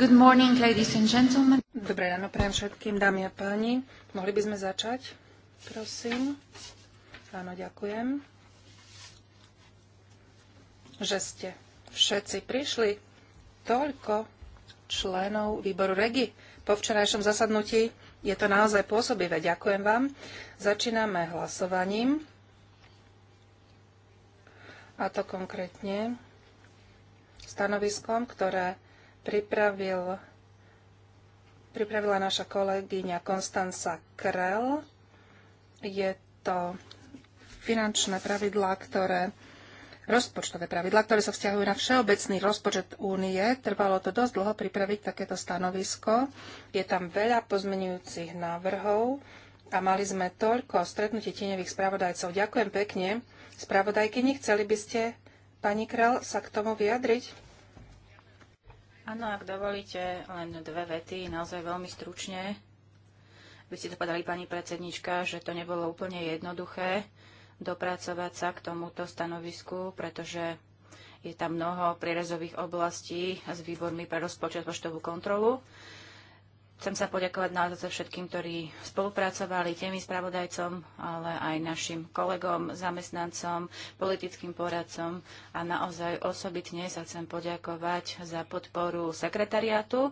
Good morning, ladies and gentlemen. Dobré ráno prajem všetkým, dámy a páni. Mohli by sme začať, prosím? Áno, ďakujem. Že ste všetci prišli. Toľko členov výboru REGI po včerajšom zasadnutí. Je to naozaj pôsobivé. Ďakujem vám. Začíname hlasovaním a to konkrétne stanoviskom, ktoré pripravil, pripravila naša kolegyňa Konstanca Krel. Je to finančné pravidlá, ktoré rozpočtové pravidlá, ktoré sa vzťahujú na všeobecný rozpočet únie. Trvalo to dosť dlho pripraviť takéto stanovisko. Je tam veľa pozmenujúcich návrhov a mali sme toľko stretnutí tieňových spravodajcov. Ďakujem pekne spravodajkyni. Chceli by ste, pani Král, sa k tomu vyjadriť? Áno, ak dovolíte, len dve vety, naozaj veľmi stručne. Vy ste povedali, pani predsednička, že to nebolo úplne jednoduché dopracovať sa k tomuto stanovisku, pretože je tam mnoho prierezových oblastí s výbormi pre rozpočet poštovú kontrolu. Chcem sa poďakovať naozaj všetkým, ktorí spolupracovali, tými spravodajcom, ale aj našim kolegom, zamestnancom, politickým poradcom a naozaj osobitne sa chcem poďakovať za podporu sekretariátu.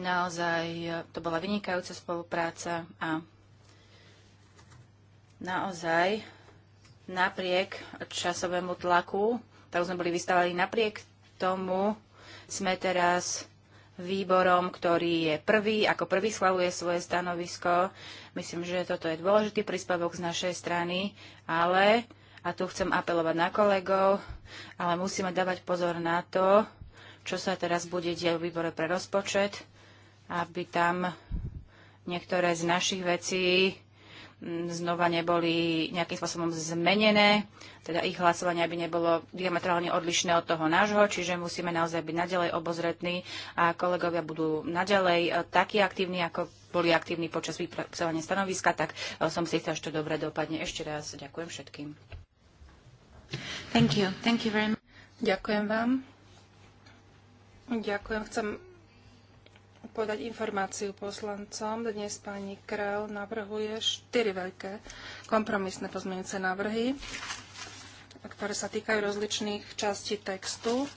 Naozaj e, to bola vynikajúca spolupráca a naozaj napriek časovému tlaku, tak sme boli vystavali, napriek tomu sme teraz výborom, ktorý je prvý, ako prvý schvaluje svoje stanovisko. Myslím, že toto je dôležitý príspevok z našej strany, ale, a tu chcem apelovať na kolegov, ale musíme dávať pozor na to, čo sa teraz bude diať v výbore pre rozpočet, aby tam niektoré z našich vecí znova neboli nejakým spôsobom zmenené, teda ich hlasovanie by nebolo diametrálne odlišné od toho nášho, čiže musíme naozaj byť naďalej obozretní a kolegovia budú naďalej eh, takí aktívni, ako boli aktívni počas vypracovania stanoviska, tak eh, som si chcel, že to dobre dopadne. Ešte raz ďakujem všetkým. Thank you. Thank you very much. Ďakujem vám. Ďakujem. Chcem podať informáciu poslancom. Dnes pani Krell navrhuje štyri veľké kompromisné pozmeňujúce návrhy, ktoré sa týkajú rozličných častí textu.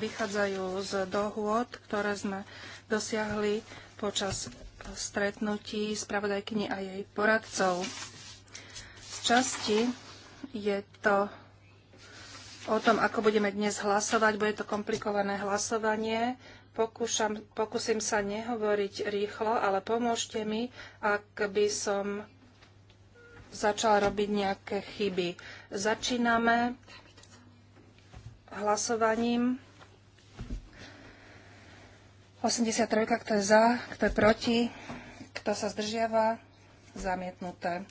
Vychádzajú z dohôd, ktoré sme dosiahli počas stretnutí spravodajkyni a jej poradcov. Z časti je to o tom, ako budeme dnes hlasovať. Bude to komplikované hlasovanie. Pokúšam, pokúsim sa nehovoriť rýchlo, ale pomôžte mi, ak by som začal robiť nejaké chyby. Začíname hlasovaním. 83, kto je za, kto je proti, kto sa zdržiava, zamietnuté.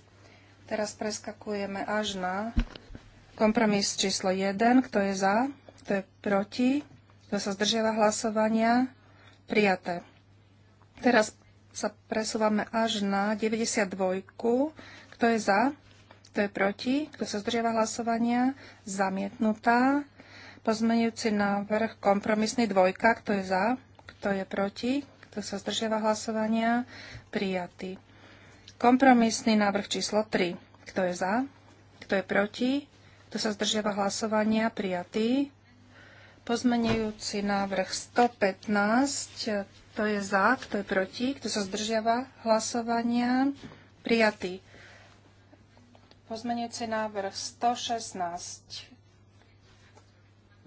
Teraz preskakujeme až na kompromis číslo 1, kto je za, kto je proti, kto sa zdržiava hlasovania? Prijaté. Teraz sa presúvame až na 92. Kto je za? Kto je proti? Kto sa zdržiava hlasovania? Zamietnutá. Pozmenujúci návrh kompromisný dvojka. Kto je za? Kto je proti? Kto sa zdržiava hlasovania? Prijatý. Kompromisný návrh číslo 3. Kto je za? Kto je proti? Kto sa zdržiava hlasovania? Prijatý. Pozmenujúci návrh 115, kto je za, kto je proti, kto sa zdržiava hlasovania, prijatý. Pozmenujúci návrh 116.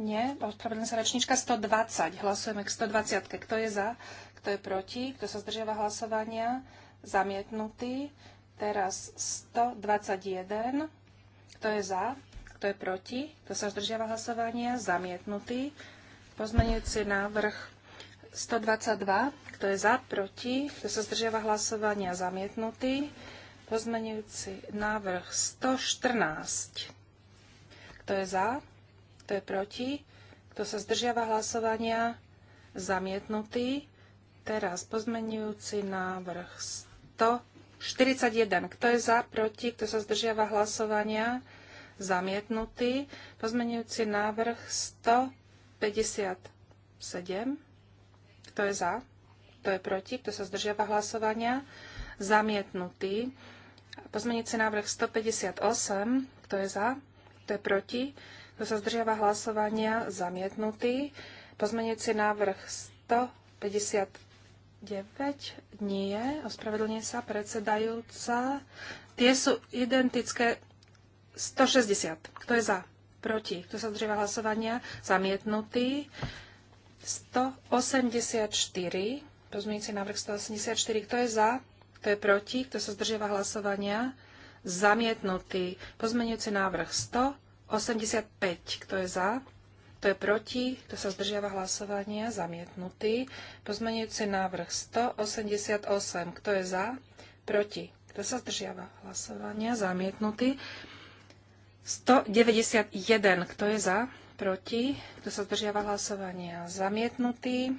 Nie, ospravedlňujem sa rečnička 120. Hlasujeme k 120. Kto je za, kto je proti, kto sa zdržiava hlasovania, zamietnutý. Teraz 121. Kto je za, kto je proti? Kto sa zdržiava hlasovania? Zamietnutý. Pozmenujúci návrh 122. Kto je za? Proti? Kto sa zdržiava hlasovania? Zamietnutý. Pozmenujúci návrh 114. Kto je za? Kto je proti? Kto sa zdržiava hlasovania? Zamietnutý. Teraz pozmenujúci návrh 141. Kto je za? Proti? Kto sa zdržiava hlasovania? Zamietnutý zamietnutý. Pozmenujúci návrh 157. Kto je za? Kto je proti? Kto sa zdržiava hlasovania? Zamietnutý. Pozmenujúci návrh 158. Kto je za? Kto je proti? Kto sa zdržiava hlasovania? Zamietnutý. Pozmenujúci návrh 159. Nie. Ospravedlňuje sa predsedajúca. Tie sú identické 160. Kto je za? Proti. Kto sa zdržíva hlasovania? Zamietnutý. 184. Pozmienujúci návrh 184. Kto je za? Kto je proti? Kto sa zdržíva hlasovania? Zamietnutý. Pozmenujúci návrh 185. Kto je za? Kto je proti? Kto sa zdržiava hlasovania? Zamietnutý. Pozmenujúci návrh 188. Kto je za? Proti. Kto sa zdržiava hlasovania? Zamietnutý. 191. Kto je za? Proti? Kto sa zdržiava hlasovania? Zamietnutý.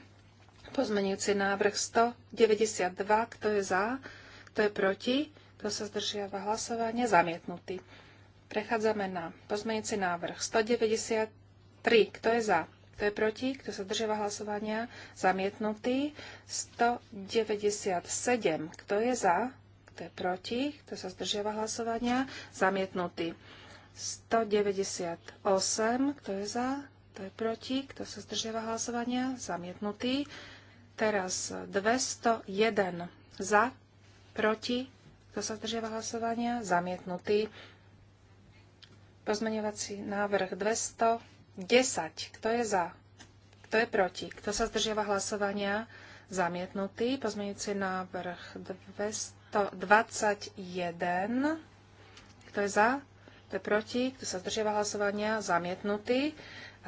Pozmenujúci návrh 192. Kto je za? Kto je proti? Kto sa zdržiava hlasovania? Zamietnutý. Prechádzame na pozmenujúci návrh 193. Kto je za? Kto je proti? Kto sa zdržiava hlasovania? Zamietnutý. 197. Kto je za? Kto je proti? Kto sa zdržiava hlasovania? Zamietnutý. 198, kto je za, kto je proti, kto sa zdržiava hlasovania, zamietnutý. Teraz 201 za, proti, kto sa zdržiava hlasovania, zamietnutý. Pozmeňovací návrh 210, kto je za, kto je proti, kto sa zdržiava hlasovania, zamietnutý. Pozmeňujúci návrh 221, kto je za, kto je proti, kto sa zdržiava hlasovania, zamietnutý.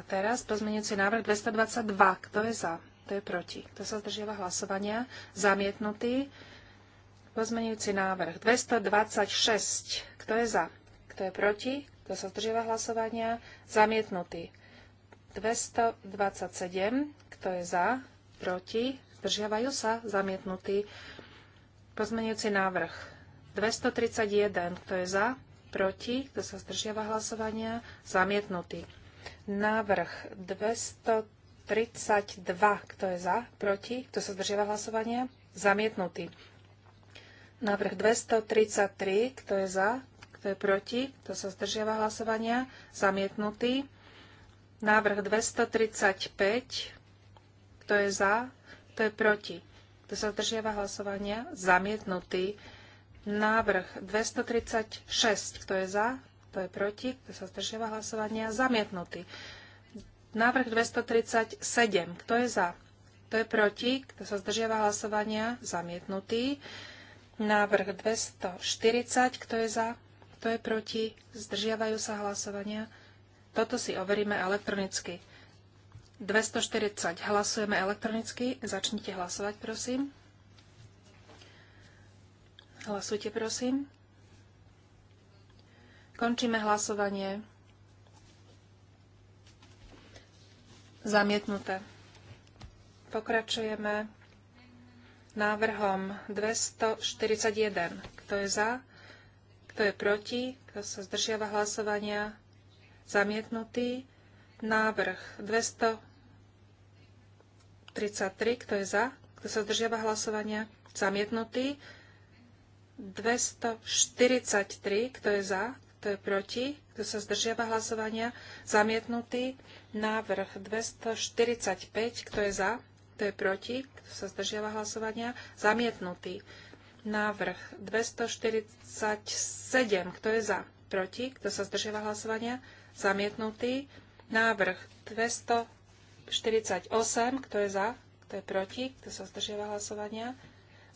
A teraz pozmeňujúci návrh 222. Kto je za? Kto je proti? Kto sa zdržiava hlasovania? Zamietnutý. Pozmeňujúci návrh 226. Kto je za? Kto je proti? Kto sa zdržiava hlasovania? Zamietnutý. 227. Kto je za? Proti? Zdržiavajú sa? Zamietnutý. Pozmeňujúci návrh 231. Kto je za? proti, kto sa zdržiava hlasovania, zamietnutý. Návrh 232, kto je za, proti, kto sa zdržiava hlasovania, zamietnutý. Návrh 233, kto je za, kto je proti, kto sa zdržiava hlasovania, zamietnutý. Návrh 235, kto je za, kto je proti, kto sa zdržiava hlasovania, zamietnutý. Návrh 236. Kto je za? Kto je proti? Kto sa zdržiava hlasovania? Zamietnutý. Návrh 237. Kto je za? Kto je proti? Kto sa zdržiava hlasovania? Zamietnutý. Návrh 240. Kto je za? Kto je proti? Zdržiavajú sa hlasovania? Toto si overíme elektronicky. 240. Hlasujeme elektronicky. Začnite hlasovať, prosím. Hlasujte, prosím. Končíme hlasovanie. Zamietnuté. Pokračujeme návrhom 241. Kto je za? Kto je proti? Kto sa zdržiava hlasovania? Zamietnutý. Návrh 233. Kto je za? Kto sa zdržiava hlasovania? Zamietnutý. 243, kto je za, kto je proti, kto sa zdržiava hlasovania, zamietnutý. Návrh 245, kto je za, kto je proti, kto sa zdržiava hlasovania, zamietnutý. Návrh 247, kto je za, proti, kto sa zdržiava hlasovania, zamietnutý. Návrh 248, kto je za, kto je proti, kto sa zdržiava hlasovania,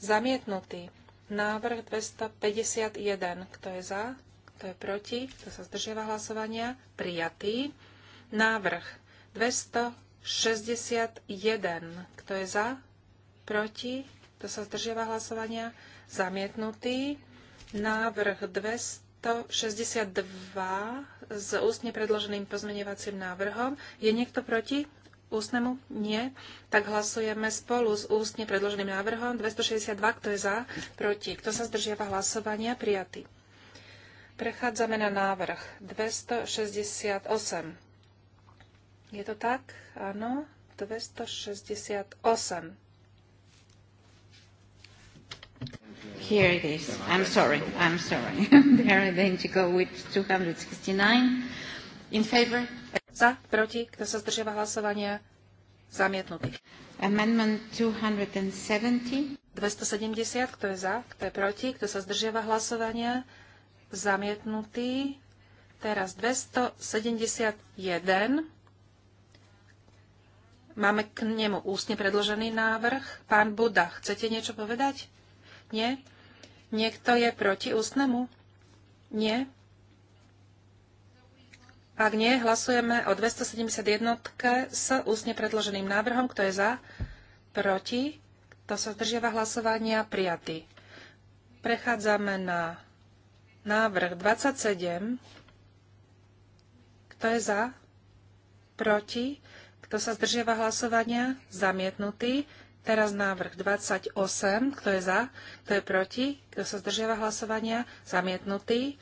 zamietnutý. Návrh 251. Kto je za? Kto je proti? Kto sa zdržiava hlasovania? Prijatý. Návrh 261. Kto je za? Proti? Kto sa zdržiava hlasovania? Zamietnutý. Návrh 262 s ústne predloženým pozmeňovacím návrhom. Je niekto proti? ústnemu? Nie. Tak hlasujeme spolu s ústne predloženým návrhom. 262, kto je za, proti. Kto sa zdržiava hlasovania? Prijatý. Prechádzame na návrh 268. Je to tak? Áno. 268. Here it is. I'm sorry. I'm sorry. They are going to go with 269. In favor? Za, proti, kto sa zdržiava hlasovania? Zamietnutý. Amendment 270. kto je za, kto je proti, kto sa zdržiava hlasovania? Zamietnutý. Teraz 271. Máme k nemu ústne predložený návrh. Pán Buda, chcete niečo povedať? Nie? Niekto je proti ústnemu? Nie? Ak nie, hlasujeme o 271 s ústne predloženým návrhom. Kto je za? Proti? Kto sa zdržiava hlasovania? Prijatý. Prechádzame na návrh 27. Kto je za? Proti? Kto sa zdržiava hlasovania? Zamietnutý. Teraz návrh 28. Kto je za? Kto je proti? Kto sa zdržiava hlasovania? Zamietnutý.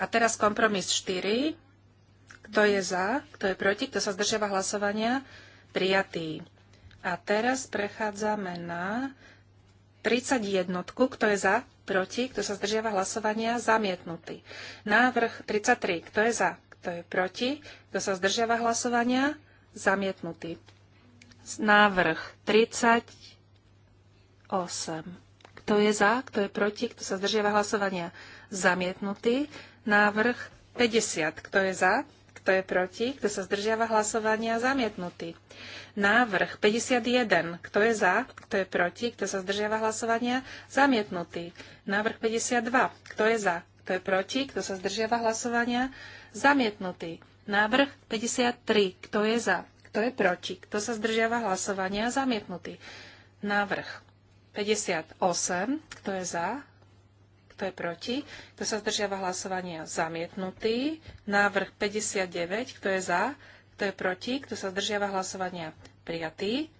A teraz kompromis 4. Kto je za, kto je proti, kto sa zdržiava hlasovania? Prijatý. A teraz prechádzame na 31. Kto je za, proti, kto sa zdržiava hlasovania? Zamietnutý. Návrh 33. Kto je za, kto je proti, kto sa zdržiava hlasovania? Zamietnutý. Návrh 38. Kto je za, kto je proti, kto sa zdržiava hlasovania? Zamietnutý. Návrh 50. Kto je za? Kto je proti? Kto sa zdržiava hlasovania? Zamietnutý. Návrh 51. Kto je za? Kto je proti? Kto sa zdržiava hlasovania? Zamietnutý. Návrh 52. Kto je za? Kto je proti? Kto sa zdržiava hlasovania? Zamietnutý. Návrh 53. Kto je za? Kto je proti? Kto sa zdržiava hlasovania? Zamietnutý. Návrh 58. Kto je za? Kto je proti? Kto sa zdržiava hlasovania? Zamietnutý. Návrh 59. Kto je za? Kto je proti? Kto sa zdržiava hlasovania? Prijatý.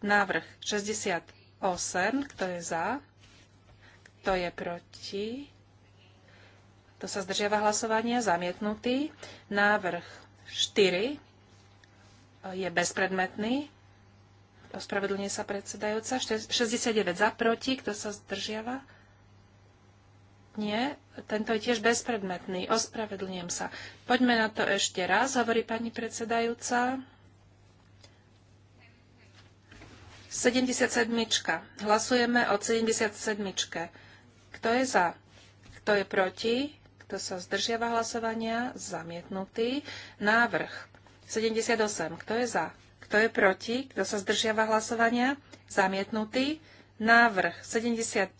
Návrh 68. Kto je za? Kto je proti? Kto sa zdržiava hlasovania? Zamietnutý. Návrh 4 je bezpredmetný. Ospravedlňuje sa predsedajúca. 69 za, proti. Kto sa zdržiava? Nie, tento je tiež bezpredmetný. Ospravedlňujem sa. Poďme na to ešte raz, hovorí pani predsedajúca. 77. Hlasujeme o 77. Kto je za? Kto je proti? Kto sa zdržiava hlasovania? Zamietnutý. Návrh. 78. Kto je za? Kto je proti? Kto sa zdržiava hlasovania? Zamietnutý. Návrh 79,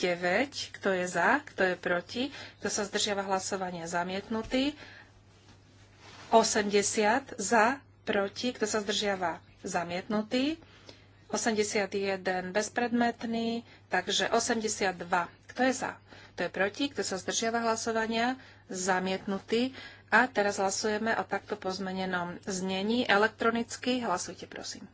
kto je za, kto je proti, kto sa zdržiava hlasovania zamietnutý. 80 za, proti, kto sa zdržiava zamietnutý. 81 bezpredmetný, takže 82. Kto je za? Kto je proti? Kto sa zdržiava hlasovania? Zamietnutý. A teraz hlasujeme o takto pozmenenom znení elektronicky. Hlasujte, prosím.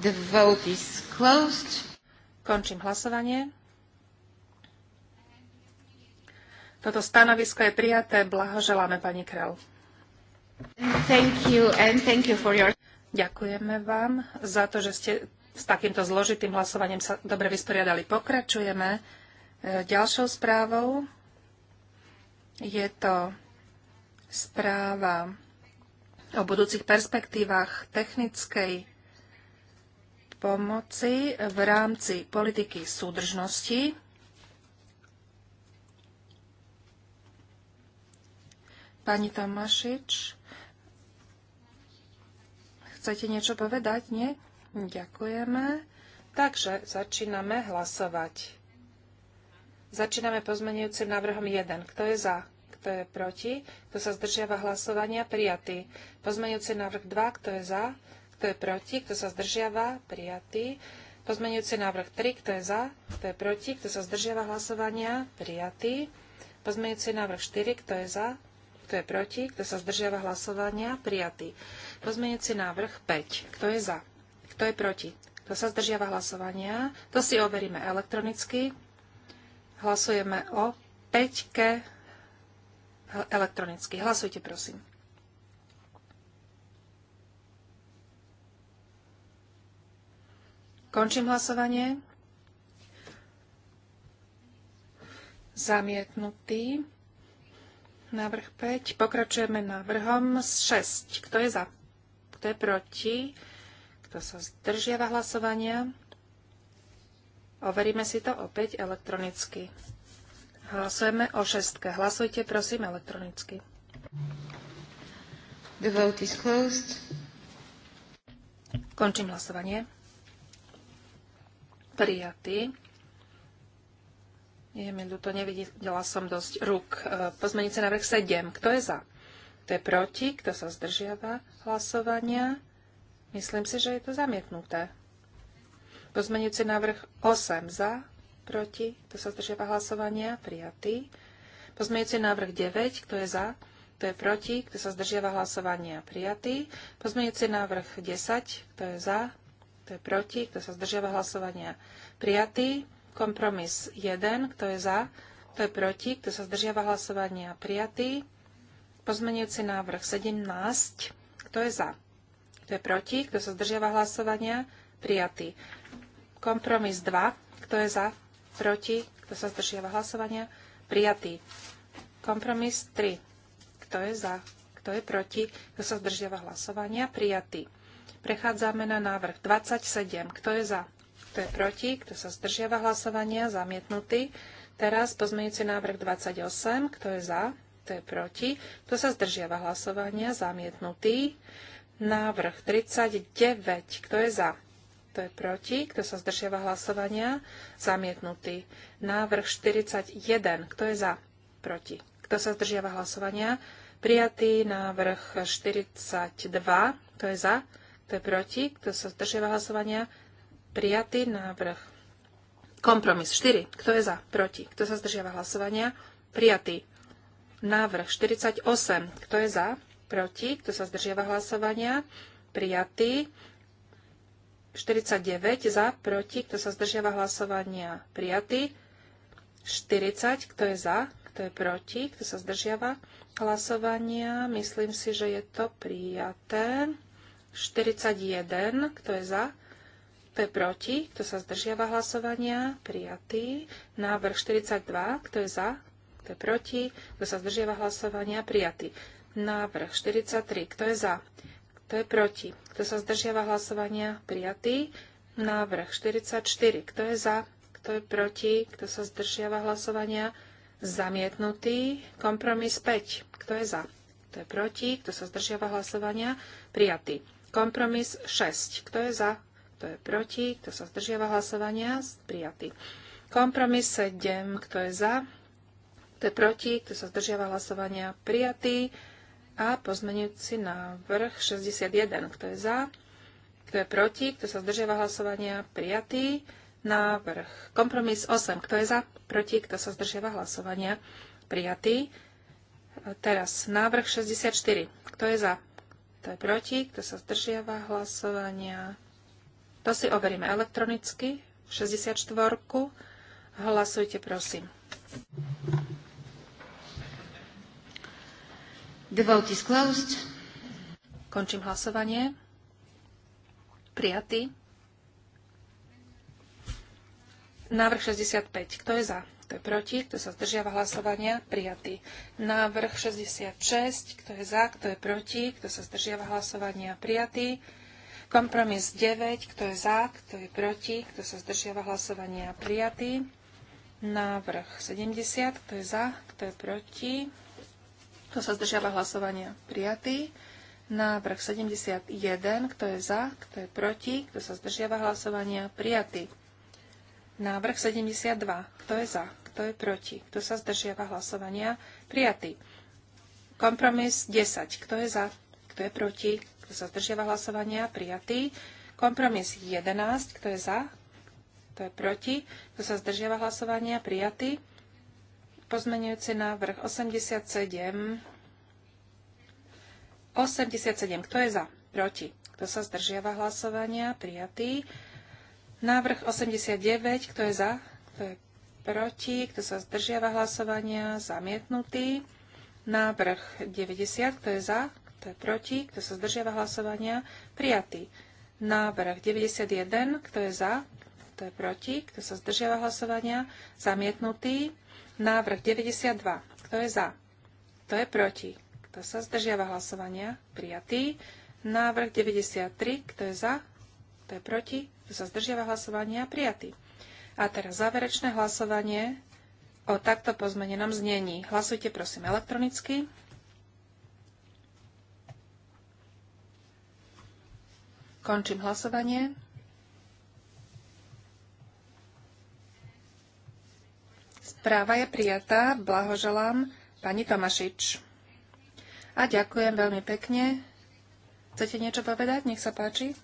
The vote is closed. Končím hlasovanie. Toto stanovisko je prijaté. Blahoželáme pani Krell. Ďakujeme vám za to, že ste s takýmto zložitým hlasovaním sa dobre vysporiadali. Pokračujeme e, ďalšou správou. Je to správa o budúcich perspektívach technickej pomoci v rámci politiky súdržnosti. Pani Tomášič. chcete niečo povedať? Nie? Ďakujeme. Takže začíname hlasovať. Začíname pozmenujúcim návrhom 1. Kto je za? Kto je proti? Kto sa zdržiava hlasovania? Prijatý. Pozmenujúci návrh 2. Kto je za? Kto je proti? Kto sa zdržiava? Prijatý. Pozmenujúci návrh 3. Kto je za? Kto je proti? Kto sa zdržiava hlasovania? Prijatý. Pozmenujúci návrh 4. Kto je za? Kto je proti? Kto sa zdržiava hlasovania? Prijatý. Pozmenujúci návrh 5. Kto je za? Kto je proti? Kto sa zdržiava hlasovania? To si overíme elektronicky. Hlasujeme o 5 elektronicky. Hlasujte, prosím. Končím hlasovanie. Zamietnutý. Návrh 5. Pokračujeme návrhom 6. Kto je za? Kto je proti? Kto sa zdržiava hlasovania? Overíme si to opäť elektronicky. Hlasujeme o šestke. Hlasujte prosím elektronicky. The vote is closed. Končím hlasovanie prijatý. Je mi ľúto, nevidela som dosť rúk. E, Pozmenice návrh 7. Kto je za? Kto je proti? Kto sa zdržiava hlasovania? Myslím si, že je to zamietnuté. Pozmenujúci návrh 8 za, proti, kto sa zdržiava hlasovania, prijatý. Pozmenujúci návrh 9, kto je za, kto je proti, kto sa zdržiava hlasovania, prijatý. Pozmenujúci návrh 10, kto je za, kto je proti, kto sa zdržiava hlasovania. Prijatý. Kompromis 1, kto je za, kto je proti, kto sa zdržiava hlasovania. Prijatý. Pozmenujúci návrh 17, kto je za, kto je proti, kto sa zdržiava hlasovania. Prijatý. Kompromis 2, kto je za, proti, kto sa zdržiava hlasovania. Prijatý. Kompromis 3, kto je za, kto je proti, kto sa zdržiava hlasovania. Prijatý. Prechádzame na návrh 27. Kto je za? Kto je proti? Kto sa zdržiava hlasovania? Zamietnutý. Teraz pozmeňujúci návrh 28. Kto je za? Kto je proti? Kto sa zdržiava hlasovania? Zamietnutý. Návrh 39. Kto je za? Kto je proti? Kto sa zdržiava hlasovania? Zamietnutý. Návrh 41. Kto je za? Proti. Kto sa zdržiava hlasovania? Prijatý návrh 42. Kto je za? Kto je proti? Kto sa zdržiava hlasovania? Prijatý návrh. Kompromis 4. Kto je za? Proti. Kto sa zdržiava hlasovania? Prijatý. Návrh 48. Kto je za? Proti. Kto sa zdržiava hlasovania? Prijatý. 49 za, proti, kto sa zdržiava hlasovania, prijatý. 40, kto je za, kto je proti, kto sa zdržiava hlasovania. Myslím si, že je to prijaté. 41, kto je za, kto je proti, kto sa zdržiava hlasovania, prijatý. Návrh 42, kto je za, kto je proti, kto sa zdržiava hlasovania, prijatý. Návrh 43, kto je za, kto je proti, kto sa zdržiava hlasovania, prijatý. Návrh 44, kto je za, kto je proti, kto sa zdržiava hlasovania, zamietnutý. Kompromis 5, kto je za, kto je proti, kto sa zdržiava hlasovania, prijatý. Kompromis 6. Kto je za? Kto je proti? Kto sa zdržiava hlasovania? Prijatý. Kompromis 7. Kto je za? Kto je proti? Kto sa zdržiava hlasovania? Prijatý. A pozmenujúci návrh 61. Kto je za? Kto je proti? Kto sa zdržiava hlasovania? Prijatý. Návrh. Kompromis 8. Kto je za? Proti? Kto sa zdržiava hlasovania? Prijatý. Teraz návrh 64. Kto je za? Kto je proti? Kto sa zdržiava hlasovania? To si overíme elektronicky. 64. Hlasujte, prosím. The vote is closed. Končím hlasovanie. Prijatý. Návrh 65. Kto je za? Kto je proti? Kto sa zdržiava hlasovania? Prijatý. Návrh 66. Kto je za? Kto je proti? Kto sa zdržiava hlasovania? Prijatý. Kompromis 9. Kto je za? Kto je proti? Kto sa zdržiava hlasovania? Prijatý. Návrh 70. Kto je za? Kto je proti? Kto sa zdržiava hlasovania? Prijatý. Návrh 71. Kto je za? Kto je proti? Kto sa zdržiava hlasovania? Prijatý. Návrh 72. Kto je za? Kto je proti? Kto sa zdržiava hlasovania? Prijatý. Kompromis 10. Kto je za? Kto je proti? Kto sa zdržiava hlasovania? Prijatý. Kompromis 11. Kto je za? Kto je proti? Kto sa zdržiava hlasovania? Prijatý. Pozmenujúci návrh 87. 87. Kto je za? Proti. Kto sa zdržiava hlasovania? Prijatý. Návrh 89. Kto je za? Kto je proti, kto sa zdržiava hlasovania, zamietnutý. Návrh 90, kto je za, kto je proti, kto sa zdržiava hlasovania, prijatý. Návrh 91, kto je za, kto je proti, kto sa zdržiava hlasovania, zamietnutý. Návrh 92, kto je za, kto je proti, kto sa zdržiava hlasovania, prijatý. Návrh 93, kto je za, kto je proti, kto sa zdržiava hlasovania, prijatý. A teraz záverečné hlasovanie o takto pozmenenom znení. Hlasujte prosím elektronicky. Končím hlasovanie. Správa je prijatá. Blahoželám pani Tomašič. A ďakujem veľmi pekne. Chcete niečo povedať? Nech sa páči.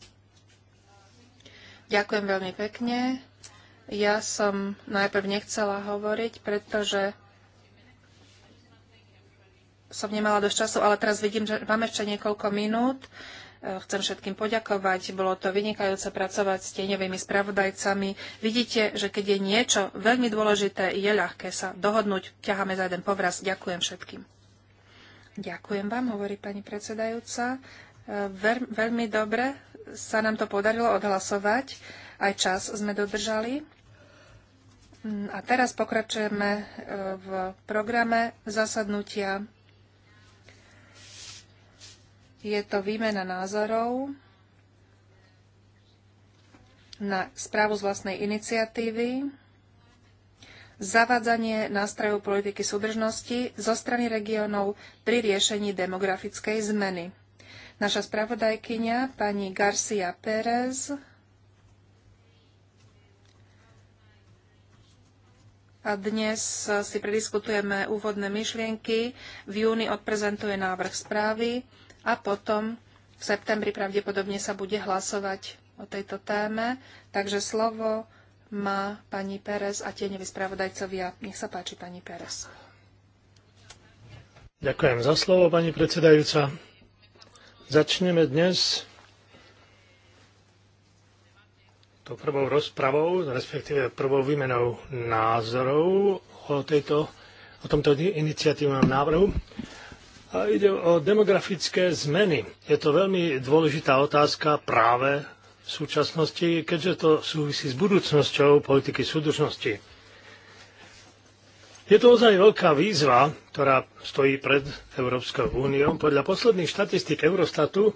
Ďakujem veľmi pekne. Ja som najprv nechcela hovoriť, pretože som nemala dosť času, ale teraz vidím, že máme ešte niekoľko minút. E, chcem všetkým poďakovať. Bolo to vynikajúce pracovať s tieňovými spravodajcami. Vidíte, že keď je niečo veľmi dôležité, je ľahké sa dohodnúť. Ťaháme za jeden povraz. Ďakujem všetkým. Ďakujem vám, hovorí pani predsedajúca. E, ver, veľmi dobre sa nám to podarilo odhlasovať. Aj čas sme dodržali. Mm, a teraz pokračujeme e, v programe zasadnutia. Je to výmena názorov na správu z vlastnej iniciatívy, zavádzanie nástrojov politiky súdržnosti zo strany regiónov pri riešení demografickej zmeny. Naša spravodajkyňa pani Garcia Pérez dnes si prediskutujeme úvodné myšlienky. V júni odprezentuje návrh správy a potom v septembri pravdepodobne sa bude hlasovať o tejto téme. Takže slovo má pani Pérez a tie spravodajcovia. Nech sa páči, pani Pérez. Ďakujem za slovo, pani predsedajúca. Začneme dnes to prvou rozpravou, respektíve prvou výmenou názorov o, tejto, o tomto iniciatívnom návrhu. A ide o demografické zmeny. Je to veľmi dôležitá otázka práve v súčasnosti, keďže to súvisí s budúcnosťou politiky súdržnosti. Je to ozaj veľká výzva, ktorá stojí pred Európskou úniou. Podľa posledných štatistík Eurostatu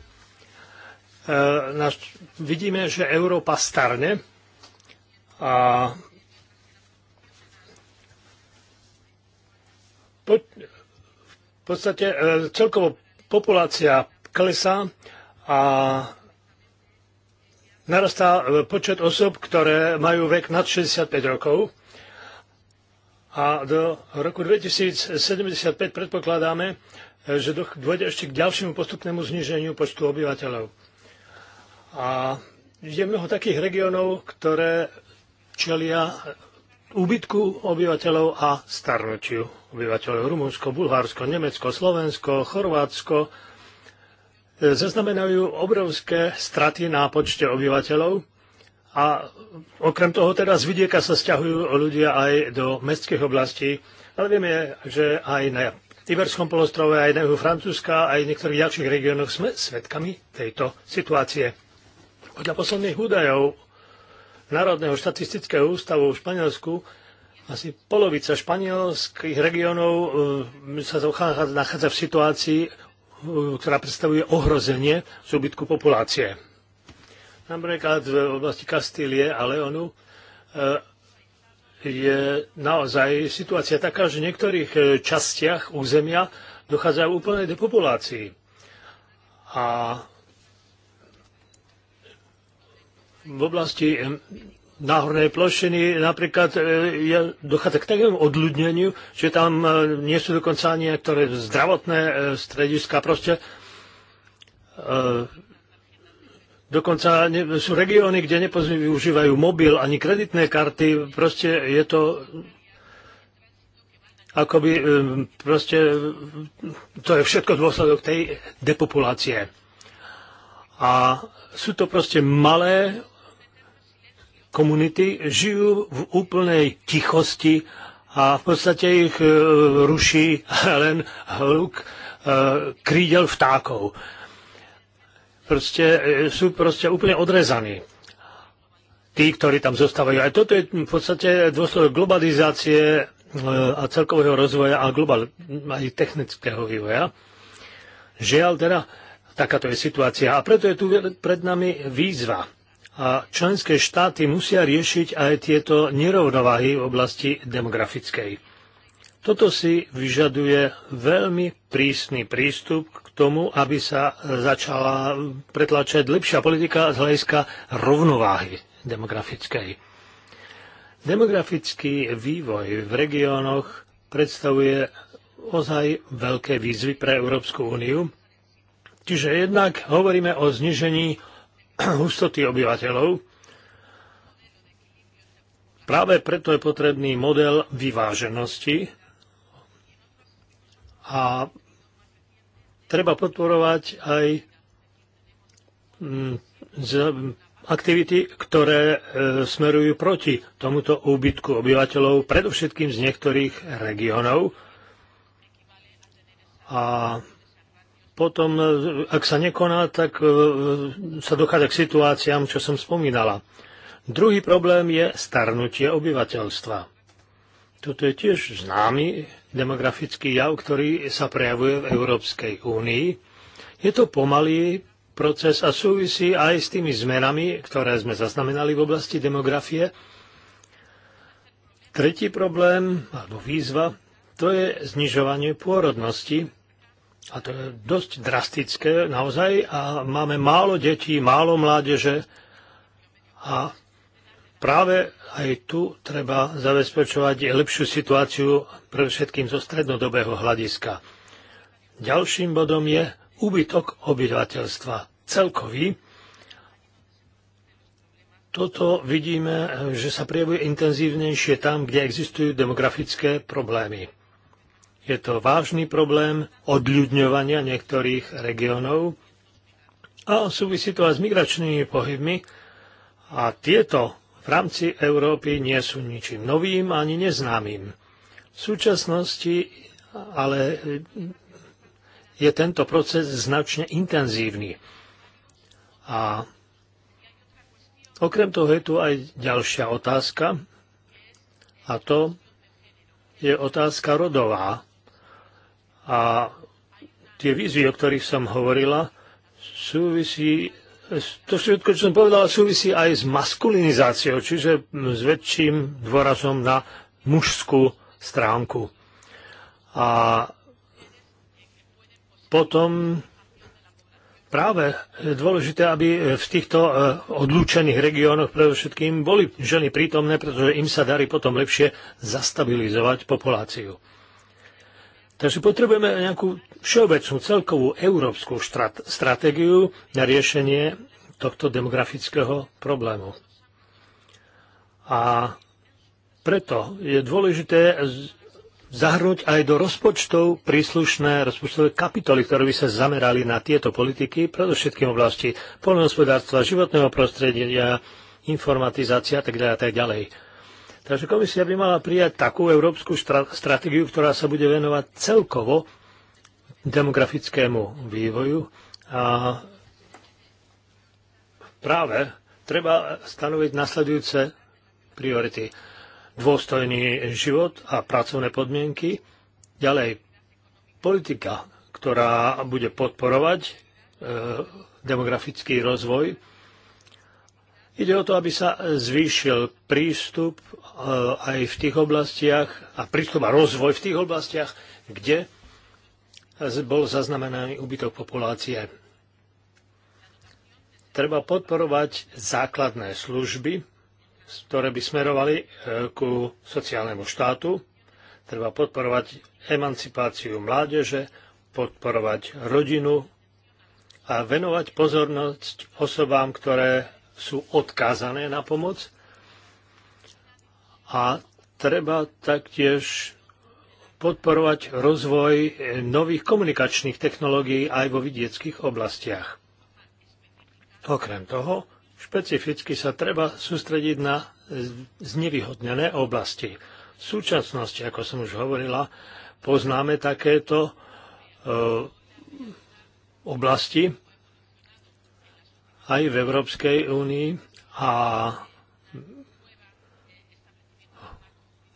Eh, vidíme, že Európa starne a v podstate eh, celkovo populácia klesá a narastá eh, počet osob, ktoré majú vek nad 65 rokov. A do roku 2075 predpokladáme, že dôjde ešte k ďalšiemu postupnému zníženiu počtu obyvateľov. A je mnoho takých regiónov, ktoré čelia úbytku obyvateľov a starnutiu obyvateľov. Rumunsko, Bulharsko, Nemecko, Slovensko, Chorvátsko e, zaznamenajú obrovské straty na počte obyvateľov a okrem toho teda z vidieka sa stiahujú ľudia aj do mestských oblastí, ale vieme, že aj na Iberskom polostrove, aj na juhu Francúzska, aj v niektorých ďalších regiónoch sme svedkami tejto situácie. Podľa posledných údajov Národného štatistického ústavu v Španielsku asi polovica španielských regiónov eh, sa nachádza v situácii, eh, ktorá predstavuje ohrozenie súbytku populácie. Napríklad v oblasti Kastílie a Leonu eh, je naozaj situácia taká, že v niektorých častiach územia dochádzajú úplnej depopulácii. A v oblasti náhornej plošiny napríklad e, je, dochádza k takému odľudneniu, že tam e, nie sú dokonca ani niektoré zdravotné e, strediska. Proste, dokonca sú regióny, kde nepoužívajú využívajú mobil ani kreditné karty. Proste je to akoby proste to je všetko dôsledok tej depopulácie. A sú to proste malé komunity žijú v úplnej tichosti a v podstate ich e, ruší len hluk e, krídel vtákov. Proste, e, sú proste úplne odrezaní tí, ktorí tam zostávajú. A toto je v podstate dôsledok globalizácie a celkového rozvoja a global, aj technického vývoja. Žiaľ teda, takáto je situácia. A preto je tu pred nami výzva a členské štáty musia riešiť aj tieto nerovnováhy v oblasti demografickej. Toto si vyžaduje veľmi prísny prístup k tomu, aby sa začala pretlačať lepšia politika z hľadiska rovnováhy demografickej. Demografický vývoj v regiónoch predstavuje ozaj veľké výzvy pre Európsku úniu. Čiže jednak hovoríme o znižení hustoty obyvateľov. Práve preto je potrebný model vyváženosti a treba podporovať aj mm, aktivity, ktoré e, smerujú proti tomuto úbytku obyvateľov, predovšetkým z niektorých regiónov. A potom, e, ak sa nekoná, tak e, e, sa dochádza k situáciám, čo som spomínala. Druhý problém je starnutie obyvateľstva. Toto je tiež známy demografický jav, ktorý sa prejavuje v Európskej únii. Je to pomalý proces a súvisí aj s tými zmenami, ktoré sme zaznamenali v oblasti demografie. Tretí problém, alebo výzva, to je znižovanie pôrodnosti a to je dosť drastické naozaj a máme málo detí, málo mládeže a práve aj tu treba zabezpečovať lepšiu situáciu pre všetkým zo strednodobého hľadiska. Ďalším bodom je úbytok obyvateľstva celkový. Toto vidíme, že sa prejavuje intenzívnejšie tam, kde existujú demografické problémy. Je to vážny problém odľudňovania niektorých regiónov a súvisí to aj s migračnými pohybmi a tieto v rámci Európy nie sú ničím novým ani neznámym. V súčasnosti ale je tento proces značne intenzívny. A okrem toho je tu aj ďalšia otázka, a to je otázka rodová. A tie výzvy, o ktorých som hovorila, súvisí, to všetko, čo som povedala, súvisí aj s maskulinizáciou, čiže s väčším dôrazom na mužskú stránku. A potom práve je dôležité, aby v týchto e, odlúčených regiónoch predovšetkým boli ženy prítomné, pretože im sa darí potom lepšie zastabilizovať populáciu. Takže potrebujeme nejakú všeobecnú, celkovú európsku štrat- stratégiu na riešenie tohto demografického problému. A preto je dôležité zahrnúť aj do rozpočtov príslušné rozpočtové kapitoly, ktoré by sa zamerali na tieto politiky, predovšetkým všetkým oblasti poľnohospodárstva, životného prostredia, informatizácia a tak ďalej a tak ďalej. Takže komisia by mala prijať takú európsku stratégiu, ktorá sa bude venovať celkovo demografickému vývoju a práve treba stanoviť nasledujúce priority. Dôstojný život a pracovné podmienky, ďalej politika, ktorá bude podporovať e, demografický rozvoj Ide o to, aby sa zvýšil prístup e, aj v tých oblastiach a prístup a rozvoj v tých oblastiach, kde bol zaznamenaný úbytok populácie. Treba podporovať základné služby, ktoré by smerovali e, ku sociálnemu štátu. Treba podporovať emancipáciu mládeže, podporovať rodinu a venovať pozornosť osobám, ktoré sú odkázané na pomoc. A treba taktiež podporovať rozvoj nových komunikačných technológií aj vo vidieckých oblastiach. Okrem toho, špecificky sa treba sústrediť na znevýhodnené oblasti. V súčasnosti, ako som už hovorila, poznáme takéto e, oblasti, aj v Európskej únii a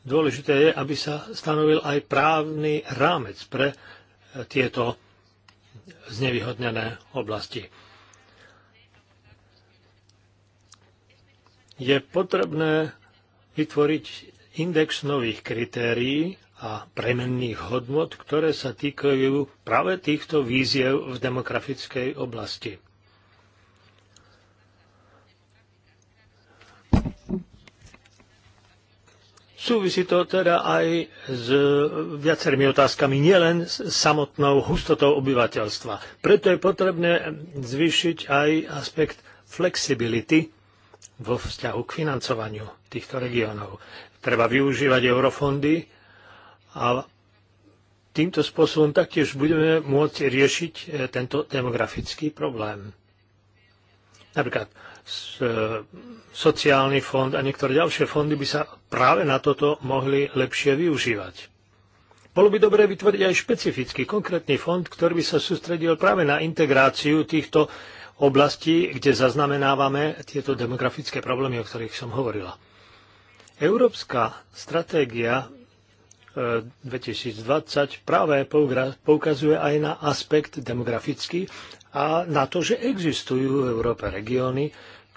dôležité je, aby sa stanovil aj právny rámec pre e, tieto znevýhodnené oblasti. Je potrebné vytvoriť index nových kritérií a premenných hodnot, ktoré sa týkajú práve týchto víziev v demografickej oblasti. Súvisí to teda aj s e, viacerými otázkami, nielen s samotnou hustotou obyvateľstva. Preto je potrebné zvýšiť aj aspekt flexibility vo vzťahu k financovaniu týchto regiónov. Treba využívať eurofondy a týmto spôsobom taktiež budeme môcť riešiť e, tento demografický problém. Napríklad E, sociálny fond a niektoré ďalšie fondy by sa práve na toto mohli lepšie využívať. Bolo by dobré vytvoriť aj špecifický, konkrétny fond, ktorý by sa sústredil práve na integráciu týchto oblastí, kde zaznamenávame tieto demografické problémy, o ktorých som hovorila. Európska stratégia 2020 e, práve poukazuje aj na aspekt demografický a na to, že existujú v Európe regióny,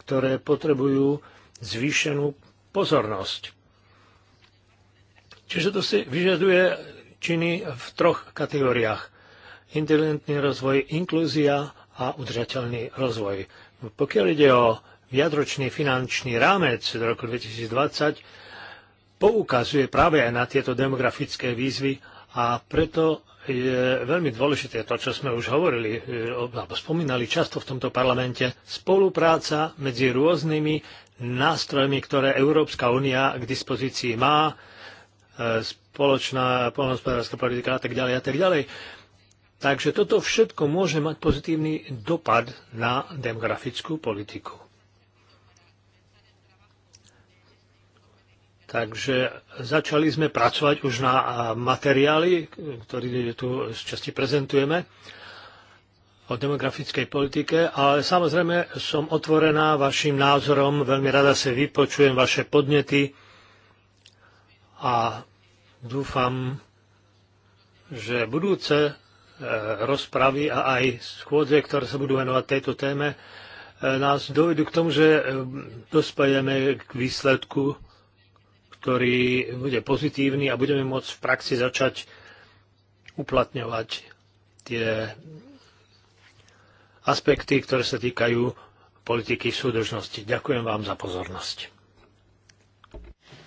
ktoré potrebujú zvýšenú pozornosť. Čiže to si vyžaduje činy v troch kategóriách. Inteligentný rozvoj, inklúzia a udržateľný rozvoj. Pokiaľ ide o viadročný finančný rámec do roku 2020, poukazuje práve aj na tieto demografické výzvy a preto je veľmi dôležité to, čo sme už hovorili, e, alebo spomínali často v tomto parlamente, spolupráca medzi rôznymi nástrojmi, ktoré Európska únia k dispozícii má, e, spoločná poľnohospodárska politika a tak ďalej a tak ďalej. Takže toto všetko môže mať pozitívny dopad na demografickú politiku. Takže začali sme pracovať už na materiály, ktorý tu z časti prezentujeme o demografickej politike, ale samozrejme som otvorená vašim názorom, veľmi rada sa vypočujem vaše podnety a dúfam, že budúce e, rozpravy a aj schôdze, ktoré sa budú venovať tejto téme, e, nás dovedú k tomu, že e, dospajeme k výsledku ktorý bude pozitívny a budeme môcť v praxi začať uplatňovať tie aspekty, ktoré sa týkajú politiky súdržnosti. Ďakujem vám za pozornosť.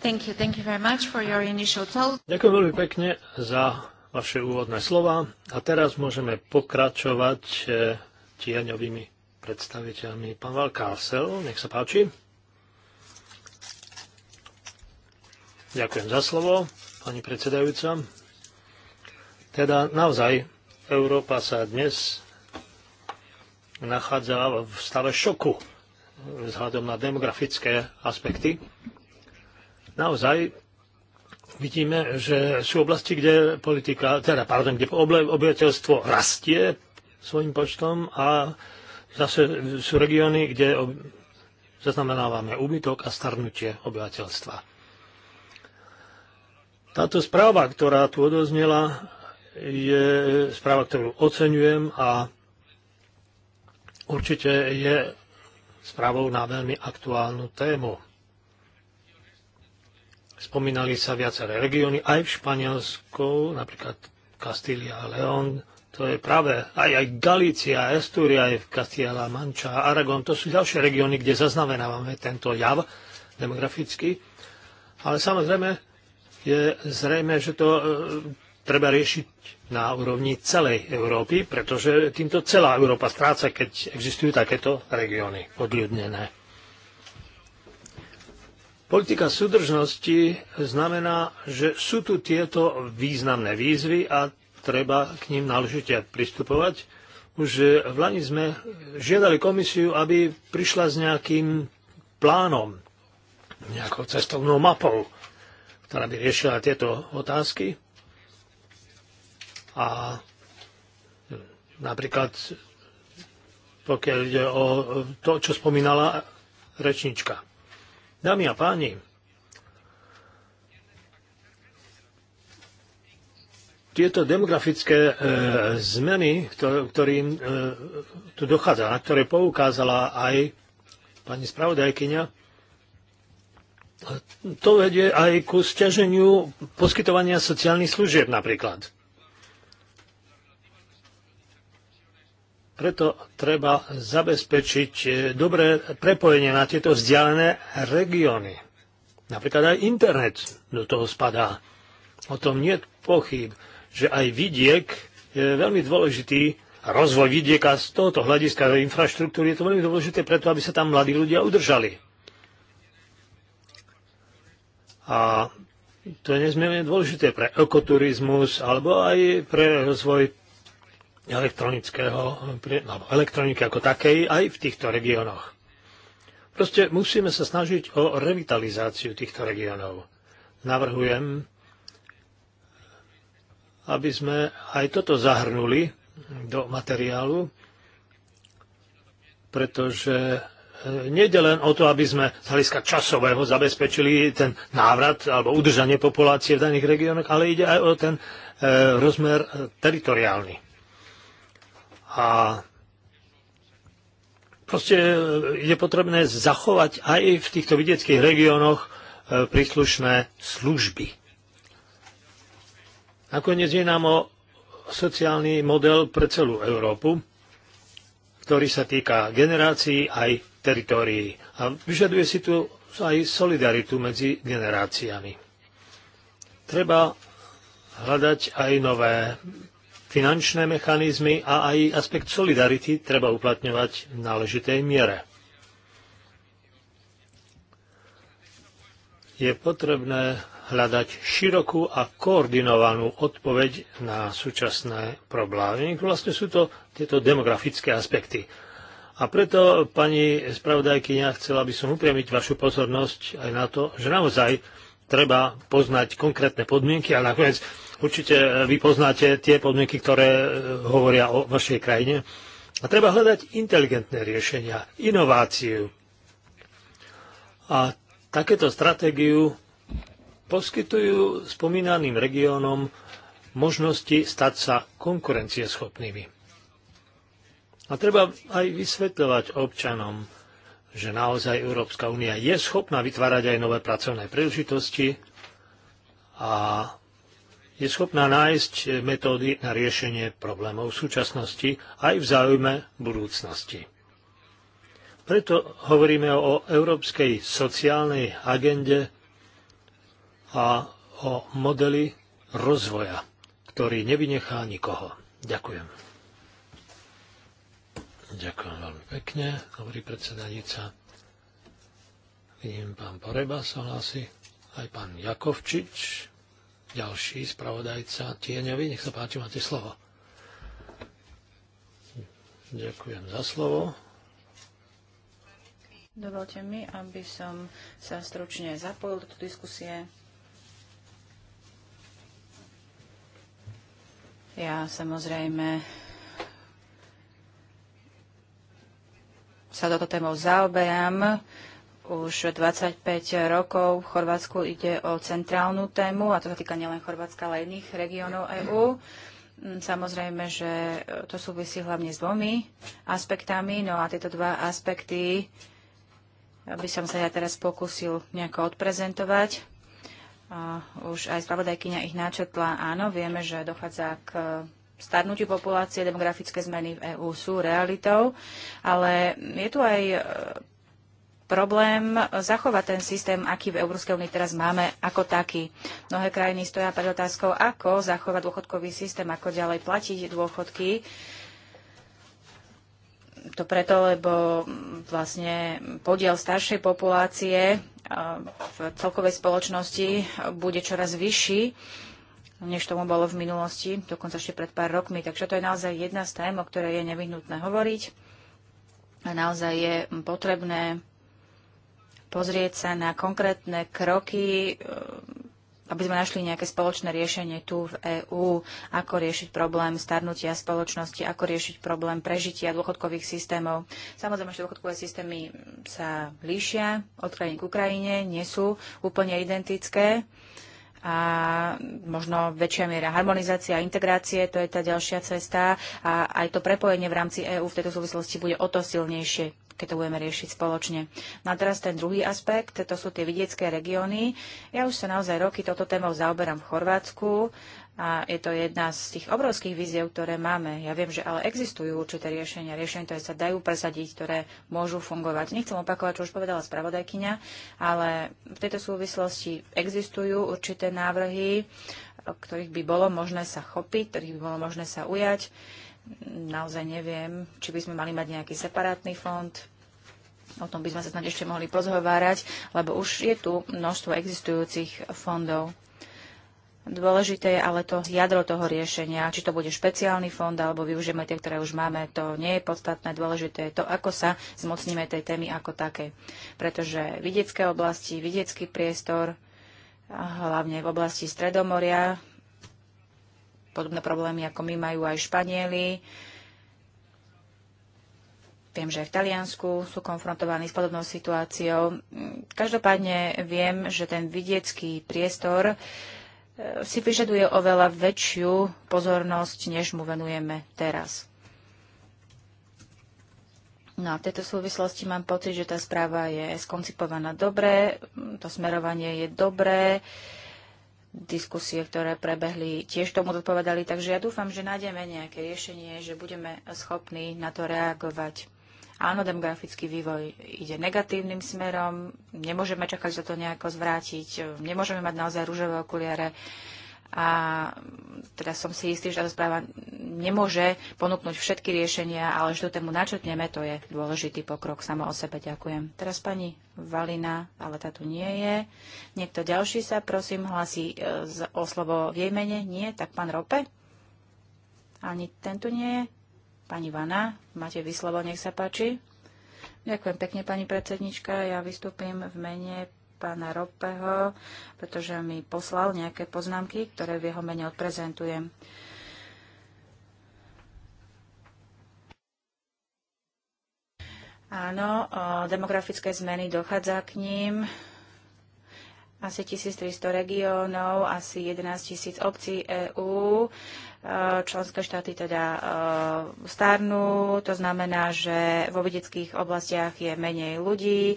Thank you, thank you very much for your initial talk. Ďakujem veľmi pekne za vaše úvodné slova a teraz môžeme pokračovať eh, tieňovými predstaviteľmi. Pán Valkásel, nech sa páči. Ďakujem za slovo, pani predsedajúca. Teda naozaj Európa sa dnes nachádza v stave šoku vzhľadom na demografické aspekty. Naozaj vidíme, že sú oblasti, kde politika, teda, pardon, kde obyvateľstvo rastie svojim počtom a zase sú regióny, kde zaznamenávame úbytok a starnutie obyvateľstva. Táto správa, ktorá tu odoznela, je správa, ktorú oceňujem a určite je správou na veľmi aktuálnu tému. Spomínali sa viaceré regióny, aj v Španielsku, napríklad Kastília a León, to je práve aj, aj Galícia, Estúria, aj v Castilla Mancha, Aragón, to sú ďalšie regióny, kde zaznamenávame tento jav demografický. Ale samozrejme, je zrejme, že to e, treba riešiť na úrovni celej Európy, pretože týmto celá Európa stráca, keď existujú takéto regióny odľudnené. Politika súdržnosti znamená, že sú tu tieto významné výzvy a treba k ním náležite pristupovať. Už e, v Lani sme žiadali komisiu, aby prišla s nejakým plánom, nejakou cestovnou mapou ktorá by riešila tieto otázky. A napríklad pokiaľ ide o to, čo spomínala rečnička. Dámy a páni, tieto demografické e, zmeny, ktorým e, tu dochádza, na ktoré poukázala aj pani spravodajkyňa, to vedie aj ku stiaženiu poskytovania sociálnych služieb napríklad. Preto treba zabezpečiť eh, dobré prepojenie na tieto vzdialené regióny. Napríklad aj internet do toho spadá. O tom nie je pochyb, že aj vidiek je veľmi dôležitý. Rozvoj vidieka z tohoto hľadiska infraštruktúry je to veľmi dôležité preto, aby sa tam mladí ľudia udržali. A to je nezmierne dôležité pre ekoturizmus alebo aj pre rozvoj elektronického, alebo elektroniky ako takej aj v týchto regiónoch. Proste musíme sa snažiť o revitalizáciu týchto regiónov. Navrhujem, aby sme aj toto zahrnuli do materiálu, pretože E, nejde len o to, aby sme z hľadiska časového zabezpečili ten návrat alebo udržanie populácie v daných regiónoch, ale ide aj o ten e, rozmer e, teritoriálny. A proste je potrebné zachovať aj v týchto vidieckých regiónoch príslušné služby. Nakoniec je nám o sociálny model pre celú Európu, ktorý sa týka generácií aj teritórií. A vyžaduje si tu aj solidaritu medzi generáciami. Treba hľadať aj nové finančné mechanizmy a aj aspekt solidarity treba uplatňovať v náležitej miere. Je potrebné hľadať širokú a koordinovanú odpoveď na súčasné problémy. Vlastne sú to tieto demografické aspekty. A preto, pani spravodajkyňa, chcela by som upriamiť vašu pozornosť aj na to, že naozaj treba poznať konkrétne podmienky a nakoniec určite vy poznáte tie podmienky, ktoré e, hovoria o vašej krajine. A treba hľadať inteligentné riešenia, inováciu. A takéto stratégiu poskytujú spomínaným regiónom možnosti stať sa konkurencieschopnými. A treba aj vysvetľovať občanom, že naozaj Európska únia je schopná vytvárať aj nové pracovné príležitosti a je schopná nájsť metódy na riešenie problémov v súčasnosti aj v záujme budúcnosti. Preto hovoríme o európskej sociálnej agende a o modeli rozvoja, ktorý nevynechá nikoho. Ďakujem. Ďakujem veľmi pekne, hovorí predsedajúca. Vidím, pán Poreba sa hlási, aj pán Jakovčič, ďalší spravodajca Tieňovi. Nech sa páči, máte slovo. Ďakujem za slovo. Dovolte mi, aby som sa stručne zapojil do diskusie. Ja samozrejme sa toto témou zaoberám už 25 rokov. V Chorvátsku ide o centrálnu tému a to sa týka nielen Chorvátska, ale aj iných regiónov EÚ. Mm, Samozrejme, že e, to súvisí hlavne s dvomi aspektami, no a tieto dva aspekty by som sa ja teraz pokusil nejako odprezentovať. Už aj spravodajkyňa ich načetla. Áno, vieme, že dochádza k starnutiu populácie, demografické zmeny v EÚ sú realitou, ale je tu aj e, problém zachovať ten systém, aký v Európskej únii teraz máme, ako taký. Mnohé krajiny stoja pred otázkou, ako zachovať dôchodkový systém, ako ďalej platiť dôchodky. To preto, lebo vlastne podiel staršej populácie e, v celkovej spoločnosti bude čoraz vyšší než tomu bolo v minulosti, dokonca ešte pred pár rokmi. Takže to je naozaj jedna z tém, o ktorej je nevyhnutné hovoriť. A naozaj je potrebné pozrieť sa na konkrétne kroky, eh, aby sme našli nejaké spoločné riešenie tu v EÚ, ako riešiť problém starnutia spoločnosti, ako riešiť problém prežitia dôchodkových systémov. Samozrejme, že dôchodkové systémy sa líšia od krajín k Ukrajine, nie sú úplne identické. Uh, a možno väčšia miera harmonizácie a integrácie, to je tá ďalšia cesta a aj to prepojenie v rámci EÚ v tejto súvislosti bude o to silnejšie keď to budeme riešiť spoločne. No a teraz ten druhý aspekt, to sú tie vidiecké regióny. Ja už sa naozaj roky toto témou zaoberám v Chorvátsku a je to jedna z tých obrovských víziev, ktoré máme. Ja viem, že ale existujú určité riešenia, riešenia, ktoré sa dajú presadiť, ktoré môžu fungovať. Nechcem opakovať, čo už povedala spravodajkyňa, ale v tejto súvislosti existujú určité návrhy, ktorých by bolo možné sa chopiť, ktorých by bolo možné sa ujať. Naozaj neviem, či by sme mali mať nejaký separátny fond, O tom by sme sa snad ešte mohli pozhovárať, lebo už je tu množstvo existujúcich fondov. Dôležité je ale to jadro toho riešenia, či to bude špeciálny fond alebo využijeme tie, ktoré už máme, to nie je podstatné. Dôležité je to, ako sa zmocníme tej témy ako také. Pretože vidiecké oblasti, vidiecký priestor, hlavne v oblasti Stredomoria, podobné problémy ako my majú aj Španieli, Viem, že aj v Taliansku sú konfrontovaní s podobnou situáciou. Každopádne viem, že ten vidiecký priestor uh, E, si vyžaduje oveľa väčšiu pozornosť, než mu venujeme teraz. No a v tejto súvislosti mám pocit, že tá správa je skoncipovaná dobre, to smerovanie je dobré, diskusie, ktoré prebehli, tiež tomu odpovedali, takže ja dúfam, že nájdeme nejaké riešenie, že budeme schopní na to reagovať. Áno, demografický vývoj ide negatívnym smerom, nemôžeme čakať, že to nejako zvrátiť, nemôžeme mať naozaj rúžové okuliare a teda som si istý, že táto správa nemôže ponúknuť všetky riešenia, ale že to tému načetneme, to je dôležitý pokrok samo o sebe. Ďakujem. Teraz pani Valina, ale tá tu nie je. Niekto ďalší sa, prosím, hlasí e, o slovo v jej mene? Nie? Tak pán Rope? Ani ten tu nie je? Pani Vana, máte vyslovo, nech sa páči. Ďakujem pekne, pani predsednička. Ja vystúpim v mene pána Ropeho, pretože mi poslal nejaké poznámky, ktoré v jeho mene odprezentujem. Áno, demografické zmeny dochádza k ním. Asi 1300 regiónov, asi 11 000 obcí EÚ E, členské štáty teda e, starnú, to znamená, že vo vedeckých oblastiach je menej ľudí, e,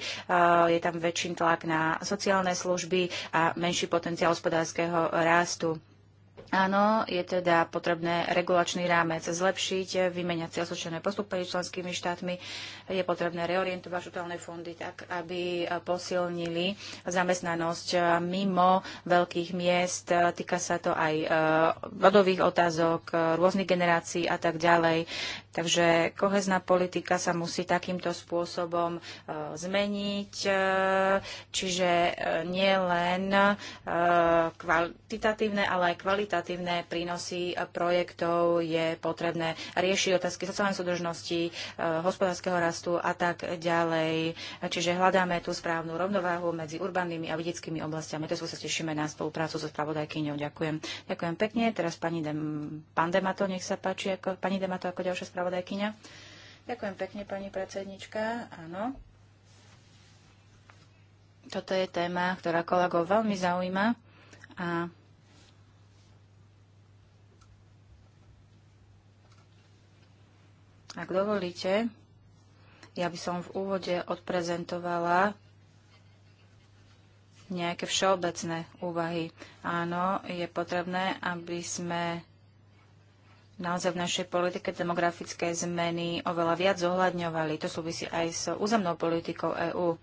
je tam väčší tlak na sociálne služby a menší potenciál hospodárskeho rastu. Áno, je teda potrebné regulačný rámec zlepšiť, vymeniať si osvedčené postupy členskými štátmi, je potrebné reorientovať šutelné fondy tak, aby posilnili zamestnanosť mimo veľkých miest. Týka sa to aj vodových eh, otázok, rôznych generácií a tak ďalej. Takže kohezná politika sa musí takýmto spôsobom e, zmeniť, e, čiže e, nie len kvalitatívne, ale aj kvalitatívne prínosy projektov je potrebné riešiť otázky sociálnej súdržnosti, hospodárskeho rastu a tak ďalej. Čiže hľadáme tú správnu rovnováhu medzi urbanými a vedeckými oblastiami. To sa tešíme na spoluprácu so spravodajkyňou. Ďakujem. Ďakujem pekne. Teraz pani Dem, pán Demato, nech sa páči, ako, pani Demato ako ďalšia spravodajkyňa spravodajkyňa. Ďakujem pekne, pani predsednička. Áno. Toto je téma, ktorá kolegov veľmi zaujíma a Ak dovolíte, ja by som v úvode odprezentovala nejaké všeobecné úvahy. Áno, je potrebné, aby sme naozaj v našej politike demografické zmeny oveľa viac zohľadňovali. To súvisí aj s územnou politikou EÚ.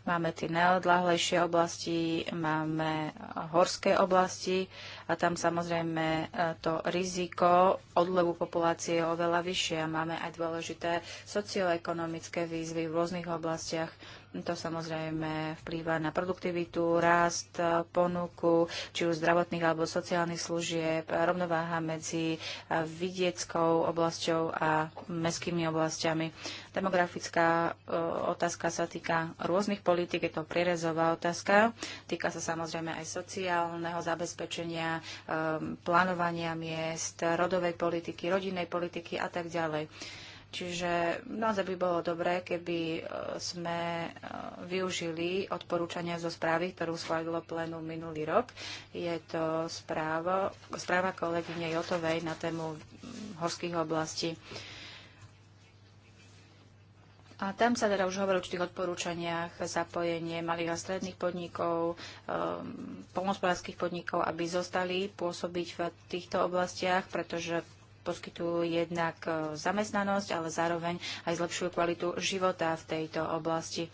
Máme tie najodláhlejšie oblasti, máme horské oblasti a tam samozrejme e, to riziko odlevu populácie je oveľa vyššie a máme aj dôležité socioekonomické výzvy v rôznych oblastiach to samozrejme vplýva na produktivitu, rast, ponuku, či už zdravotných alebo sociálnych služieb, rovnováha medzi vidieckou oblasťou a mestskými oblastiami. Demografická e, otázka sa týka rôznych politik, je to prierezová otázka. Týka sa samozrejme aj sociálneho zabezpečenia, e, plánovania miest, rodovej politiky, rodinnej politiky a tak ďalej. Čiže naozaj by bolo dobré, keby e, sme e, využili odporúčania zo správy, ktorú schválilo plénu minulý rok. Je to správa, správa kolegyne Jotovej na tému horských oblastí. A tam sa teda už hovorí o tých odporúčaniach, zapojenie malých a stredných podnikov, um, polnospodárských podnikov, aby zostali pôsobiť v týchto oblastiach, pretože poskytujú jednak e, zamestnanosť, ale zároveň aj zlepšujú kvalitu života v tejto oblasti.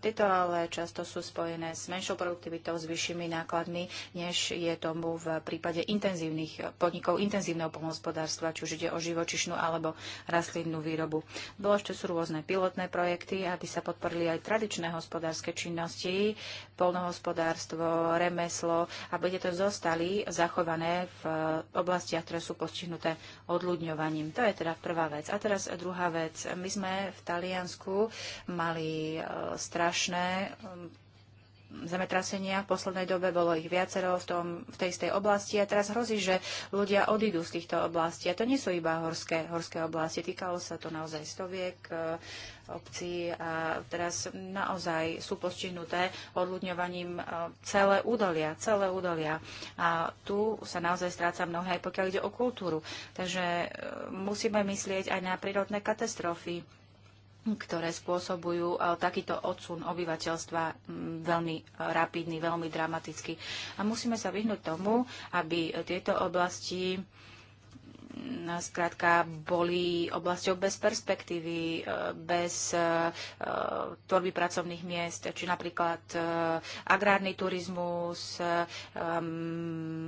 Tieto ale často sú spojené s menšou produktivitou, s vyššími nákladmi, než je tomu v prípade intenzívnych podnikov intenzívneho pomospodárstva, či už ide o živočišnú alebo rastlinnú výrobu. Bolo ešte sú rôzne pilotné projekty, aby sa podporili aj tradičné hospodárske činnosti, polnohospodárstvo, remeslo, aby tieto zostali zachované v oblastiach, ktoré sú postihnuté odľudňovaním. To je teda prvá vec. A teraz druhá vec. My sme v Taliansku mali eh, straž strašné um, zemetrasenia. V poslednej dobe bolo ich viacero v, tom, v tej istej oblasti a teraz hrozí, že ľudia odídu z týchto oblastí. A to nie sú iba horské, horské oblasti. Týkalo sa to naozaj stoviek e, obcí a teraz naozaj sú postihnuté odľudňovaním e, celé údolia, celé údolia. A tu sa naozaj stráca mnohé, aj pokiaľ ide o kultúru. Takže e, musíme myslieť aj na prírodné katastrofy ktoré spôsobujú e, takýto odsun obyvateľstva veľmi rapidný, veľmi dramatický. A musíme sa vyhnúť tomu, aby tieto oblasti zkrátka boli oblasťou bez perspektívy, e, bez e, tvorby pracovných miest, či napríklad agrárny turizmus,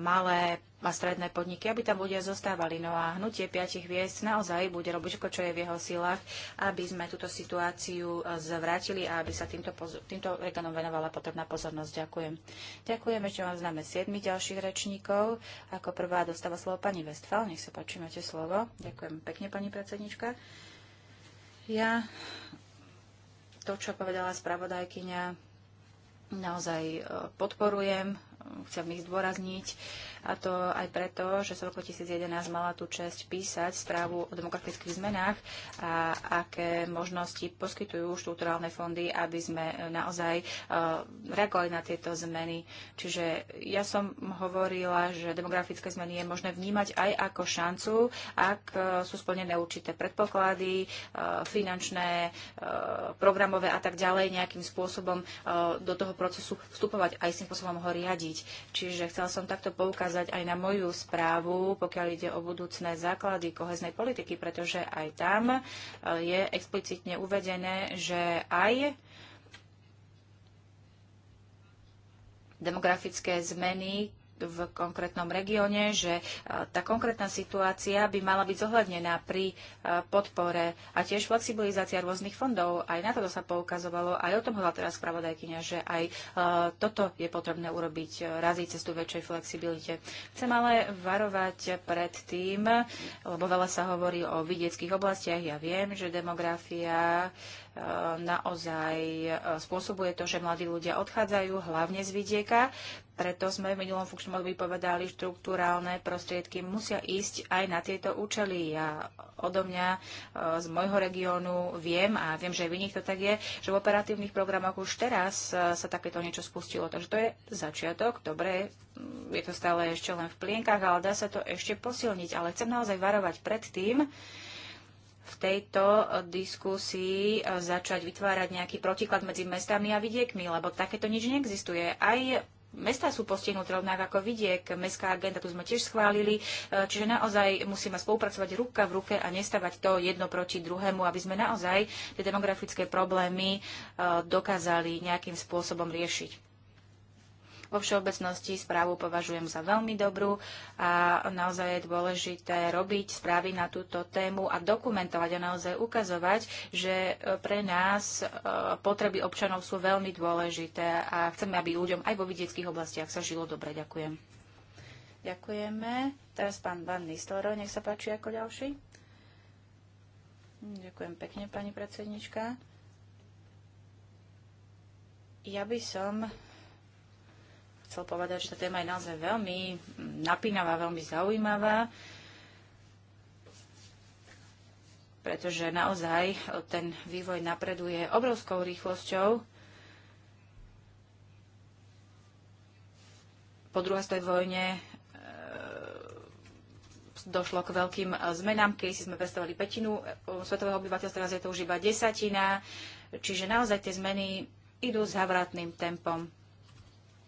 malé a stredné podniky, aby tam ľudia zostávali. No a hnutie piatich hviezd naozaj bude robiť všetko, čo je v jeho silách, aby sme túto situáciu e, zvrátili a aby sa týmto, týmto regionom venovala potrebná pozornosť. Ďakujem. Ďakujem, ešte vám známe siedmi ďalších rečníkov. Ako prvá dostáva slovo pani Westfal. Nech sa páči, máte slovo. Ďakujem pekne, pani predsednička. Ja to, čo povedala spravodajkyňa, naozaj e, podporujem, chcem ich zdôrazniť. A to aj preto, že sa v roku 2011 mala tú čest písať správu o demokratických zmenách a aké možnosti poskytujú štruktúrálne fondy, aby sme e, naozaj e, reagovali na tieto zmeny. Čiže ja som hovorila, že demografické zmeny je možné vnímať aj ako šancu, ak e, sú splnené určité predpoklady, finančné, programové a tak ďalej, nejakým spôsobom do toho procesu vstupovať a istým spôsobom ho riadiť. Čiže chcela som takto poukázať poukázať aj na moju správu, pokiaľ ide o budúcné základy koheznej politiky, pretože aj tam e, je explicitne uvedené, že aj demografické zmeny, v konkrétnom regióne, že e, tá konkrétna situácia by mala byť zohľadnená pri e, podpore a tiež flexibilizácia rôznych fondov. Aj na toto sa poukazovalo, aj o tom hovorila teraz spravodajkynia, že aj e, toto je potrebné urobiť, raziť cestu väčšej flexibilite. Chcem ale varovať pred tým, lebo veľa sa hovorí o vidieckých oblastiach. Ja viem, že demografia naozaj spôsobuje to, že mladí ľudia odchádzajú hlavne z vidieka preto sme v minulom funkčnom období povedali, štruktúrálne prostriedky musia ísť aj na tieto účely. Ja odo mňa e, z môjho regiónu viem a viem, že aj v iných to tak je, že v operatívnych programoch už teraz e, sa takéto niečo spustilo. Takže to je začiatok. Dobre, mm, je to stále ešte len v plienkach, ale dá sa to ešte posilniť. Ale chcem naozaj varovať pred tým, v tejto e, diskusii začať vytvárať nejaký protiklad medzi mestami a vidiekmi, lebo takéto nič neexistuje. Aj mesta sú postihnuté rovnako ako vidiek. Mestská agenda tu sme tiež schválili, e, čiže naozaj musíme spolupracovať ruka v ruke a nestavať to jedno proti druhému, aby sme naozaj tie demografické problémy e, dokázali nejakým spôsobom riešiť. Vo všeobecnosti správu považujem za veľmi dobrú a naozaj je dôležité robiť správy na túto tému a dokumentovať a naozaj ukazovať, že e, pre nás e, potreby občanov sú veľmi dôležité a chceme, aby ľuďom aj vo vidieckých oblastiach sa žilo dobre. Ďakujem. Ďakujeme. Teraz pán Van Nistelrooy, nech sa páči ako ďalší. Ďakujem pekne, pani predsednička. Ja by som chcel povedať, že tá téma je naozaj veľmi napínavá, veľmi zaujímavá, pretože naozaj ten vývoj napreduje obrovskou rýchlosťou. Po druhej svetovej vojne e, došlo k veľkým e, zmenám, keď si sme predstavovali petinu e, svetového obyvateľstva, teraz je to už iba desatina, čiže naozaj tie zmeny idú s havratným tempom.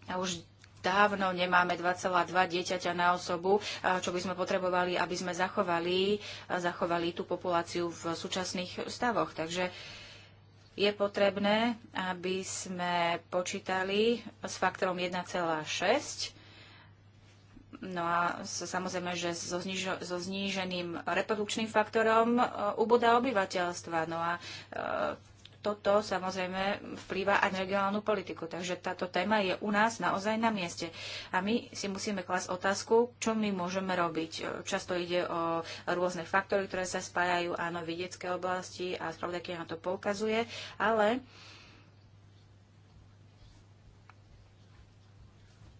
A už dávno nemáme 2,2 dieťaťa na osobu, čo by sme potrebovali, aby sme zachovali, zachovali tú populáciu v súčasných stavoch. Takže je potrebné, aby sme počítali s faktorom 1,6 No a samozrejme, že so, znižo, so zníženým reprodukčným faktorom e, ubúda obyvateľstva. No a e, toto samozrejme vplýva aj na regionálnu politiku. Takže táto téma je u nás naozaj na mieste. A my si musíme klasť otázku, čo my môžeme robiť. Často ide o rôzne faktory, ktoré sa spájajú, áno, vidiecké oblasti a spravodajky na to poukazuje, ale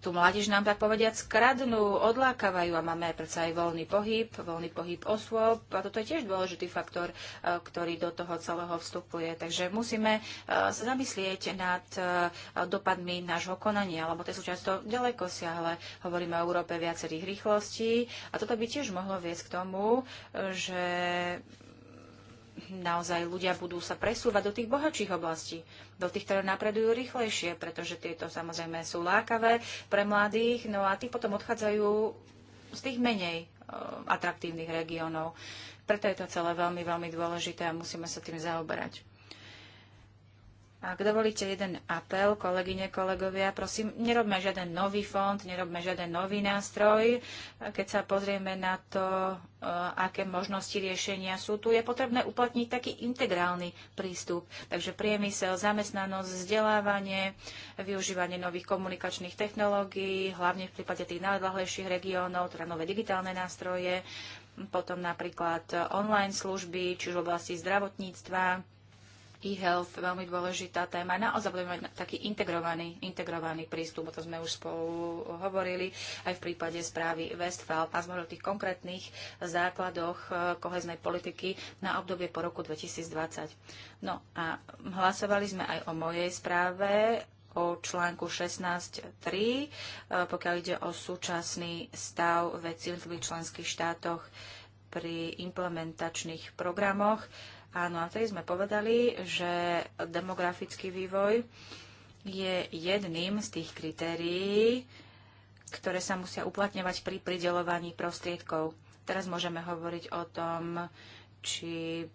tú mládež nám tak povediať skradnú, odlákavajú a máme predsa aj voľný pohyb, voľný pohyb osôb a toto je tiež dôležitý faktor, e, ktorý do toho celého vstupuje. Takže musíme e, sa zamyslieť nad e, dopadmi nášho konania, lebo to je často ďaleko siahle. Hovoríme o Európe viacerých rýchlostí a toto by tiež mohlo viesť k tomu, že naozaj ľudia budú sa presúvať do tých bohatších oblastí, do tých, ktoré napredujú rýchlejšie, pretože tieto samozrejme sú lákavé pre mladých, no a tí potom odchádzajú z tých menej eh, atraktívnych regiónov. Preto je to celé veľmi, veľmi dôležité a musíme sa tým zaoberať. Ak dovolíte jeden apel, kolegyne, kolegovia, prosím, nerobme žiaden nový fond, nerobme žiaden nový nástroj. Keď sa pozrieme na to, e, aké možnosti riešenia sú tu, je potrebné uplatniť taký integrálny prístup. Takže priemysel, zamestnanosť, vzdelávanie, využívanie nových komunikačných technológií, hlavne v prípade tých najodlahlejších regiónov, teda nové digitálne nástroje, potom napríklad online služby, čiže v oblasti zdravotníctva, e-health veľmi dôležitá téma. Naozaj budeme mať taký integrovaný, integrovaný prístup, o to sme už spolu hovorili, aj v prípade správy Westfall, A sme o tých konkrétnych základoch eh, koheznej politiky na obdobie po roku 2020. No a hlasovali sme aj o mojej správe, o článku 16.3, eh, pokiaľ ide o súčasný stav veci v členských štátoch pri implementačných programoch Áno, a tej sme povedali, že demografický vývoj je jedným z tých kritérií, ktoré sa musia uplatňovať pri pridelovaní prostriedkov. Teraz môžeme hovoriť o tom, či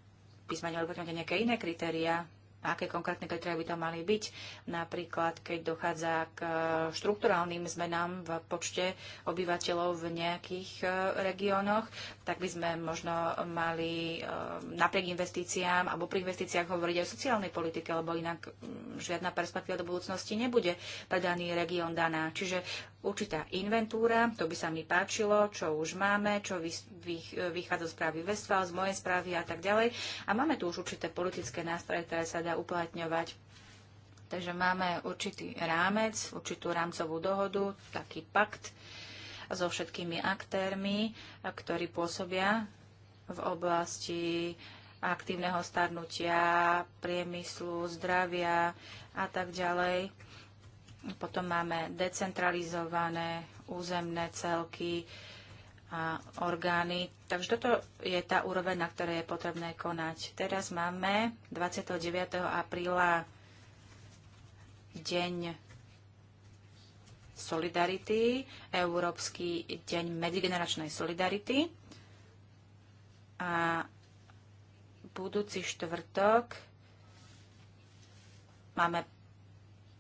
by sme mali uplatňovať nejaké iné kritéria, aké konkrétne kritéria by to mali byť. Napríklad, keď dochádza k štruktúrálnym zmenám v počte obyvateľov v nejakých e, regiónoch, tak by sme možno mali eh, napriek investíciám alebo pri investíciách hovoriť aj o sociálnej politike, lebo inak mm, žiadna perspektíva do budúcnosti nebude pre daný región daná. Čiže určitá inventúra, to by sa mi páčilo, čo už máme, čo vychádza z správy Vestva, z mojej správy a tak ďalej. A máme tu už určité politické nástroje, ktoré sa dá uplatňovať Takže máme určitý rámec, určitú rámcovú dohodu, taký pakt, so všetkými aktérmi, ktorí pôsobia v oblasti aktívneho starnutia, priemyslu, zdravia a tak ďalej. Potom máme decentralizované územné celky a orgány. Takže toto je tá úroveň, na ktorej je potrebné konať. Teraz máme 29. apríla deň solidarity, Európsky deň medzigeneračnej solidarity. A budúci štvrtok máme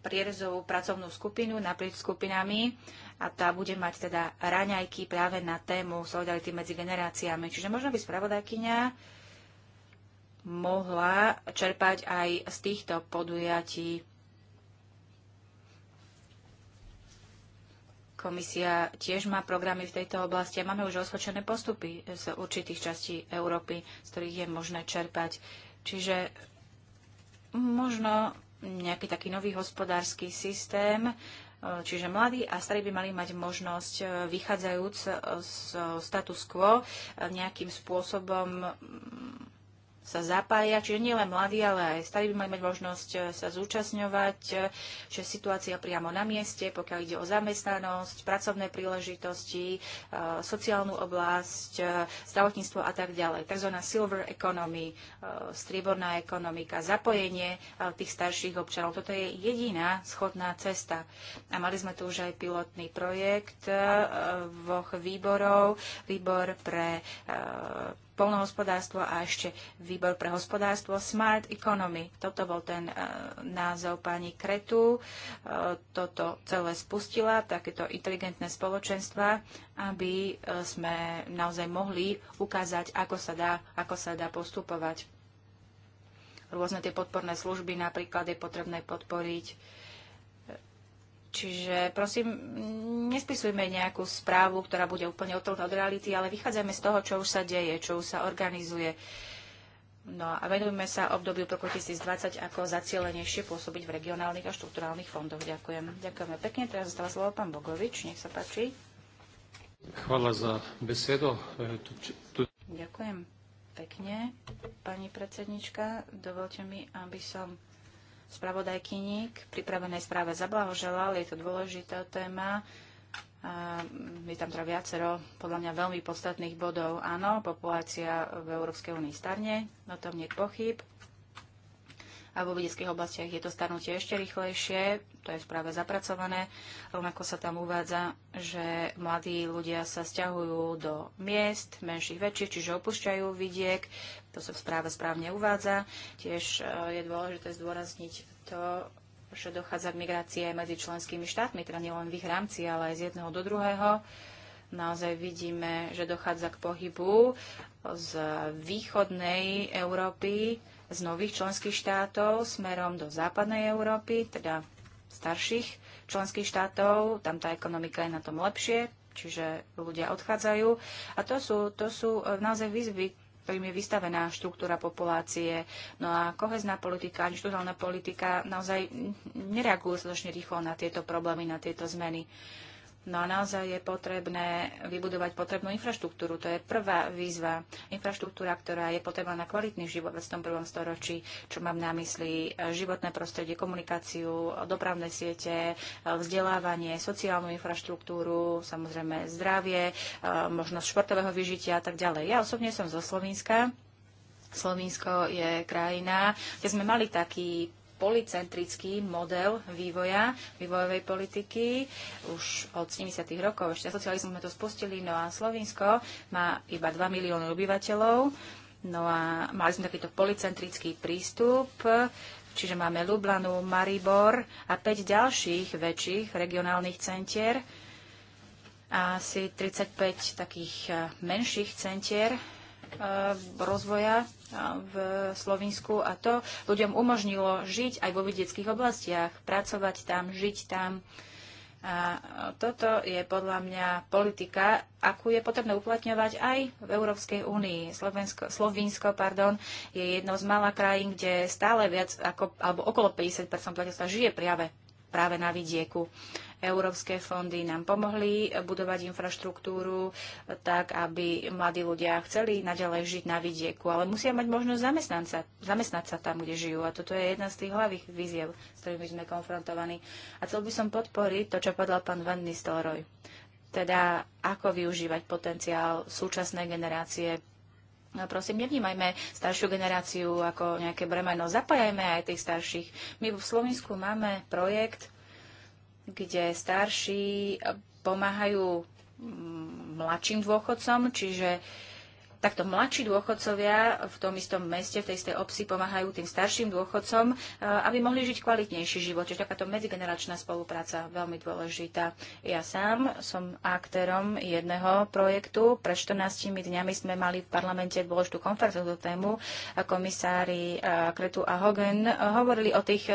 prierezovú pracovnú skupinu naprieč skupinami a tá bude mať teda raňajky práve na tému solidarity medzi generáciami. Čiže možno by spravodajkyňa mohla čerpať aj z týchto podujatí Komisia tiež má programy v tejto oblasti a máme už osvočené postupy z určitých častí Európy, z ktorých je možné čerpať. Čiže možno nejaký taký nový hospodársky systém, e, Čiže mladí a starí by mali mať možnosť, e, vychádzajúc z status quo, e, nejakým spôsobom sa zapája, čiže nielen mladí, ale aj starí by mali mať možnosť e, sa zúčastňovať, e, že situácia priamo na mieste, pokiaľ ide o zamestnanosť, pracovné príležitosti, e, sociálnu oblasť, zdravotníctvo a tak ďalej. Takzvaná silver economy, strieborná ekonomika, zapojenie tých starších občanov. Toto je jediná schodná cesta. A mali sme tu už aj pilotný projekt dvoch výborov. Výbor pre polnohospodárstvo a ešte výbor pre hospodárstvo Smart Economy. Toto bol ten e, názov pani Kretu. E, toto celé spustila, takéto inteligentné spoločenstva, aby e, sme naozaj mohli ukázať, ako sa dá, ako sa dá postupovať. Rôzne tie podporné služby napríklad je potrebné podporiť Čiže prosím, nespisujme nejakú správu, ktorá bude úplne odtrhnutá od reality, ale vychádzame z toho, čo už sa deje, čo už sa organizuje. No a venujme sa obdobiu roku 2020 ako zacielenejšie pôsobiť v regionálnych a štruktúrálnych fondoch. Ďakujem. Ďakujeme pekne. Teraz zostáva slovo pán Bogovič. Nech sa páči. Chvala za besedo. E, Ďakujem pekne, pani predsednička. Dovolte mi, aby som spravodajkyni k pripravenej správe zablahoželal. Je to dôležitá téma. je tam teda viacero, podľa mňa veľmi podstatných bodov. Áno, populácia v Európskej únii starne, o no tom nie pochyb a vo vedeckých oblastiach je to starnutie ešte rýchlejšie, to je v správe zapracované. Rovnako sa tam uvádza, že mladí ľudia sa stiahujú do miest, menších, väčších, čiže opúšťajú vidiek, to sa v správe správne uvádza. Tiež e, je dôležité zdôrazniť to, že dochádza k migrácie medzi členskými štátmi, teda nielen v ich rámci, ale aj z jedného do druhého naozaj vidíme, že dochádza k pohybu z východnej Európy z nových členských štátov smerom do západnej Európy, teda starších členských štátov. Tam tá ekonomika je na tom lepšie, čiže ľudia odchádzajú. A to sú, to sú e, naozaj výzvy, ktorým je vystavená štruktúra populácie. No a kohezná politika, ani politika naozaj nereagujú dostatočne rýchlo na tieto problémy, na tieto zmeny. Uh, No a naozaj je potrebné vybudovať potrebnú infraštruktúru. To je prvá výzva. Infraštruktúra, ktorá je potrebná na kvalitný život v 21. storočí, čo mám na mysli e, životné prostredie, komunikáciu, dopravné siete, e, vzdelávanie, sociálnu infraštruktúru, samozrejme zdravie, e, možnosť športového vyžitia a tak ďalej. Ja osobne som zo Slovenska. Slovinsko je krajina, kde sme mali taký policentrický model vývoja, vývojovej politiky. Už od 70. rokov, ešte socializmu sme to spustili, no a Slovinsko má iba 2 milióny obyvateľov. No a mali sme takýto policentrický prístup, čiže máme Lublanu, Maribor a 5 ďalších väčších regionálnych centier a asi 35 takých eh, menších centier eh, rozvoja v Slovensku a to ľuďom umožnilo žiť aj vo vidieckých oblastiach, pracovať tam, žiť tam. A toto je podľa mňa politika, akú je potrebné uplatňovať aj v Európskej únii. Slovensko, Slovinsko pardon, je jednou z malých krajín, kde stále viac ako, alebo okolo 50 obyvateľstva žije práve práve na vidieku. Európske fondy nám pomohli budovať infraštruktúru tak, aby mladí ľudia chceli naďalej žiť na vidieku, ale musia mať možnosť sa, zamestnať sa tam, kde žijú. A toto je jedna z tých hlavých víziev, s ktorými sme konfrontovaní. A chcel by som podporiť to, čo povedal pán Van Nistelrooy teda ako využívať potenciál súčasnej generácie Prosím, nevnímajme staršiu generáciu ako nejaké bremeno. Zapájajme aj tých starších. My v Slovensku máme projekt, kde starší pomáhajú mm, mladším dôchodcom, čiže uh, takto mladší dôchodcovia v tom istom meste, v tej istej obci pomáhajú tým starším dôchodcom, e, aby mohli žiť kvalitnejší život. Čiže takáto medzigeneračná spolupráca veľmi dôležitá. Ja sám som aktérom jedného projektu. Pre 14 dňami sme mali v parlamente dôležitú konferenciu do tému. Komisári e, Kretu a Hogan e, hovorili o tých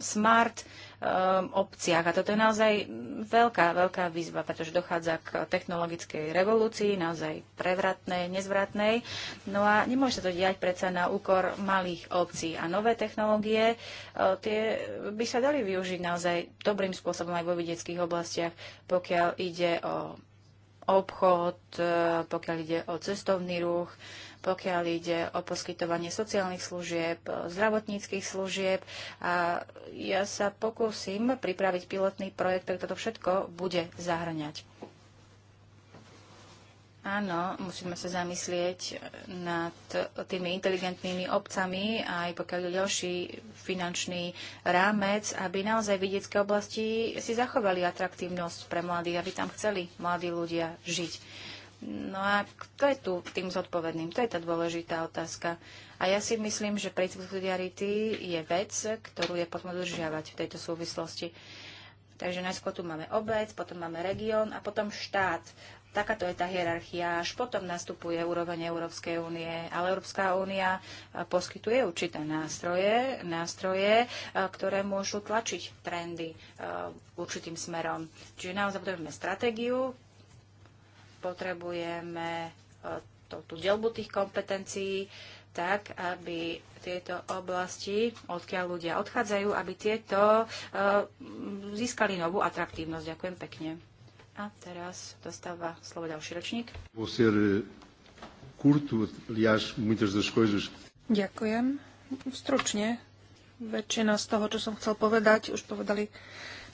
smart Um, obciach. A toto je naozaj veľká, veľká výzva, pretože dochádza k technologickej revolúcii, naozaj prevratnej, nezvratnej. No a nemôže sa to diať predsa na úkor malých obcí. A nové technológie, uh, tie by sa dali využiť naozaj dobrým spôsobom aj vo vidieckých oblastiach, pokiaľ ide o obchod, uh, pokiaľ ide o cestovný ruch, pokiaľ ide o poskytovanie sociálnych služieb, zdravotníckých služieb. A ja sa pokúsim pripraviť pilotný projekt, ktorý toto všetko bude zahrňať. Áno, musíme sa zamyslieť nad tými inteligentnými obcami, aj pokiaľ je ďalší finančný rámec, aby naozaj vidiecké oblasti si zachovali atraktívnosť pre mladých, aby tam chceli mladí ľudia žiť. No a kto je tu tým zodpovedným? To je tá dôležitá otázka. A ja si myslím, že princíp subsidiarity je vec, ktorú je potom udržiavať v tejto súvislosti. Takže najskôr tu máme obec, potom máme región a potom štát. Takáto je tá hierarchia, až potom nastupuje úroveň Európskej únie. Ale Európska únia e, poskytuje určité nástroje, nástroje, e, ktoré môžu tlačiť trendy e, určitým smerom. Čiže naozaj potrebujeme stratégiu, potrebujeme e, to, tú delbu tých kompetencií tak, aby tieto oblasti, odkiaľ ľudia odchádzajú, aby tieto e, získali novú atraktívnosť. Ďakujem pekne. A teraz dostáva slovo ďalší ročník. E, Ďakujem. Stručne. Väčšina z toho, čo som chcel povedať, už povedali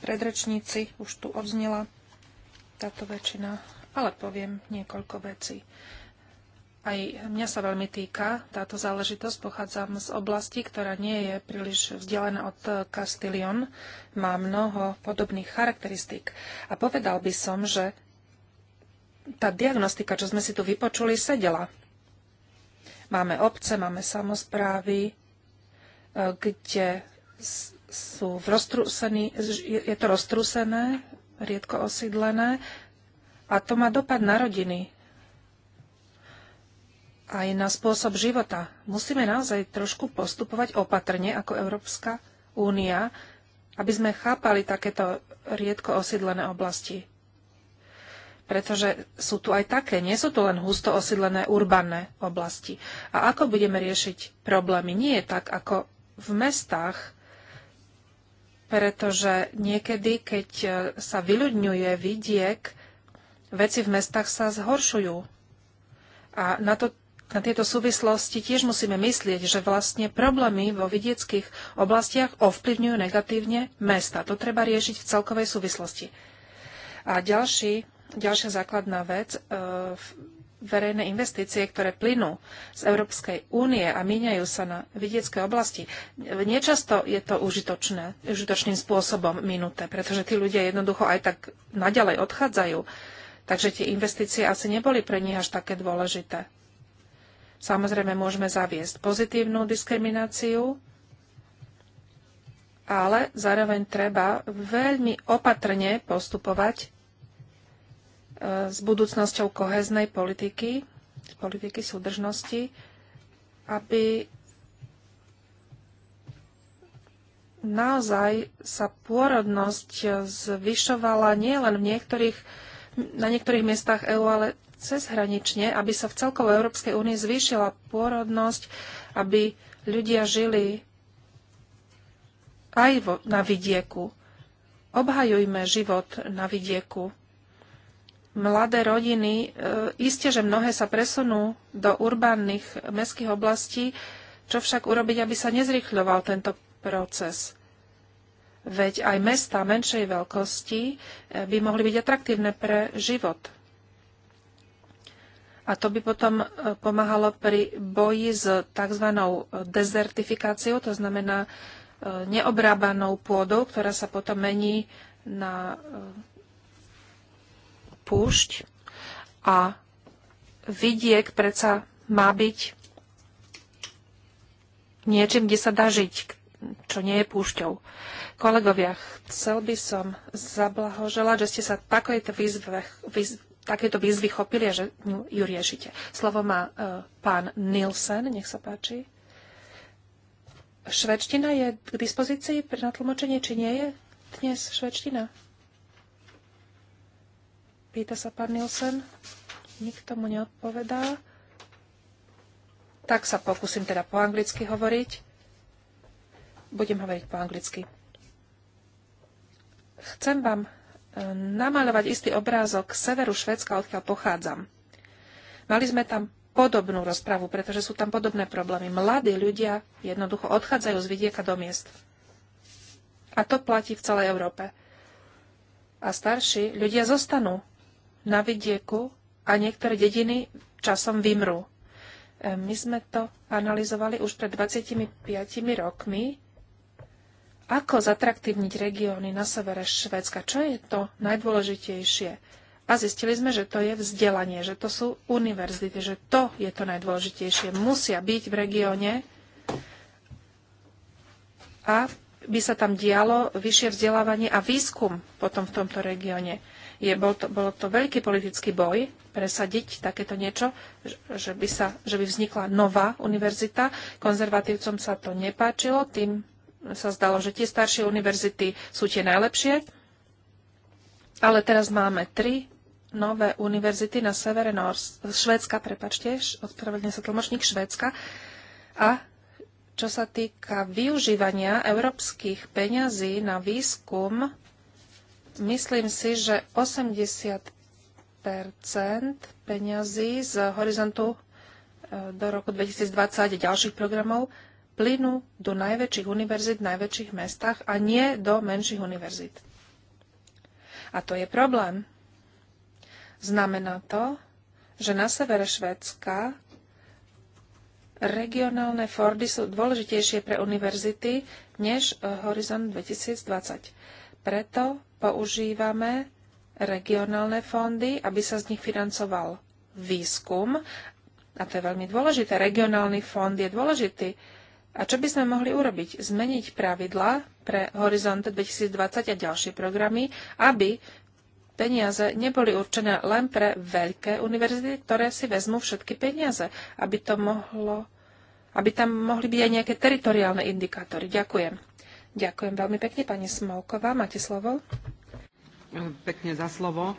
predrečníci, už tu odznila táto väčšina ale poviem niekoľko vecí. Aj mňa sa veľmi týka táto záležitosť. Pochádzam z oblasti, ktorá nie je príliš vzdialená od Castillon. Má mnoho podobných charakteristík. A povedal by som, že tá diagnostika, čo sme si tu vypočuli, sedela. Máme obce, máme samozprávy, e, kde sú v je to roztrúsené, riedko osídlené, a to má dopad na rodiny, aj na spôsob života. Musíme naozaj trošku postupovať opatrne ako Európska únia, aby sme chápali takéto riedko osídlené oblasti. Pretože sú tu aj také, nie sú tu len husto osídlené urbané oblasti. A ako budeme riešiť problémy? Nie je tak ako v mestách, pretože niekedy, keď e, sa vyľudňuje vidiek, veci v mestách sa zhoršujú. A na, to, na tieto súvislosti tiež musíme myslieť, že vlastne problémy vo vidieckých oblastiach ovplyvňujú negatívne mesta. To treba riešiť v celkovej súvislosti. A ďalší, ďalšia základná vec, e, verejné investície, ktoré plynú z Európskej únie a míňajú sa na vidiecké oblasti, nečasto je to užitočné, užitočným spôsobom minuté, pretože tí ľudia jednoducho aj tak naďalej odchádzajú. Takže tie investície asi neboli pre nich až také dôležité. Samozrejme, môžeme zaviesť pozitívnu diskrimináciu, ale zároveň treba veľmi opatrne postupovať e, s budúcnosťou koheznej politiky, politiky súdržnosti, aby naozaj sa pôrodnosť zvyšovala nielen v niektorých na niektorých miestach EÚ, ale cezhranične, aby sa v celkovej Európskej únii zvýšila pôrodnosť, aby ľudia žili aj vo, na vidieku. Obhajujme život na vidieku. Mladé rodiny, e, isté, že mnohé sa presunú do urbánnych mestských oblastí, čo však urobiť, aby sa nezrychľoval tento proces? Veď aj mesta menšej veľkosti eh, by mohli byť atraktívne pre život. A to by potom eh, pomáhalo pri boji s tzv. Eh, dezertifikáciou, to znamená neobrábanou pôdou, ktorá sa potom mení na púšť. A vidiek predsa má byť niečím, kde sa dá žiť, čo nie je púšťou. Kolegovia, chcel by som zablahoželať, že ste sa takéto výzve, takéto výzvy chopili a že ju riešite. Slovo má uh, pán Nilsen, nech sa páči. Švedština je k dispozícii pre natlmočenie, či nie je dnes švedština? Pýta sa pán Nilsen? Nikto mu neodpovedá. Tak sa pokúsim teda po anglicky hovoriť. Budem hovoriť po anglicky. Chcem vám e, namalovať istý obrázok severu Švedska, odkiaľ pochádzam. Mali sme tam podobnú rozpravu, pretože sú tam podobné problémy. Mladí ľudia jednoducho odchádzajú z vidieka do miest. A to platí v celej Európe. A starší ľudia zostanú na vidieku a niektoré dediny časom vymrú. E, my sme to analyzovali už pred 25 rokmi ako zatraktívniť regióny na severe Švédska? Čo je to najdôležitejšie? A zistili sme, že to je vzdelanie, že to sú univerzity, že to je to najdôležitejšie. Musia byť v regióne a by sa tam dialo vyššie vzdelávanie a výskum potom v tomto regióne. Je, bol to, bolo to veľký politický boj presadiť takéto niečo, že by, sa, že by vznikla nová univerzita. Konzervatívcom sa to nepáčilo, tým sa zdalo, že tie staršie univerzity sú tie najlepšie, ale teraz máme tri nové univerzity na severe Nors- Švédska, prepačte, odpravedlne sa tlmočník Švédska. A čo sa týka využívania európskych peňazí na výskum, myslím si, že 80 peňazí z horizontu e, do roku 2020 a ďalších programov plynú do najväčších univerzit v najväčších mestách a nie do menších univerzit. A to je problém. Znamená to, že na severe Švédska regionálne Fordy sú dôležitejšie pre univerzity než eh, Horizon 2020. Preto používame regionálne fondy, aby sa z nich financoval výskum. A to je veľmi dôležité. Regionálny fond je dôležitý a čo by sme mohli urobiť? Zmeniť pravidla pre Horizont 2020 a ďalšie programy, aby peniaze neboli určené len pre veľké univerzity, ktoré si vezmú všetky peniaze, aby to mohlo aby tam mohli byť aj nejaké teritoriálne indikátory. Ďakujem. Ďakujem veľmi pekne, pani Smolková. Máte slovo. Pekne za slovo.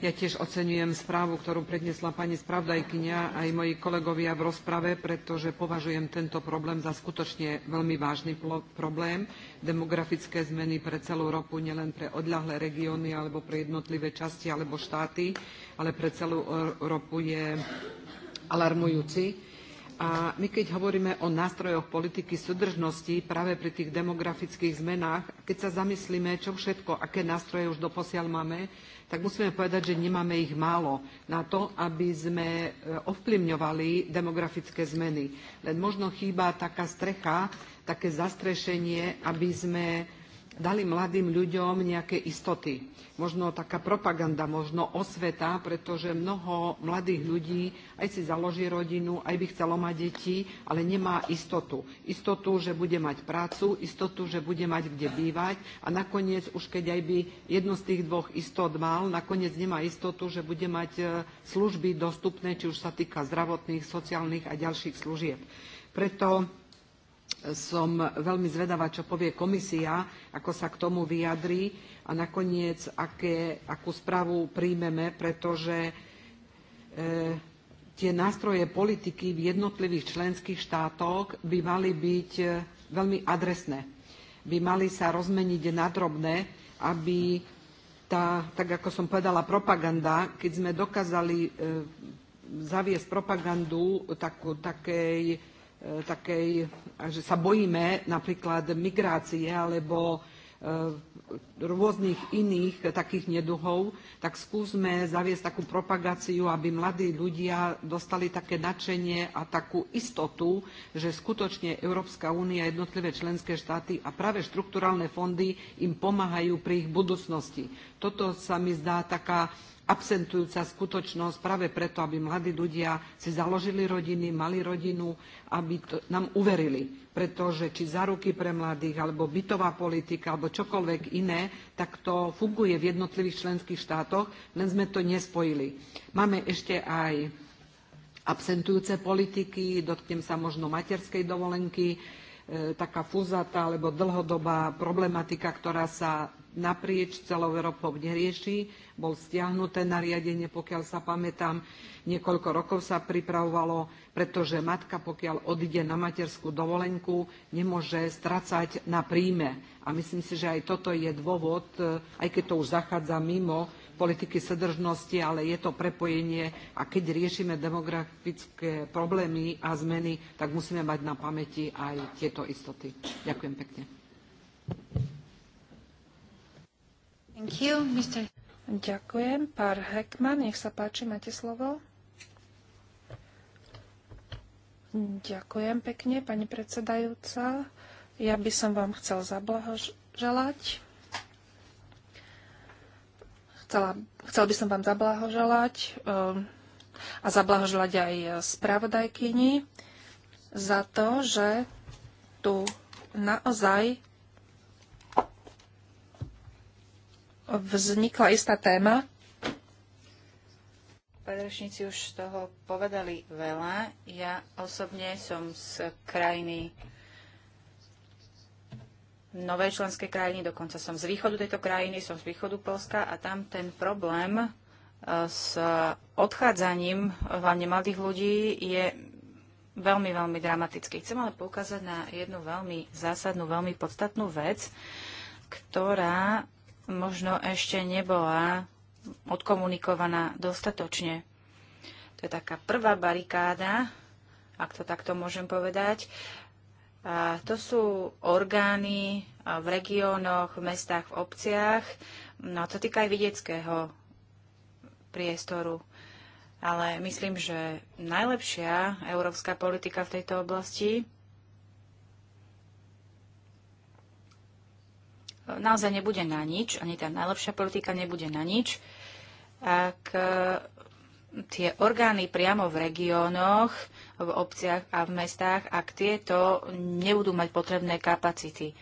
Ja tiež oceňujem správu, ktorú predniesla pani spravodajkyňa aj moji kolegovia v rozprave, pretože považujem tento problém za skutočne veľmi vážny problém. Demografické zmeny pre celú Európu, nielen pre odľahlé regióny alebo pre jednotlivé časti alebo štáty, ale pre celú Európu je alarmujúci. A my keď hovoríme o nástrojoch politiky súdržnosti práve pri tých demografických zmenách, keď sa zamyslíme, čo všetko, aké nástroje už doposiaľ máme, tak musíme povedať, že nemáme ich málo na to, aby sme e, ovplyvňovali demografické zmeny. Len možno chýba taká strecha, také zastrešenie, aby sme dali mladým ľuďom nejaké istoty. Možno taká propaganda, možno osveta, pretože mnoho mladých ľudí aj si založí rodinu, aj by chcelo mať deti, ale nemá istotu. Istotu, že bude mať prácu, istotu, že bude mať kde bývať a nakoniec už keď aj by jedno z tých dvoch istot mal, nakoniec nemá istotu, že bude mať e, služby dostupné, či už sa týka zdravotných, sociálnych a ďalších služieb. Preto som veľmi zvedavá, čo povie komisia, ako sa k tomu vyjadrí a nakoniec, aké, akú správu príjmeme, pretože e, tie nástroje politiky v jednotlivých členských štátoch by mali byť e, veľmi adresné. By mali sa rozmeniť na drobné, aby tá, tak ako som povedala, propaganda, keď sme dokázali e, zaviesť propagandu takú, takej E, takej, že sa bojíme napríklad migrácie alebo e, rôznych iných takých neduhov, tak skúsme zaviesť takú propagáciu, aby mladí ľudia dostali také nadšenie a takú istotu, že skutočne Európska únia, jednotlivé členské štáty a práve štrukturálne fondy im pomáhajú pri ich budúcnosti. Toto sa mi zdá taká absentujúca skutočnosť práve preto, aby mladí ľudia si založili rodiny, mali rodinu, aby to, nám uverili. Pretože či záruky pre mladých, alebo bytová politika, alebo čokoľvek iné, tak to funguje v jednotlivých členských štátoch, len sme to nespojili. Máme ešte aj absentujúce politiky, dotknem sa možno materskej dovolenky, E, taká fúzata alebo dlhodobá problematika, ktorá sa naprieč celou Európou nerieši. Bol stiahnuté nariadenie, pokiaľ sa pamätám, niekoľko rokov sa pripravovalo, pretože matka, pokiaľ odíde na materskú dovolenku, nemôže stracať na príjme. A myslím si, že aj toto je dôvod, e, aj keď to už zachádza mimo politiky sedržnosti, ale je to prepojenie a keď riešime demografické problémy a zmeny, tak musíme mať na pamäti aj tieto istoty. Ďakujem pekne. You, Ďakujem. Pár Heckman, nech sa páči, máte slovo. Ďakujem pekne, pani predsedajúca. Ja by som vám chcel zablahoželať Chcela, chcela by som vám zablahoželať ehm, a zablahoželať aj spravodajkyni za to, že tu naozaj vznikla istá téma. Predrečníci už toho povedali veľa. Ja osobne som z krajiny nové členské krajiny, dokonca som z východu tejto krajiny, som z východu Polska a tam ten problém e, s odchádzaním e, hlavne mladých ľudí je veľmi, veľmi dramatický. Chcem ale poukázať na jednu veľmi zásadnú, veľmi podstatnú vec, ktorá možno ešte nebola odkomunikovaná dostatočne. To je taká prvá barikáda, ak to takto môžem povedať, to sú orgány v regiónoch, v mestách, v obciach. No to týka aj vidieckého priestoru. Ale myslím, že najlepšia európska politika v tejto oblasti naozaj nebude na nič, ani tá najlepšia politika nebude na nič, ak tie orgány priamo v regiónoch v obciach a v mestách, ak tieto nebudú mať potrebné kapacity.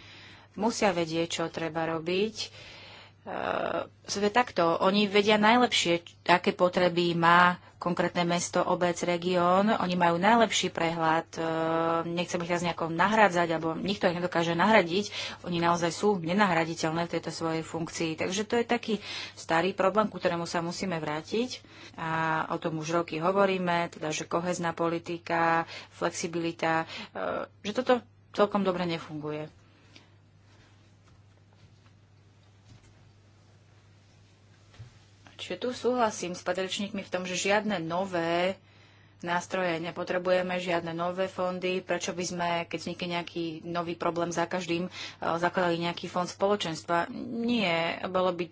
Musia vedieť, čo treba robiť. E, takto, oni vedia najlepšie, aké potreby má konkrétne mesto, obec, región. Oni majú najlepší prehľad. E, nechcem ich teraz nejako nahradzať, alebo nikto ich nedokáže nahradiť. Oni naozaj sú nenahraditeľné v tejto svojej funkcii. Takže to je taký starý problém, ku ktorému sa musíme vrátiť. A o tom už roky hovoríme, teda, že kohezná politika, flexibilita, e, že toto celkom dobre nefunguje. Čiže tu súhlasím s patričníkmi v tom, že žiadne nové nástroje nepotrebujeme, žiadne nové fondy. Prečo by sme, keď vznikne nejaký nový problém za každým, e, zakladali nejaký fond spoločenstva? Nie, bolo by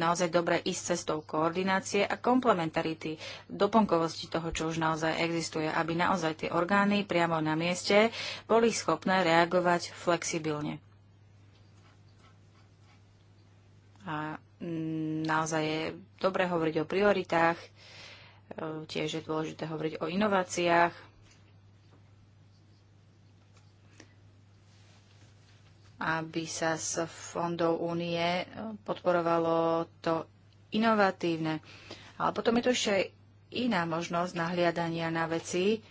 naozaj dobré ísť cestou koordinácie a komplementarity, doplnkovosti toho, čo už naozaj existuje, aby naozaj tie orgány priamo na mieste boli schopné reagovať flexibilne. A Mm, naozaj je dobré hovoriť o prioritách, e, tiež je dôležité hovoriť o inováciách. aby sa z fondov únie e, podporovalo to inovatívne. Ale potom je tu ešte aj iná možnosť nahliadania na veci,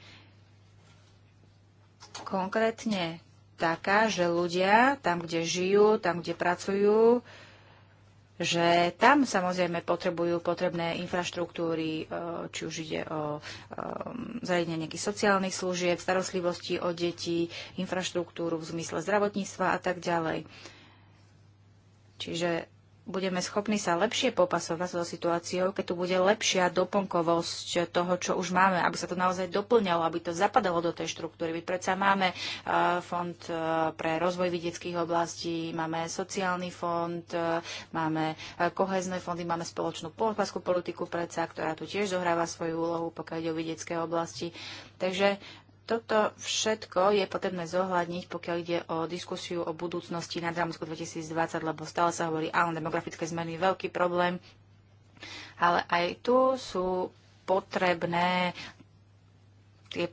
konkrétne taká, že ľudia tam, kde žijú, tam, kde pracujú, že tam samozrejme potrebujú potrebné infraštruktúry, e, či už ide o e, zariadenie nejakých sociálnych služieb, starostlivosti o deti, infraštruktúru v zmysle zdravotníctva a tak ďalej. Čiže budeme schopní sa lepšie popasovať so situáciou, keď tu bude lepšia doplnkovosť toho, čo už máme, aby sa to naozaj doplňalo, aby to zapadalo do tej štruktúry. My predsa máme eh, fond eh, pre rozvoj vidieckých oblastí, máme sociálny fond, eh, máme kohezné fondy, máme spoločnú pohľadskú politiku predsa, ktorá tu tiež zohráva svoju úlohu, pokiaľ ide o vidiecké oblasti. Takže toto všetko je potrebné zohľadniť, pokiaľ ide o diskusiu o budúcnosti na Dramsku 2020, lebo stále sa hovorí, áno, demografické zmeny, veľký problém, ale aj tu sú potrebné tie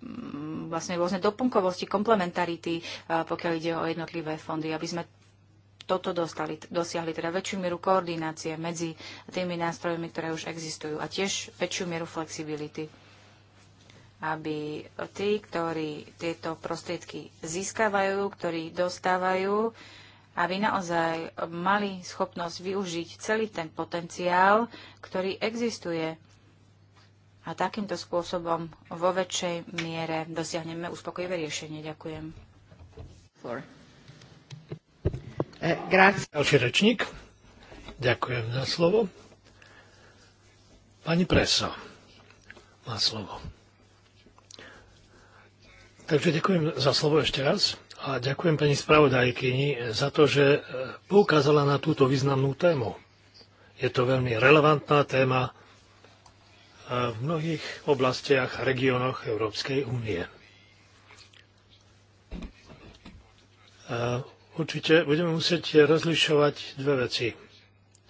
mm, vlastne rôzne doplnkovosti, komplementarity, e, pokiaľ ide o jednotlivé fondy, aby sme toto dostali, dosiahli, teda väčšiu mieru koordinácie medzi tými nástrojmi, ktoré už existujú a tiež väčšiu mieru flexibility aby tí, ktorí tieto prostriedky získavajú, ktorí dostávajú, aby naozaj mali schopnosť využiť celý ten potenciál, ktorý existuje. A takýmto spôsobom vo väčšej miere dosiahneme uspokojivé riešenie. Ďakujem. Eh, Ďalší rečník. Ďakujem za slovo. Pani Preso má slovo. Takže ďakujem za slovo ešte raz a ďakujem pani spravodajkyni za to, že e, poukázala na túto významnú tému. Je to veľmi relevantná téma e, v mnohých oblastiach a regiónoch Európskej únie. E, určite budeme musieť rozlišovať dve veci.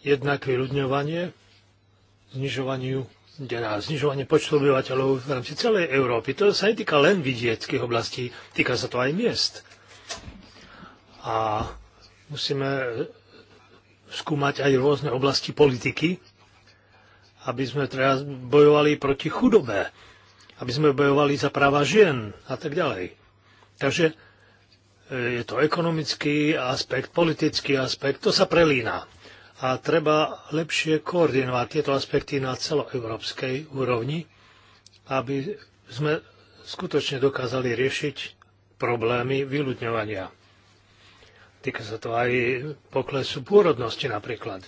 Jednak vyľudňovanie, znižovaniu kde na znižovanie počtu obyvateľov v rámci celej Európy. To sa netýka len vidieckých oblastí, týka sa to aj miest. A musíme skúmať aj rôzne oblasti politiky, aby sme teraz bojovali proti chudobe, aby sme bojovali za práva žien a tak ďalej. Takže e, je to ekonomický aspekt, politický aspekt, to sa prelína a treba lepšie koordinovať tieto aspekty na celoeurópskej úrovni, aby sme skutočne dokázali riešiť problémy vyľudňovania. Týka sa to aj poklesu pôrodnosti napríklad.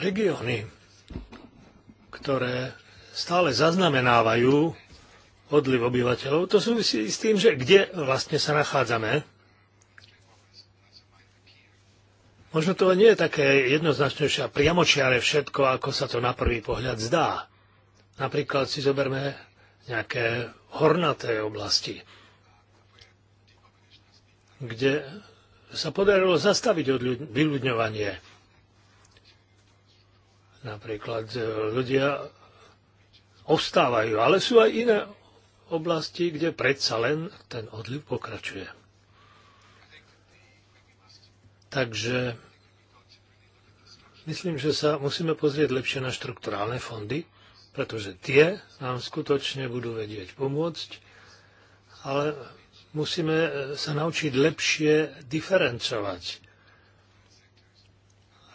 Regióny, ktoré stále zaznamenávajú odliv obyvateľov, to súvisí s tým, že kde vlastne sa nachádzame Možno to nie je také jednoznačnejšie a priamočiare všetko, ako sa to na prvý pohľad zdá. Napríklad si zoberme nejaké hornaté oblasti, kde sa podarilo zastaviť odľu- vyľudňovanie. Napríklad e, ľudia ostávajú, ale sú aj iné oblasti, kde predsa len ten odliv pokračuje. Takže myslím, že sa musíme pozrieť lepšie na štrukturálne fondy, pretože tie nám skutočne budú vedieť pomôcť, ale musíme sa naučiť lepšie diferencovať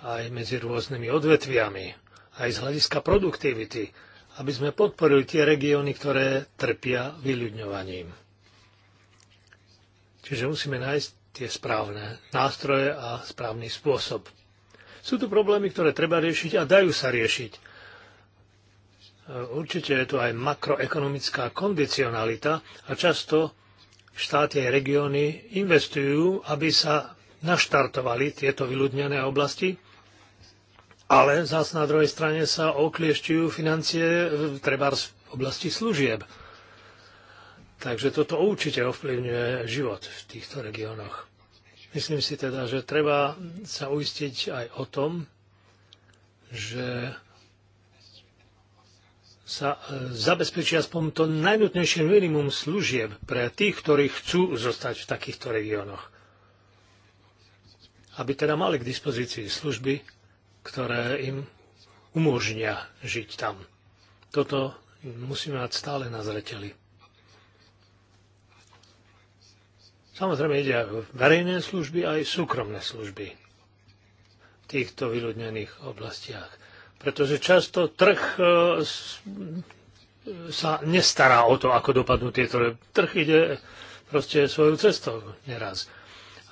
aj medzi rôznymi odvetviami, aj z hľadiska produktivity, aby sme podporili tie regióny, ktoré trpia vyľudňovaním. Čiže musíme nájsť tie správne nástroje a správny spôsob. Sú tu problémy, ktoré treba riešiť a dajú sa riešiť. E, určite je tu aj makroekonomická kondicionalita a často štáty a regióny investujú, aby sa naštartovali tieto vyľudnené oblasti, ale zás na druhej strane sa okliešťujú financie e, treba v oblasti služieb. Takže toto určite ovplyvňuje život v týchto regiónoch. Myslím si teda, že treba sa uistiť aj o tom, že sa e, zabezpečí aspoň to najnutnejšie minimum služieb pre tých, ktorí chcú zostať v takýchto regiónoch. Aby teda mali k dispozícii služby, ktoré im umožnia žiť tam. Toto musíme mať stále na zreteli. Samozrejme ide aj verejné služby, aj súkromné služby v týchto vyľudnených oblastiach. Pretože často trh e, sa nestará o to, ako dopadnú tieto. Trh ide proste svojou cestou neraz.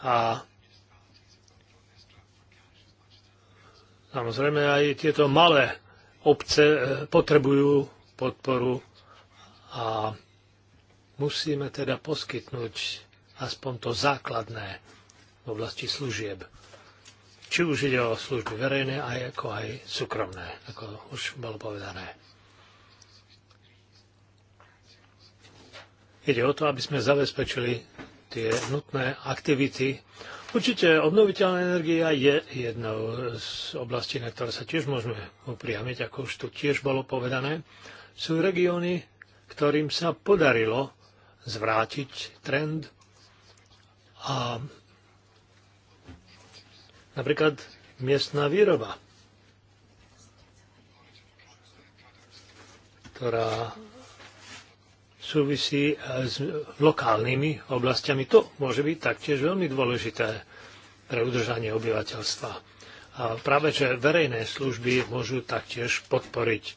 A Samozrejme aj tieto malé obce e, potrebujú podporu a musíme teda poskytnúť aspoň to základné v oblasti služieb. Či už ide o služby verejné, aj ako aj súkromné, ako už bolo povedané. Ide o to, aby sme zabezpečili tie nutné aktivity. Určite obnoviteľná energia je jednou z oblastí, na ktoré sa tiež môžeme upriamiť, ako už tu tiež bolo povedané. Sú regióny, ktorým sa podarilo zvrátiť trend a napríklad miestná výroba, ktorá súvisí s lokálnymi oblastiami. To môže byť taktiež veľmi dôležité pre udržanie obyvateľstva. A práve, že verejné služby môžu taktiež podporiť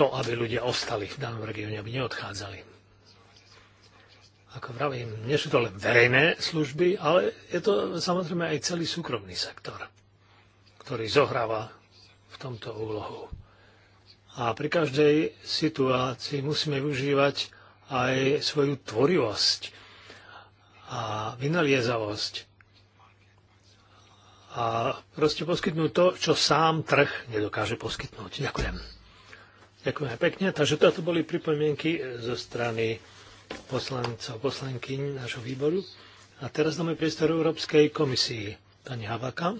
to, aby ľudia ostali v danom regióne, aby neodchádzali. Ako vravím, nie sú to len verejné služby, ale je to samozrejme aj celý súkromný sektor, ktorý zohráva v tomto úlohu. A pri každej situácii musíme využívať aj svoju tvorivosť a vynaliezavosť a proste poskytnúť to, čo sám trh nedokáže poskytnúť. Ďakujem. Ďakujem pekne. Takže toto boli pripomienky zo strany poslancov, poslankyň nášho výboru. A teraz dáme priestor Európskej komisii. Pani Havaka,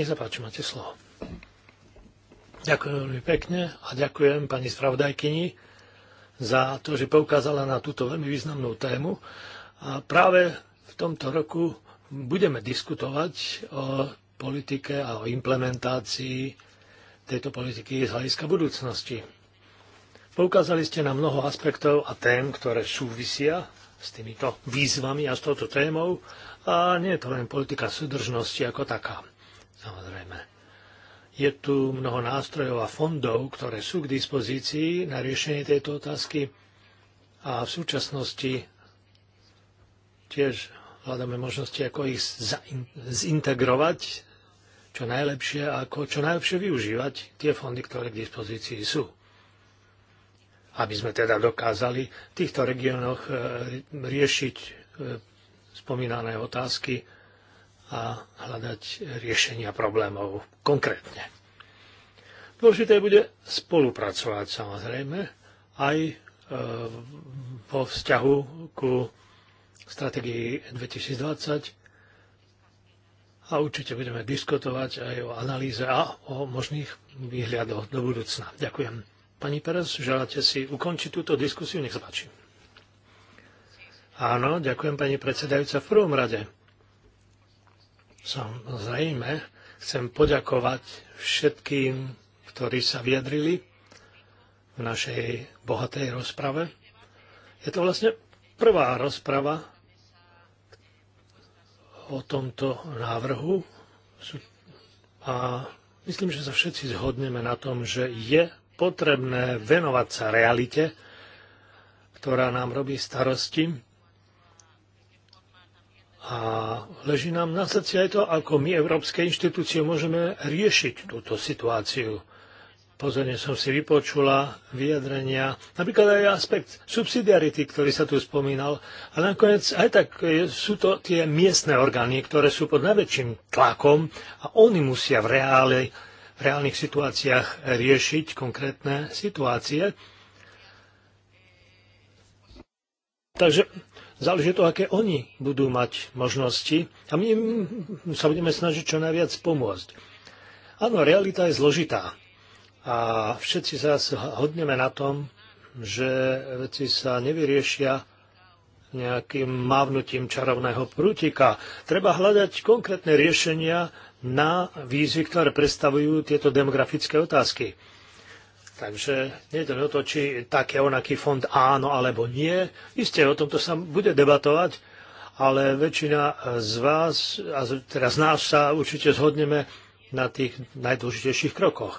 nech sa páči, máte slovo. Ďakujem veľmi pekne a ďakujem pani spravodajkyni za to, že poukázala na túto veľmi významnú tému. A práve v tomto roku budeme diskutovať o politike a o implementácii tejto politiky z hľadiska budúcnosti. Poukázali ste na mnoho aspektov a tém, ktoré súvisia s týmito výzvami a s touto témou. A nie je to len politika súdržnosti ako taká. Samozrejme. Je tu mnoho nástrojov a fondov, ktoré sú k dispozícii na riešenie tejto otázky a v súčasnosti tiež hľadáme možnosti, ako ich zintegrovať čo najlepšie a ako čo najlepšie využívať tie fondy, ktoré k dispozícii sú aby sme teda dokázali v týchto regiónoch e, riešiť e, spomínané otázky a hľadať riešenia problémov konkrétne. Dôležité bude spolupracovať samozrejme aj e, vo vzťahu ku strategii 2020 a určite budeme diskutovať aj o analýze a o možných výhľadoch do budúcna. Ďakujem. Pani Perez, želáte si ukončiť túto diskusiu? Nech sa Áno, ďakujem pani predsedajúca. V prvom rade Som zrejme chcem poďakovať všetkým, ktorí sa vyjadrili v našej bohatej rozprave. Je to vlastne prvá rozprava o tomto návrhu a myslím, že sa všetci zhodneme na tom, že je potrebné venovať sa realite, ktorá nám robí starosti. A leží nám na srdci aj to, ako my, európske inštitúcie, môžeme riešiť túto situáciu. Pozorne som si vypočula vyjadrenia, napríklad aj aspekt subsidiarity, ktorý sa tu spomínal, ale nakoniec aj tak e, sú to tie miestne orgány, ktoré sú pod najväčším tlakom a oni musia v reále reálnych situáciách riešiť konkrétne situácie. Takže záleží to, aké oni budú mať možnosti a my sa budeme snažiť čo najviac pomôcť. Áno, realita je zložitá a všetci sa hodneme na tom, že veci sa nevyriešia nejakým mávnutím čarovného prútika. Treba hľadať konkrétne riešenia na výzvy, ktoré predstavujú tieto demografické otázky. Takže nie je o to, či taký onaký fond áno alebo nie. Isté, o tomto sa bude debatovať, ale väčšina z vás, a teraz nás sa určite zhodneme na tých najdôležitejších krokoch.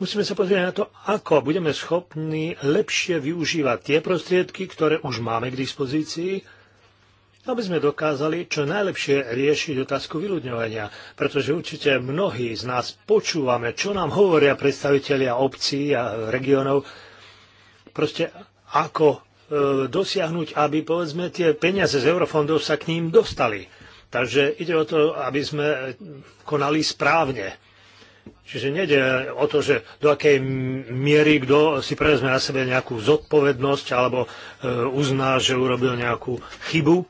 Musíme sa pozrieť na to, ako budeme schopní lepšie využívať tie prostriedky, ktoré už máme k dispozícii aby sme dokázali čo najlepšie riešiť otázku vyľudňovania, pretože určite mnohí z nás počúvame, čo nám hovoria predstavitelia obcí a regiónov, proste ako e, dosiahnuť, aby povedzme tie peniaze z eurofondov sa k ním dostali. Takže ide o to, aby sme konali správne. Čiže nejde o to, že do akej miery kto si prevezme na sebe nejakú zodpovednosť alebo e, uzná, že urobil nejakú chybu,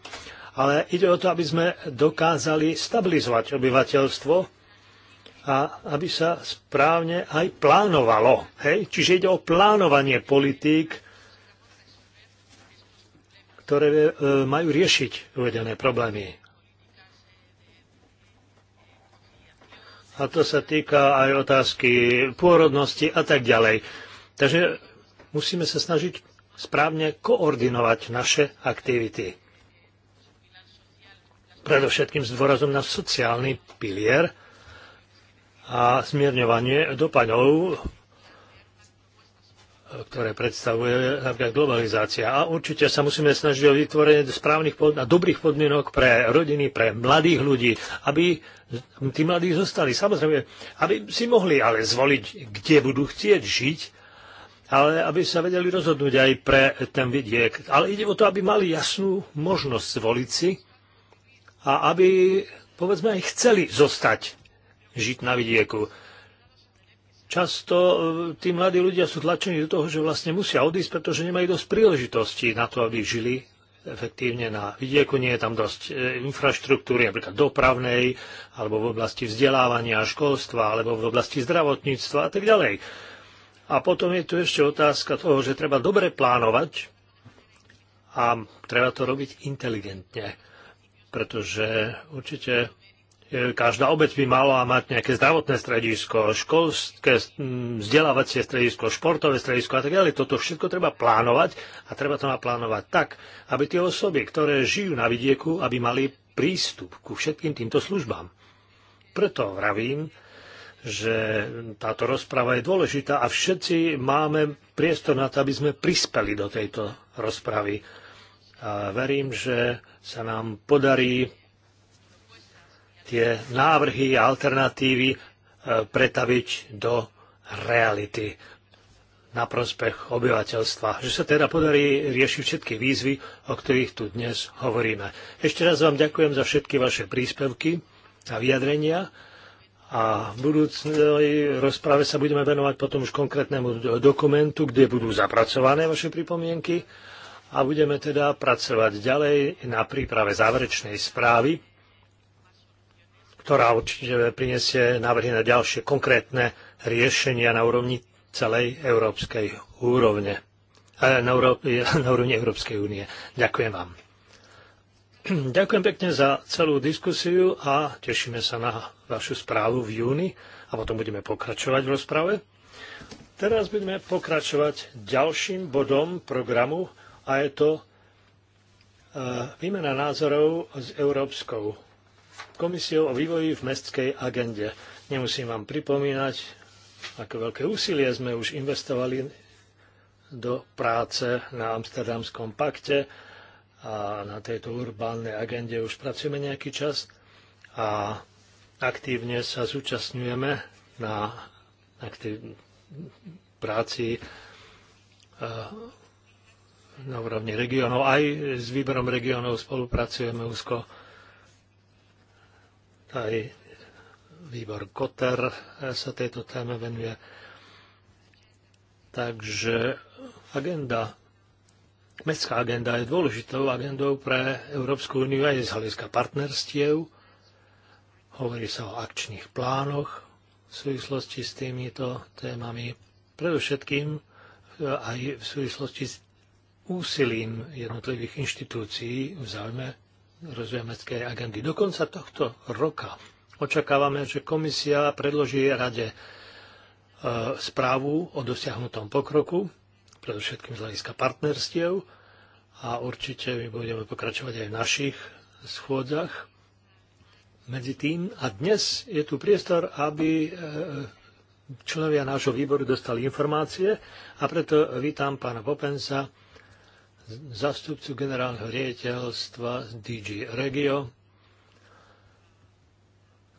ale ide o to, aby sme dokázali stabilizovať obyvateľstvo a aby sa správne aj plánovalo. Hej? Čiže ide o plánovanie politík, ktoré e, majú riešiť uvedené problémy. A to sa týka aj otázky pôrodnosti a tak ďalej. Takže musíme sa snažiť správne koordinovať naše aktivity predovšetkým s dôrazom na sociálny pilier a zmierňovanie dopadov, ktoré predstavuje napríklad globalizácia. A určite sa musíme snažiť o vytvorenie správnych a dobrých podmienok pre rodiny, pre mladých ľudí, aby tí mladí zostali. Samozrejme, aby si mohli ale zvoliť, kde budú chcieť žiť, ale aby sa vedeli rozhodnúť aj pre ten vidiek. Ale ide o to, aby mali jasnú možnosť zvoliť si, a aby, povedzme, aj chceli zostať žiť na vidieku. Často e, tí mladí ľudia sú tlačení do toho, že vlastne musia odísť, pretože nemajú dosť príležitostí na to, aby žili efektívne na vidieku. Nie je tam dosť e, infraštruktúry, napríklad dopravnej, alebo v oblasti vzdelávania, školstva, alebo v oblasti zdravotníctva a tak ďalej. A potom je tu ešte otázka toho, že treba dobre plánovať a treba to robiť inteligentne pretože určite e, každá obec by mala mať nejaké zdravotné stredisko, školské vzdelávacie stredisko, športové stredisko a tak ďalej. Toto všetko treba plánovať a treba to naplánovať tak, aby tie osoby, ktoré žijú na vidieku, aby mali prístup ku všetkým týmto službám. Preto vravím, že táto rozprava je dôležitá a všetci máme priestor na to, aby sme prispeli do tejto rozpravy a verím, že sa nám podarí tie návrhy a alternatívy e, pretaviť do reality na prospech obyvateľstva. Že sa teda podarí riešiť všetky výzvy, o ktorých tu dnes hovoríme. Ešte raz vám ďakujem za všetky vaše príspevky a vyjadrenia a v budúcej rozprave sa budeme venovať potom už konkrétnemu dokumentu, kde budú zapracované vaše pripomienky a budeme teda pracovať ďalej na príprave záverečnej správy, ktorá určite prinesie návrhy na ďalšie konkrétne riešenia na úrovni celej európskej úrovne. E, na, Euró- na úrovni Európskej únie. Ďakujem vám. Ďakujem pekne za celú diskusiu a tešíme sa na vašu správu v júni a potom budeme pokračovať v rozprave. Teraz budeme pokračovať ďalším bodom programu a je to e, výmena názorov s Európskou komisiou o vývoji v mestskej agende. Nemusím vám pripomínať, ako veľké úsilie sme už investovali do práce na Amsterdamskom pakte a na tejto urbálnej agende už pracujeme nejaký čas a aktívne sa zúčastňujeme na aktiv- práci e, na úrovni regionov. Aj s výberom regionov spolupracujeme úzko. Aj výbor Koter sa tejto téme venuje. Takže agenda, mestská agenda je dôležitou agendou pre Európsku úniu aj z hľadiska partnerstiev. Hovorí sa o akčných plánoch v súvislosti s týmito témami. Predovšetkým aj v súvislosti s úsilím jednotlivých inštitúcií v záujme rozvoja mestskej agendy. Do konca tohto roka očakávame, že komisia predloží rade e, správu o dosiahnutom pokroku, predovšetkým z hľadiska partnerstiev a určite my budeme pokračovať aj v našich schôdzach medzi tým. A dnes je tu priestor, aby e, e, členovia nášho výboru dostali informácie a preto vítam pána Popensa, zastupcu generálneho riaditeľstva DG Regio,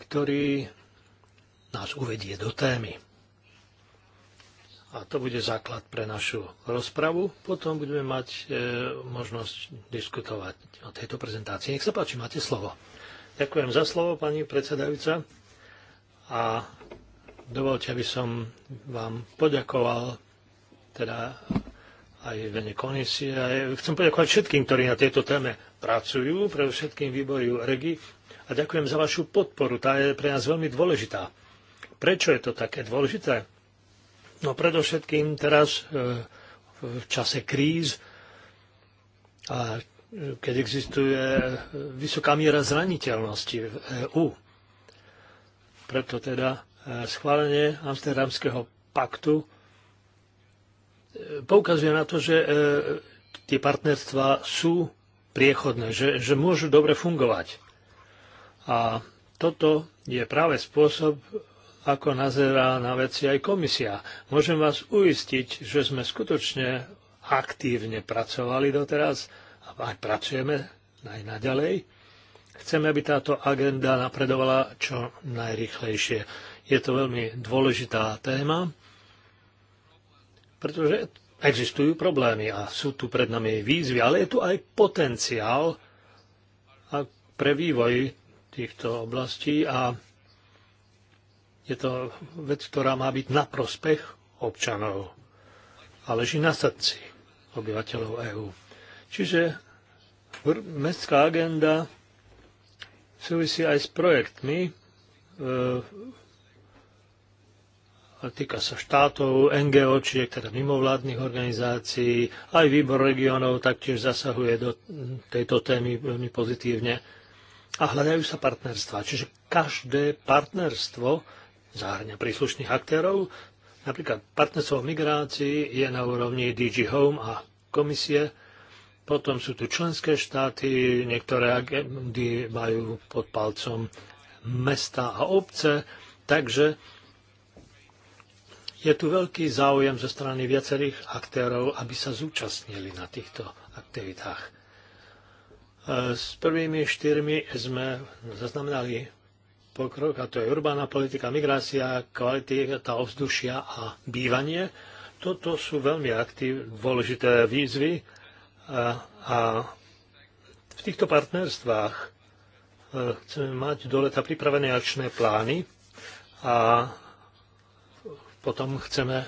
ktorý nás uvedie do témy. A to bude základ pre našu rozpravu. Potom budeme mať e, možnosť diskutovať o tejto prezentácii. Nech sa páči, máte slovo. Ďakujem za slovo, pani predsedajúca. A dovolte, aby som vám poďakoval teda aj vene komisie. A chcem poďakovať všetkým, ktorí na tejto téme pracujú, pre všetkým výboru REGI. A ďakujem za vašu podporu, tá je pre nás veľmi dôležitá. Prečo je to také dôležité? No predovšetkým teraz e, v čase kríz a e, keď existuje e, vysoká miera zraniteľnosti v EÚ. Preto teda schválenie Amsterdamského paktu poukazuje na to, že e, tie partnerstva sú priechodné, že, že môžu dobre fungovať. A toto je práve spôsob, ako nazerá na veci aj komisia. Môžem vás uistiť, že sme skutočne aktívne pracovali doteraz a aj pracujeme aj naďalej. Chceme, aby táto agenda napredovala čo najrychlejšie. Je to veľmi dôležitá téma pretože existujú problémy a sú tu pred nami výzvy, ale je tu aj potenciál pre vývoj týchto oblastí a je to vec, ktorá má byť na prospech občanov a leží na srdci obyvateľov EÚ. Čiže mestská agenda súvisí aj s projektmi e, týka sa štátov, čiže teda mimovládnych organizácií, aj výbor regionov taktiež zasahuje do tejto témy veľmi pozitívne a hľadajú sa partnerstva. Čiže každé partnerstvo zahrňa príslušných aktérov. Napríklad partnerstvo v migrácii je na úrovni DG Home a komisie. Potom sú tu členské štáty, niektoré agendy majú pod palcom mesta a obce. Takže je tu veľký záujem zo strany viacerých aktérov, aby sa zúčastnili na týchto aktivitách. E, s prvými štyrmi sme zaznamenali pokrok, a to je urbána politika, migrácia, kvalita ovzdušia a bývanie. Toto sú veľmi aktív, dôležité výzvy a, e, a v týchto partnerstvách e, chceme mať do leta pripravené akčné plány a potom chceme e,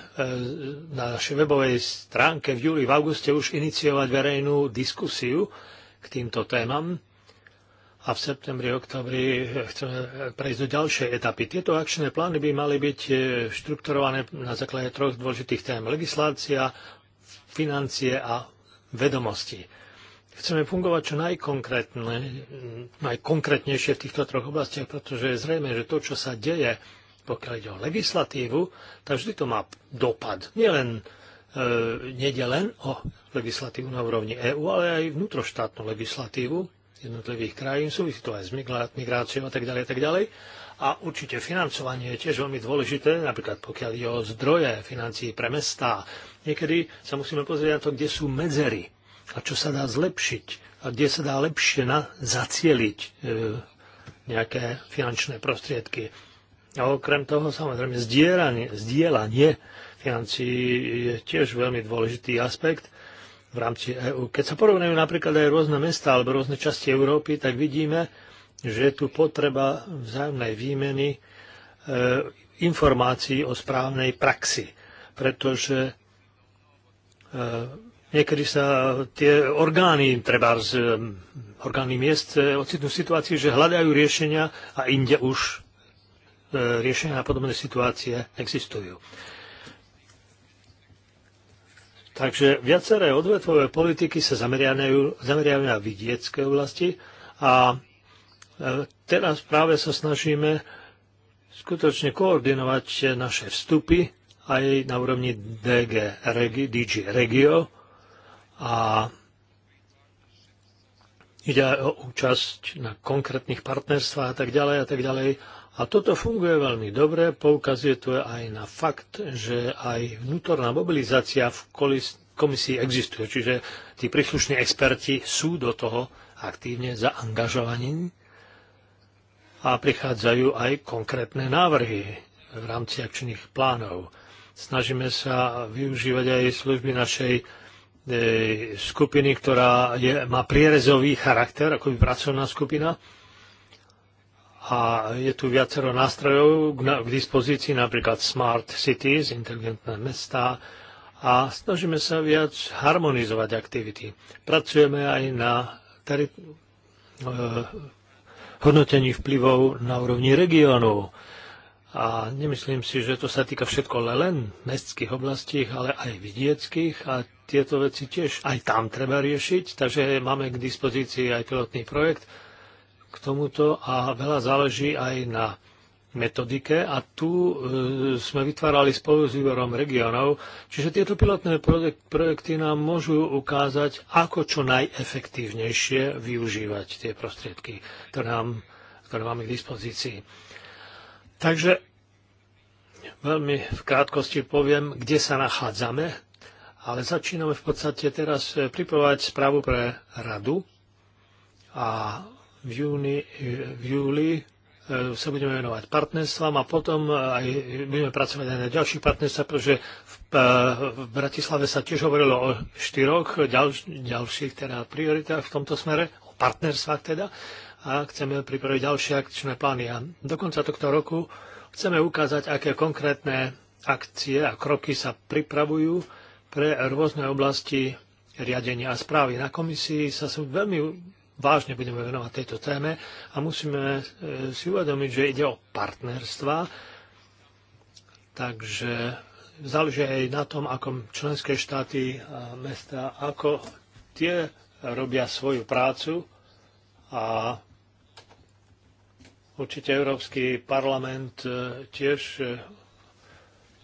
na našej webovej stránke v júli, v auguste už iniciovať verejnú diskusiu k týmto témam a v septembri, oktobri chceme prejsť do ďalšej etapy. Tieto akčné plány by mali byť e, štrukturované na základe troch dôležitých tém. Legislácia, financie a vedomosti. Chceme fungovať čo najkonkrétnejšie v týchto troch oblastiach, pretože je zrejme, že to, čo sa deje pokiaľ ide o legislatívu, tak vždy to má dopad. Nielen e, nejde len o legislatívu na úrovni EÚ, ale aj vnútroštátnu legislatívu jednotlivých krajín, súvisí to aj s migráciou a tak ďalej a tak ďalej. A určite financovanie je tiež veľmi dôležité, napríklad pokiaľ ide o zdroje financií pre mestá. Niekedy sa musíme pozrieť na to, kde sú medzery a čo sa dá zlepšiť a kde sa dá lepšie na, zacieliť e, nejaké finančné prostriedky. A okrem toho samozrejme zdieľanie, zdieľanie financií je tiež veľmi dôležitý aspekt v rámci EÚ. Keď sa porovnajú napríklad aj rôzne mesta alebo rôzne časti Európy, tak vidíme, že je tu potreba vzájomnej výmeny e, informácií o správnej praxi, pretože e, Niekedy sa tie orgány, treba z orgány miest, e, ocitnú v situácii, že hľadajú riešenia a inde už E, riešenia na podobné situácie existujú. Takže viaceré odvetvové politiky sa zameriavajú, zameriavajú na vidiecké oblasti a e, teraz práve sa snažíme skutočne koordinovať naše vstupy aj na úrovni DG, regi, DG Regio a ide o účasť na konkrétnych partnerstvách a tak ďalej a tak ďalej a toto funguje veľmi dobre, poukazuje to aj na fakt, že aj vnútorná mobilizácia v komisii existuje, čiže tí príslušní experti sú do toho aktívne zaangažovaní a prichádzajú aj konkrétne návrhy v rámci akčných plánov. Snažíme sa využívať aj služby našej e, skupiny, ktorá je, má prierezový charakter, ako pracovná skupina, a je tu viacero nástrojov k dispozícii, napríklad Smart Cities, inteligentné mesta, a snažíme sa viac harmonizovať aktivity. Pracujeme aj na teri- eh, hodnotení vplyvov na úrovni regiónov. A nemyslím si, že to sa týka všetko len mestských oblastí, ale aj vidieckých a tieto veci tiež aj tam treba riešiť, takže máme k dispozícii aj pilotný projekt k tomuto a veľa záleží aj na metodike a tu e, sme vytvárali spolu s výborom regionov, čiže tieto pilotné projekty nám môžu ukázať, ako čo najefektívnejšie využívať tie prostriedky, ktoré, nám, ktoré máme k dispozícii. Takže veľmi v krátkosti poviem, kde sa nachádzame, ale začíname v podstate teraz e, pripravovať správu pre radu a v, júni, v júli e, sa budeme venovať partnerstvám a potom e, aj budeme pracovať aj na ďalších partnerstvách, pretože v, e, v Bratislave sa tiež hovorilo o štyroch ďalš, ďalších teda prioritách v tomto smere, o partnerstvách teda a chceme pripraviť ďalšie akčné plány. A do konca tohto roku chceme ukázať, aké konkrétne akcie a kroky sa pripravujú pre rôzne oblasti riadenia a správy. Na komisii sa sú veľmi vážne budeme venovať tejto téme a musíme e, si uvedomiť, že ide o partnerstva, takže záleží aj na tom, ako členské štáty a mesta, ako tie robia svoju prácu a určite Európsky parlament e, tiež e,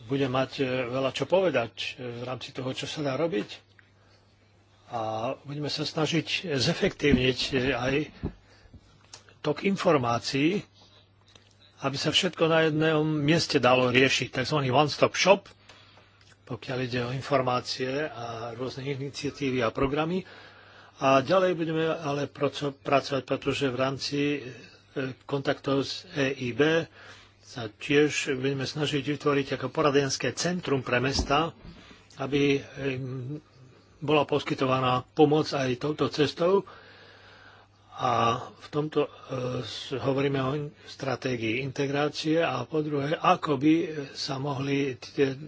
bude mať veľa čo povedať v rámci toho, čo sa dá robiť a budeme sa snažiť zefektívniť e, aj tok informácií, aby sa všetko na jednom mieste dalo riešiť, tzv. one-stop shop, pokiaľ ide o informácie a rôzne iniciatívy a programy. A ďalej budeme ale pracovať, pretože v rámci e, kontaktov s EIB sa tiež budeme snažiť vytvoriť ako poradenské centrum pre mesta, aby bola poskytovaná pomoc aj touto cestou a v tomto e, hovoríme o stratégii integrácie a po druhé, ako by sa mohli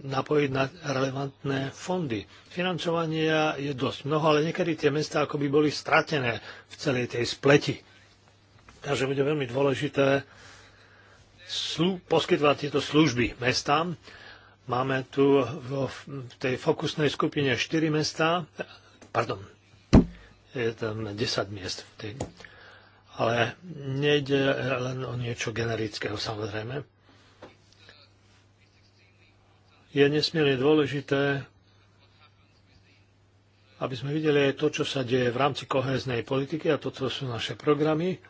napojiť na relevantné fondy. Financovania je dosť mnoho, ale niekedy tie mesta ako by boli stratené v celej tej spleti. Takže bude veľmi dôležité poskytovať tieto služby mestám Máme tu v tej fokusnej skupine 4 mesta, pardon, je tam 10 miest v tej. Ale nejde len o niečo generického samozrejme. Je nesmierne dôležité, aby sme videli aj to, čo sa deje v rámci kohéznej politiky a to, čo sú naše programy.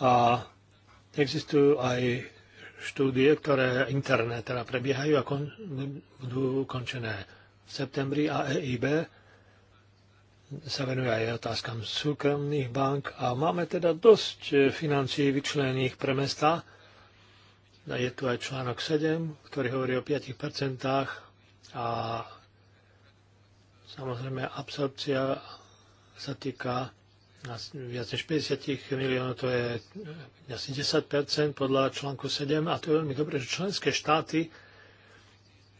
A existujú aj štúdie, ktoré interné teda prebiehajú a kon, budú ukončené v septembri a EIB sa venuje aj otázkam súkromných bank a máme teda dosť e, financií vyčlených pre mesta. A je tu aj článok 7, ktorý hovorí o 5% a samozrejme absorpcia sa týka viac než 50 miliónov, to je eh, asi 10 podľa článku 7 a to je veľmi dobré, že členské štáty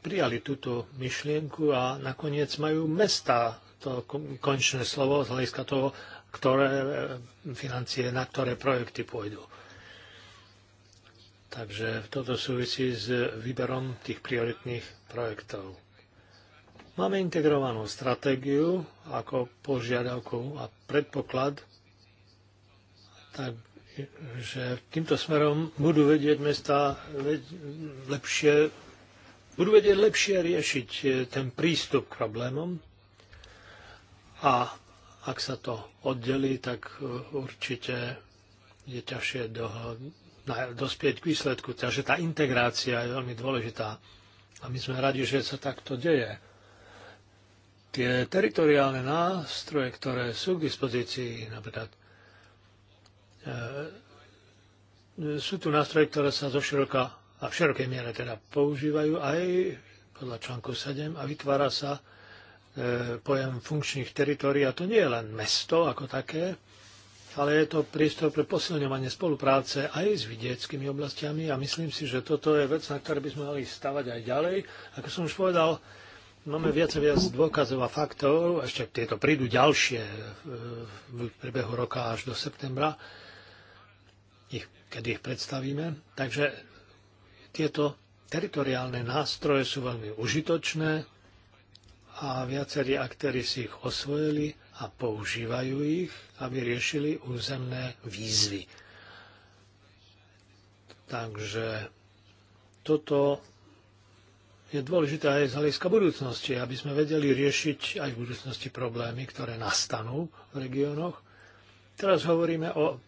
prijali túto myšlienku a nakoniec majú mesta to končné slovo z hľadiska toho, ktoré eh, financie, na ktoré projekty pôjdu. Takže toto súvisí s eh, výberom tých prioritných projektov. Máme integrovanú stratégiu ako požiadavku a predpoklad, takže týmto smerom budú vedieť mesta lepšie, budú vedieť lepšie riešiť e, ten prístup k problémom a ak sa to oddelí, tak e, určite je ťažšie do, na, dospieť k výsledku. Takže tá integrácia je veľmi dôležitá. A my sme radi, že sa takto deje tie teritoriálne nástroje, ktoré sú k dispozícii, napríklad e, sú tu nástroje, ktoré sa zo široka a v širokej miere teda používajú aj podľa článku 7 a vytvára sa e, pojem funkčných teritórií a to nie je len mesto ako také, ale je to prístor pre posilňovanie spolupráce aj s vidieckými oblastiami a myslím si, že toto je vec, na ktorej by sme mali stavať aj ďalej. Ako som už povedal, máme viac a viac dôkazov a faktov, ešte tieto prídu ďalšie e, v priebehu roka až do septembra, ich, keď ich predstavíme. Takže tieto teritoriálne nástroje sú veľmi užitočné a viacerí aktéry si ich osvojili a používajú ich, aby riešili územné výzvy. Takže toto je dôležité aj z hľadiska budúcnosti, aby sme vedeli riešiť aj v budúcnosti problémy, ktoré nastanú v regiónoch. Teraz hovoríme o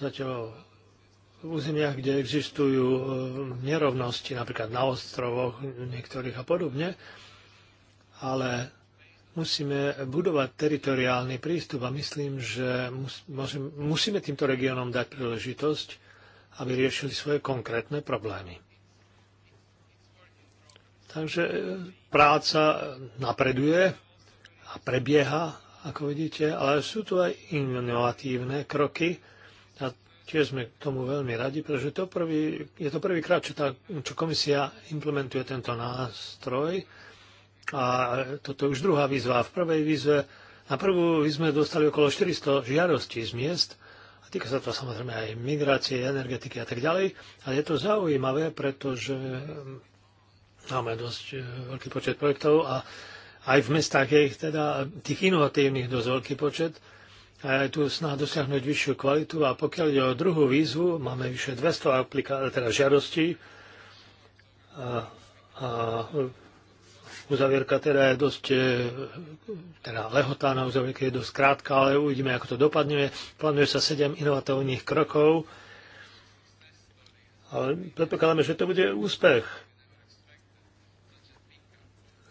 zatiaľ v územiach, kde existujú e, nerovnosti, napríklad na ostrovoch niektorých a podobne, ale musíme budovať teritoriálny prístup a myslím, že musíme týmto regiónom dať príležitosť, aby riešili svoje konkrétne problémy. Takže e, práca napreduje a prebieha, ako vidíte, ale sú tu aj inovatívne kroky a tiež sme k tomu veľmi radi, pretože to prvý, je to prvýkrát, čo, tá, čo komisia implementuje tento nástroj a toto je už druhá výzva. V prvej výzve, na prvú výzve dostali okolo 400 žiadostí z miest a týka sa to samozrejme aj migrácie, energetiky a tak ďalej, A je to zaujímavé, pretože Máme dosť e, veľký počet projektov a aj v mestách je ich teda tých inovatívnych dosť veľký počet. A je tu snaha dosiahnuť vyššiu kvalitu a pokiaľ ide o druhú výzvu, máme vyše 200 apliká- teda žiadostí a, a uzavierka teda je dosť, e, teda lehotá na uzavierke je dosť krátka, ale uvidíme, ako to dopadne. Plánuje sa 7 inovatívnych krokov, ale predpokladáme, že to bude úspech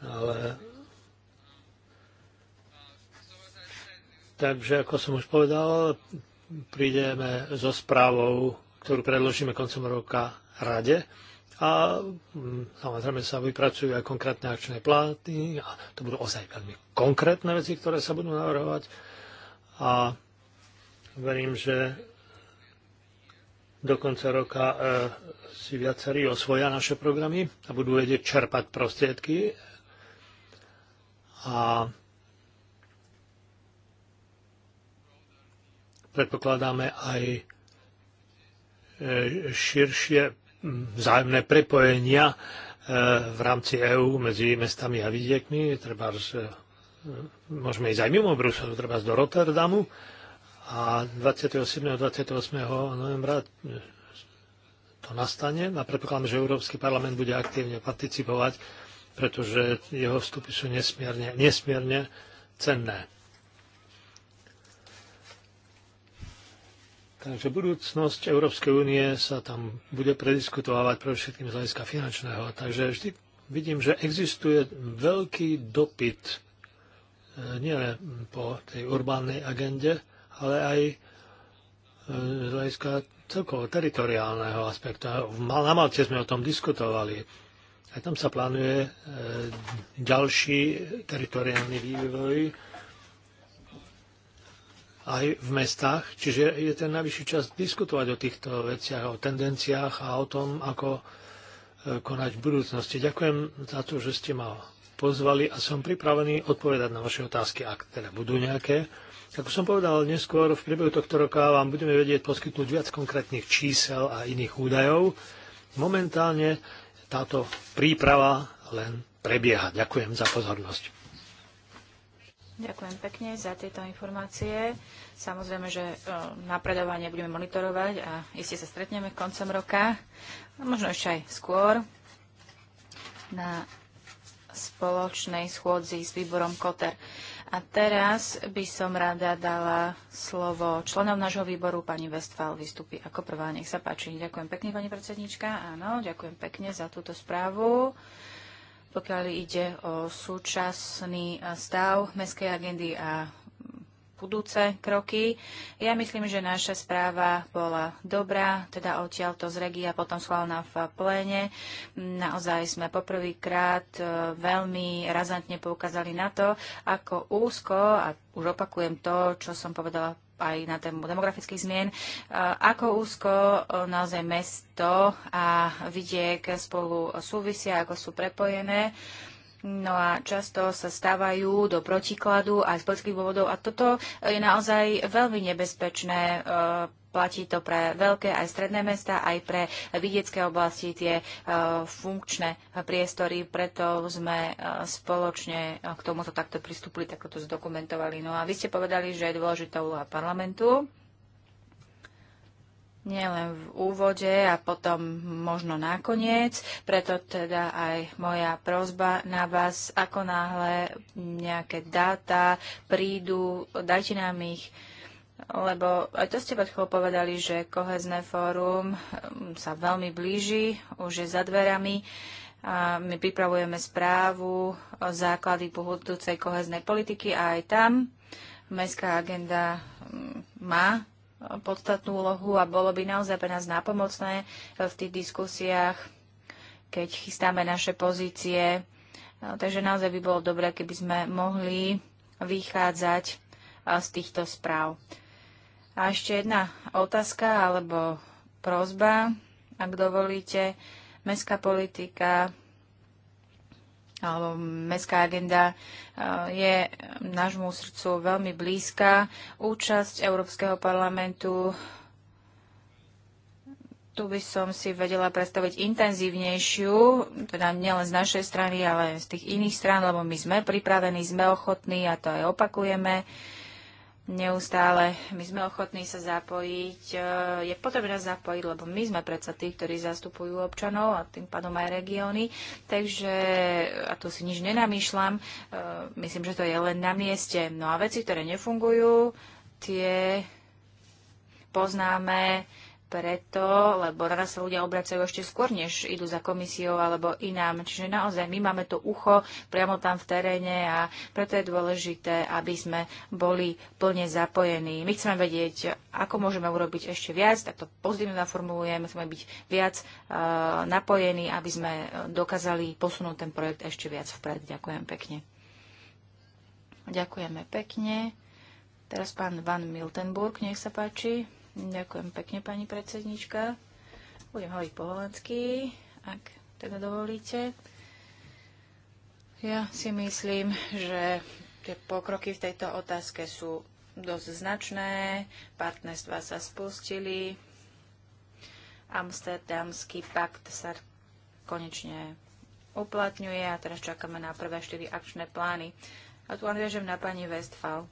ale takže ako som už povedal, prídeme so správou, ktorú predložíme koncom roka rade a mm, samozrejme sa vypracujú aj konkrétne akčné plány a to budú ozaj veľmi konkrétne veci, ktoré sa budú navrhovať a verím, že do konca roka e, si viacerí osvoja naše programy a budú vedieť čerpať prostriedky a predpokladáme aj e, širšie vzájomné prepojenia e, v rámci EÚ medzi mestami a vidiekmi. Treba z, e, môžeme ísť aj mimo Bruselu, treba do Rotterdamu. A 27. a 28. novembra to nastane a predpokladám, že Európsky parlament bude aktívne participovať pretože jeho vstupy sú nesmierne, nesmierne cenné. Takže budúcnosť Európskej únie sa tam bude prediskutovať pre všetkým z hľadiska finančného. Takže vždy vidím, že existuje veľký dopyt e, nielen po tej urbánnej agende, ale aj e, z hľadiska celkovo teritoriálneho aspektu. Na Malte sme o tom diskutovali aj tam sa plánuje e, ďalší teritoriálny vývoj aj v mestách, čiže je ten najvyšší čas diskutovať o týchto veciach, o tendenciách a o tom, ako e, konať v budúcnosti. Ďakujem za to, že ste ma pozvali a som pripravený odpovedať na vaše otázky, ak teda budú nejaké. Ako som povedal neskôr, v priebehu tohto roka vám budeme vedieť poskytnúť viac konkrétnych čísel a iných údajov. Momentálne táto príprava len prebieha. Ďakujem za pozornosť. Ďakujem pekne za tieto informácie. Samozrejme, že e, napredovanie budeme monitorovať a iste sa stretneme koncom roka, a možno ešte aj skôr, na spoločnej schôdzi s výborom Koter. A teraz by som rada dala slovo členom nášho výboru. Pani Westphal vystúpi ako prvá. Nech sa páči. Ďakujem pekne, pani predsednička. Áno, ďakujem pekne za túto správu pokiaľ ide o súčasný stav mestskej agendy a budúce kroky. Ja myslím, že naša správa bola dobrá, teda odtiaľ to z regia, potom schválená v pléne. Naozaj sme poprvýkrát e, veľmi razantne poukázali na to, ako úzko, a už opakujem to, čo som povedala aj na tému demografických zmien, e, ako úzko e, naozaj mesto a vidiek spolu súvisia, ako sú prepojené. No a často sa stávajú do protikladu aj z politických dôvodov a toto je naozaj veľmi nebezpečné. E, platí to pre veľké aj stredné mesta, aj pre vidiecké oblasti tie e, funkčné priestory, preto sme e, spoločne k tomuto takto pristúpili, takto to zdokumentovali. No a vy ste povedali, že je dôležitá úloha parlamentu nielen v úvode a potom možno nakoniec. Preto teda aj moja prozba na vás, ako náhle nejaké dáta prídu, dajte nám ich lebo aj to ste pred povedali, že kohezné fórum hm, sa veľmi blíži, už je za dverami. A my pripravujeme správu o základy budúcej koheznej politiky a aj tam Mestská agenda hm, má podstatnú úlohu a bolo by naozaj pre nás nápomocné eh, v tých diskusiách, keď chystáme naše pozície. Eh, takže naozaj by bolo dobré, keby sme mohli vychádzať eh, z týchto správ. A ešte jedna otázka alebo prozba, ak dovolíte. Mestská politika alebo mestská agenda e, je nášmu srdcu veľmi blízka. Účasť Európskeho parlamentu tu by som si vedela predstaviť intenzívnejšiu, teda nielen z našej strany, ale aj z tých iných strán, lebo my sme pripravení, sme ochotní a to aj opakujeme. Uh, neustále my sme ochotní sa zapojiť. E, je potrebné zapojiť, lebo my sme predsa tí, ktorí zastupujú občanov a tým pádom aj regióny. Takže, a tu si nič nenamýšľam, e, myslím, že to je len na mieste. No a veci, ktoré nefungujú, tie poznáme, preto, lebo rada sa ľudia obracajú ešte skôr, než idú za komisiou alebo inám. Čiže naozaj my máme to ucho priamo tam v teréne a preto je dôležité, aby sme boli plne zapojení. My chceme vedieť, ako môžeme urobiť ešte viac, tak to pozitívne naformulujeme, chceme byť viac e, napojení, aby sme dokázali posunúť ten projekt ešte viac vpred. Ďakujem pekne. Ďakujeme pekne. Teraz pán Van Miltenburg, nech sa páči. Ďakujem pekne, pani predsednička. Budem hovoriť po holandsky, ak teda dovolíte. Ja si myslím, že tie pokroky v tejto otázke sú dosť značné, partnerstva sa spustili, Amsterdamský pakt sa konečne uplatňuje a teraz čakáme na prvé štyri akčné plány. A tu len na pani Westfall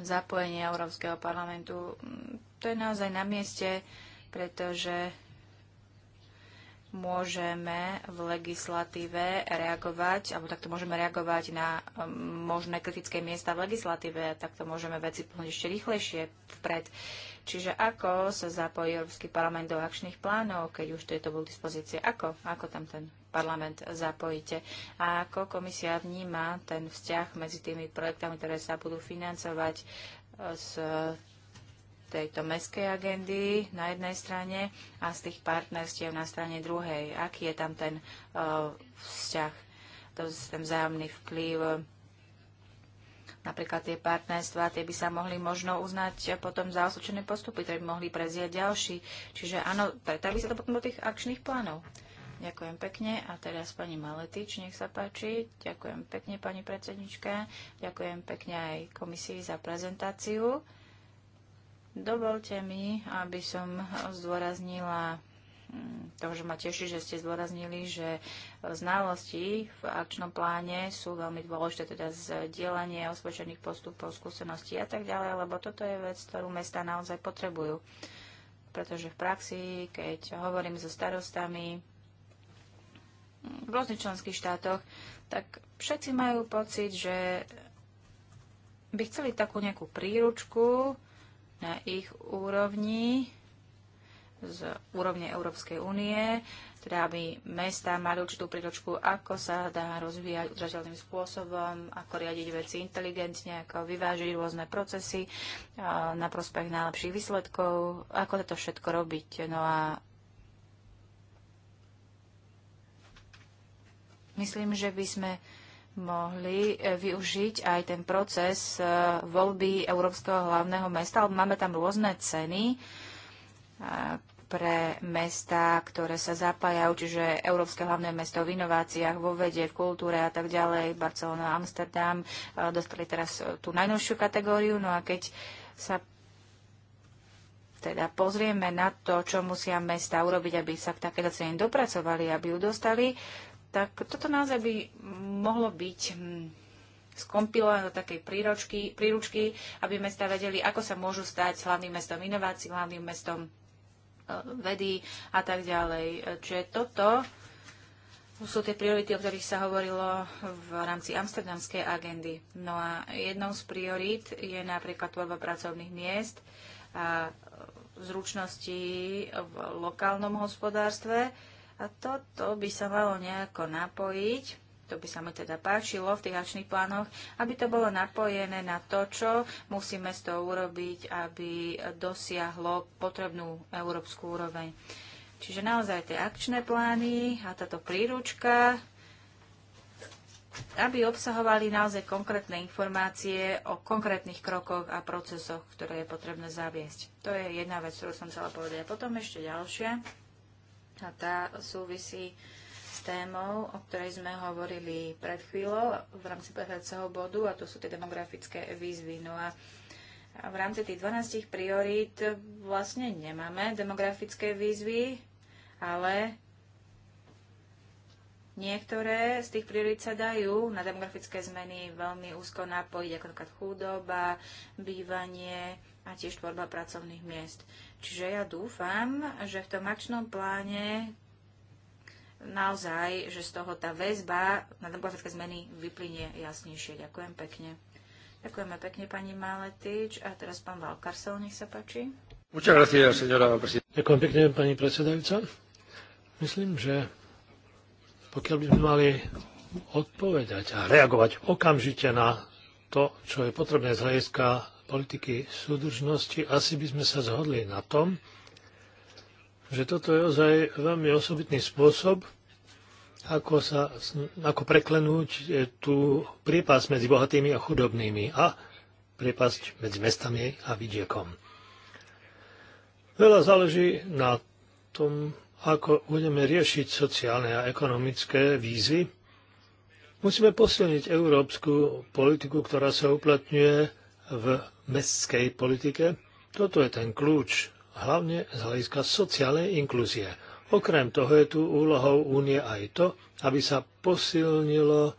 zapojenie Európskeho parlamentu. To je naozaj na mieste, pretože môžeme v legislatíve reagovať, alebo takto môžeme reagovať na um, možné kritické miesta v legislatíve, takto môžeme veci pohnúť ešte rýchlejšie vpred. Čiže ako sa zapojí Európsky parlament do akčných plánov, keď už tieto bol dispozície? Ako? Ako tam ten parlament zapojíte? A ako komisia vníma ten vzťah medzi tými projektami, ktoré sa budú financovať e, z tejto meskej agendy na jednej strane a z tých partnerstiev na strane druhej. Aký je tam ten uh, vzťah, to, ten vzájomný vplyv Napríklad tie partnerstva, tie by sa mohli možno uznať potom za osočené postupy, ktoré by mohli prezieť ďalší. Čiže áno, by sa to potom do tých akčných plánov. Ďakujem pekne. A teraz pani Maletič, nech sa páči. Ďakujem pekne, pani predsednička. Ďakujem pekne aj komisii za prezentáciu. Dovolte mi, aby som zdôraznila Mm, to, že ma teší, že ste zdôraznili, že znalosti v akčnom pláne sú veľmi dôležité, teda zdieľanie osvedčených postupov, skúseností a tak ďalej, lebo toto je vec, ktorú mesta naozaj potrebujú. Pretože v praxi, keď hovorím so starostami mm, v rôznych členských štátoch, tak všetci majú pocit, že by chceli takú nejakú príručku na ich úrovni, z úrovne Európskej únie, teda aby mesta mali určitú príročku, ako sa dá rozvíjať udržateľným spôsobom, ako riadiť veci inteligentne, ako vyvážiť rôzne procesy na prospech najlepších výsledkov, ako toto všetko robiť. No a myslím, že by sme mohli e, využiť aj ten proces e, voľby Európskeho hlavného mesta. Máme tam rôzne ceny, pre mesta, ktoré sa zapájajú, čiže Európske hlavné mesto v inováciách, vo vede, v kultúre a tak ďalej, Barcelona, Amsterdam, dostali teraz e, tú najnovšiu kategóriu. No a keď sa teda pozrieme na to, čo musia mesta urobiť, aby sa k takéto cene dopracovali, aby ju dostali, tak toto naozaj by mohlo byť hm, skompilované do takej príručky, príručky, aby mesta vedeli, ako sa môžu stať hlavným mestom inovácií, hlavným mestom vedy a tak ďalej. Čiže toto sú tie priority, o ktorých sa hovorilo v rámci amsterdamskej agendy. No a jednou z priorít je napríklad tvorba pracovných miest a zručnosti v lokálnom hospodárstve. A toto by sa malo nejako napojiť to by sa mi teda páčilo v tých akčných plánoch, aby to bolo napojené na to, čo musíme z toho urobiť, aby dosiahlo potrebnú európsku úroveň. Čiže naozaj tie akčné plány a táto príručka, aby obsahovali naozaj konkrétne informácie o konkrétnych krokoch a procesoch, ktoré je potrebné zaviesť. To je jedna vec, ktorú som chcela povedať. A potom ešte ďalšia. A tá súvisí uh, témou, o ktorej sme hovorili pred chvíľou v rámci predchádzajúceho bodu, a to sú tie demografické výzvy. No a v rámci tých 12 priorít vlastne nemáme demografické výzvy, ale Niektoré z tých priorít sa dajú na demografické zmeny veľmi úzko napojiť, ako napríklad chudoba, bývanie a tiež tvorba pracovných miest. Čiže ja dúfam, že v tom akčnom pláne, naozaj, že z toho tá väzba na demografické zmeny vyplynie jasnejšie. Ďakujem pekne. Ďakujeme pekne pani Maletič. A teraz pán Valkarsel, nech sa páči. Ďakujem pekne, pani predsedajúca. Myslím, že pokiaľ by sme mali odpovedať a reagovať okamžite na to, čo je potrebné z hľadiska politiky súdržnosti, asi by sme sa zhodli na tom, že toto je ozaj veľmi osobitný spôsob, ako, sa, ako preklenúť eh, tú priepas medzi bohatými a chudobnými a priepasť medzi mestami a vidiekom. Veľa záleží na tom, ako budeme riešiť sociálne a ekonomické výzvy. Musíme posilniť európsku politiku, ktorá sa uplatňuje v mestskej politike. Toto je ten kľúč hlavne z hľadiska sociálnej inklúzie. Okrem toho je tu úlohou únie aj to, aby sa posilnilo,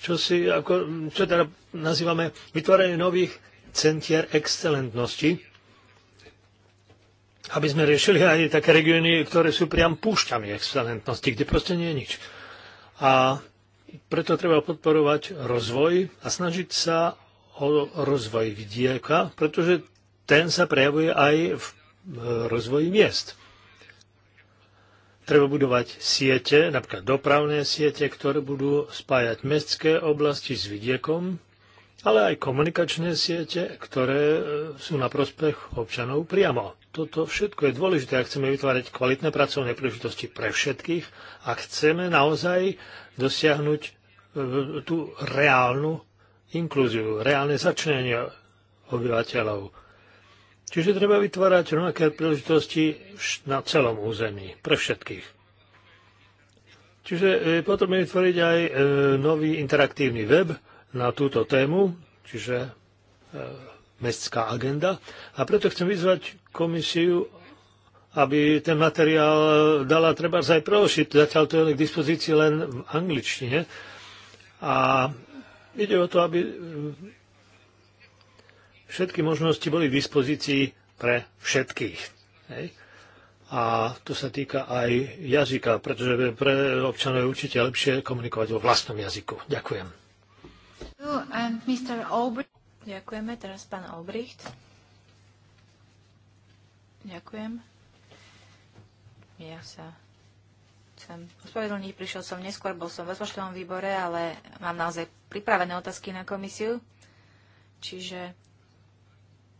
čo, si, ako, čo teda nazývame vytvorenie nových centier excelentnosti, aby sme riešili aj také regióny, ktoré sú priam púšťami excelentnosti, kde proste nie je nič. A preto treba podporovať rozvoj a snažiť sa o rozvoj vidieka, pretože ten sa prejavuje aj v rozvoji miest. Treba budovať siete, napríklad dopravné siete, ktoré budú spájať mestské oblasti s vidiekom, ale aj komunikačné siete, ktoré e, sú na prospech občanov priamo. Toto všetko je dôležité, ak chceme vytvárať kvalitné pracovné príležitosti pre všetkých a chceme naozaj dosiahnuť e, tú reálnu inklúziu, reálne začnenie obyvateľov. Čiže treba vytvárať rovnaké príležitosti na celom území, pre všetkých. Čiže e, je vytvoriť aj e, nový interaktívny web na túto tému, čiže e, mestská agenda. A preto chcem vyzvať komisiu, aby ten materiál dala treba aj preložiť. Zatiaľ to je k dispozícii len v angličtine. A ide o to, aby všetky možnosti boli v dispozícii pre všetkých. Hej? A to sa týka aj jazyka, pretože pre občanov je určite lepšie komunikovať vo vlastnom jazyku. Ďakujem. Um, Ďakujeme. Teraz pán Obricht. Ďakujem. Ja sa chcem ospravedlniť, prišiel som neskôr, bol som v rozpočtovom výbore, ale mám naozaj pripravené otázky na komisiu. Čiže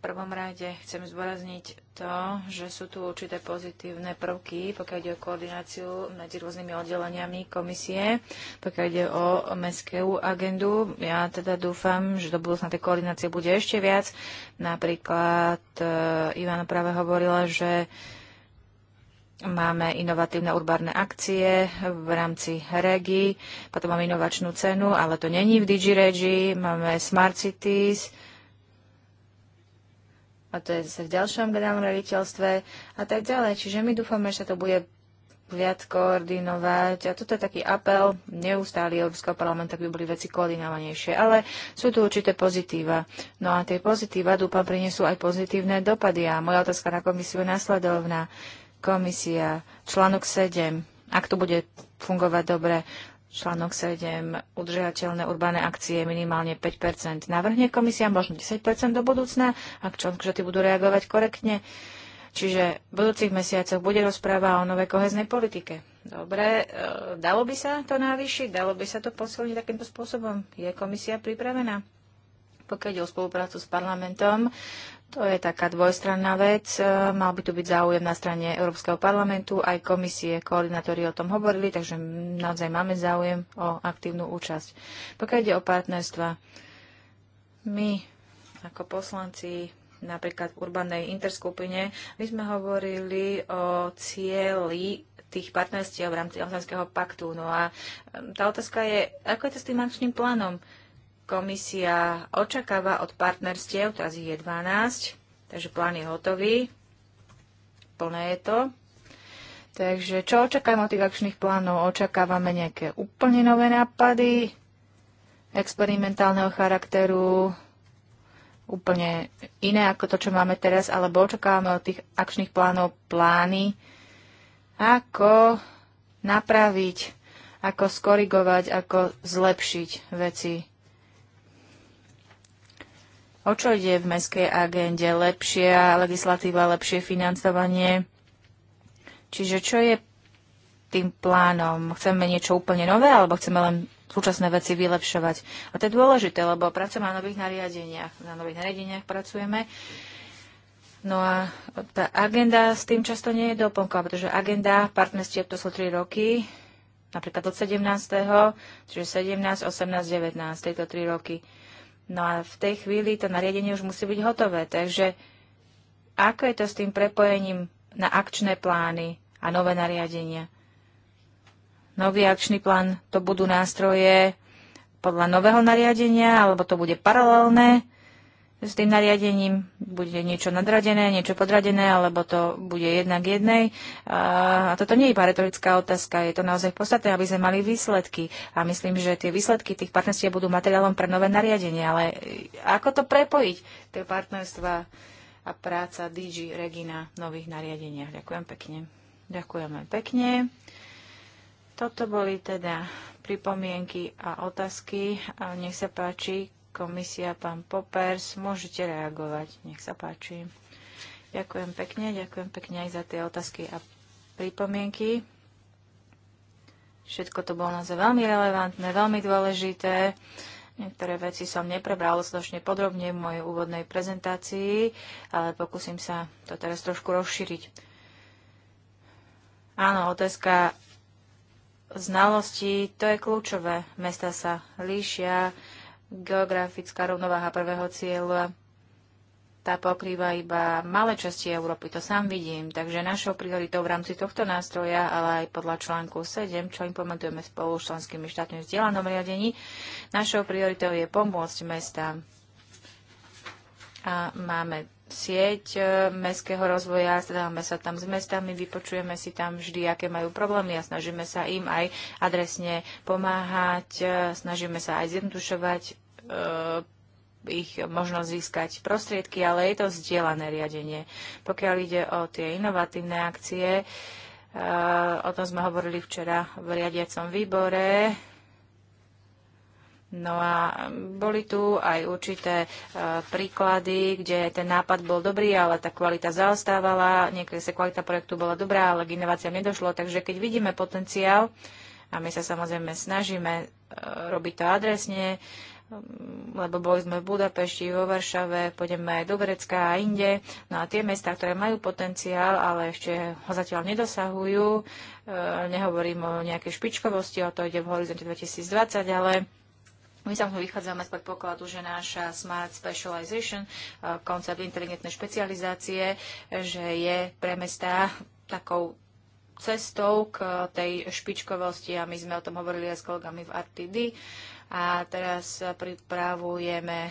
prvom rade chcem zdôrazniť to, že sú tu určité pozitívne prvky, pokiaľ ide o koordináciu medzi rôznymi oddeleniami komisie, pokiaľ ide o mestskú agendu. Ja teda dúfam, že do budúcna tej koordinácie bude ešte viac. Napríklad e, Ivana práve hovorila, že Máme inovatívne urbárne akcie v rámci REGI, potom máme inovačnú cenu, ale to není v DigiRegi, máme Smart Cities, a to je zase v ďalšom generálnom raditeľstve a tak ďalej. Čiže my dúfame, že sa to bude viac koordinovať. A toto je taký apel neustály Európskeho parlamentu, aby boli veci koordinovanejšie. Ale sú tu určité pozitíva. No a tie pozitíva, dúfam, prinesú aj pozitívne dopady. A moja otázka na komisiu je následovná. Komisia, článok 7, ak to bude fungovať dobre, Článok 7. Udržateľné urbané akcie minimálne 5 Navrhne komisia možno 10 do budúcna, ak členské budú reagovať korektne. Čiže v budúcich mesiacoch bude rozpráva o novej koheznej politike. Dobre, e, dalo by sa to navýšiť? Dalo by sa to posilniť takýmto spôsobom? Je komisia pripravená? Pokiaľ ide o spoluprácu s parlamentom, to je taká dvojstranná vec. E, mal by tu byť záujem na strane Európskeho parlamentu, aj komisie, koordinátori o tom hovorili, takže naozaj máme záujem o aktívnu účasť. Pokiaľ ide o partnerstva, my ako poslanci napríklad v urbanej interskupine, my sme hovorili o cieli tých partnerstiev v rámci Amsterdamského paktu. No a e, tá otázka je, ako je to s tým akčným plánom? komisia očakáva od partnerstiev, teraz ich je 12, takže plán je hotový, plné je to. Takže čo očakávame od tých akčných plánov? Očakávame nejaké úplne nové nápady, experimentálneho charakteru, úplne iné ako to, čo máme teraz, alebo očakávame od tých akčných plánov plány, ako napraviť, ako skorigovať, ako zlepšiť veci O čo ide v mestskej agende? Lepšia legislatíva, lepšie financovanie? Čiže čo je tým plánom? Chceme niečo úplne nové, alebo chceme len súčasné veci vylepšovať? A to je dôležité, lebo pracujeme na nových nariadeniach. Na nových nariadeniach pracujeme. No a tá agenda s tým často nie je doplnková, pretože agenda partnerstiev to sú tri roky, napríklad od 17., čiže 17, 18, 19, tieto tri roky. No a v tej chvíli to nariadenie už musí byť hotové. Takže ako je to s tým prepojením na akčné plány a nové nariadenia? Nový akčný plán to budú nástroje podľa nového nariadenia, alebo to bude paralelné? s tým nariadením bude niečo nadradené, niečo podradené, alebo to bude jednak jednej. A toto nie je iba retorická otázka, je to naozaj podstatné, aby sme mali výsledky. A myslím, že tie výsledky tých partnerstiev budú materiálom pre nové nariadenie. Ale e, ako to prepojiť, tie partnerstva a práca DG Regina v nových nariadeniach? Ďakujem pekne. Ďakujeme pekne. Toto boli teda pripomienky a otázky. A nech sa páči, komisia, pán Popers, môžete reagovať. Nech sa páči. Ďakujem pekne, ďakujem pekne aj za tie otázky a pripomienky. Všetko to bolo naozaj veľmi relevantné, veľmi dôležité. Niektoré veci som neprebral dostatočne podrobne v mojej úvodnej prezentácii, ale pokúsim sa to teraz trošku rozšíriť. Áno, otázka znalosti, to je kľúčové. Mesta sa líšia, Geografická rovnováha prvého cieľa tá pokrýva iba malé časti Európy, to sám vidím. Takže našou prioritou v rámci tohto nástroja, ale aj podľa článku 7, čo implementujeme spolu s členskými štátmi v vzdielanom riadení, našou prioritou je pomôcť mestám. A máme sieť e, mestského rozvoja, stretávame sa tam s mestami, vypočujeme si tam vždy, aké majú problémy a snažíme sa im aj adresne pomáhať, e, snažíme sa aj zjednodušovať e, ich možnosť získať prostriedky, ale je to vzdielané riadenie. Pokiaľ ide o tie inovatívne akcie, o tom sme hovorili včera v riadiacom výbore, No a boli tu aj určité e, príklady, kde ten nápad bol dobrý, ale tá kvalita zaostávala, niekedy sa kvalita projektu bola dobrá, ale k inováciám nedošlo. Takže keď vidíme potenciál, a my sa samozrejme snažíme e, robiť to adresne, lebo boli sme v Budapešti, vo Varšave, pôjdeme aj do Grecka a inde. No a tie mesta, ktoré majú potenciál, ale ešte ho zatiaľ nedosahujú, e, nehovorím o nejakej špičkovosti, o to ide v horizonte 2020, ale my samozrejme vychádzame z predpokladu, že náša Smart Specialization, eh, koncept inteligentnej špecializácie, eh, že je pre mesta takou cestou k tej špičkovosti a my sme o tom hovorili aj s kolegami v RTD. Uh, a teraz pripravujeme e,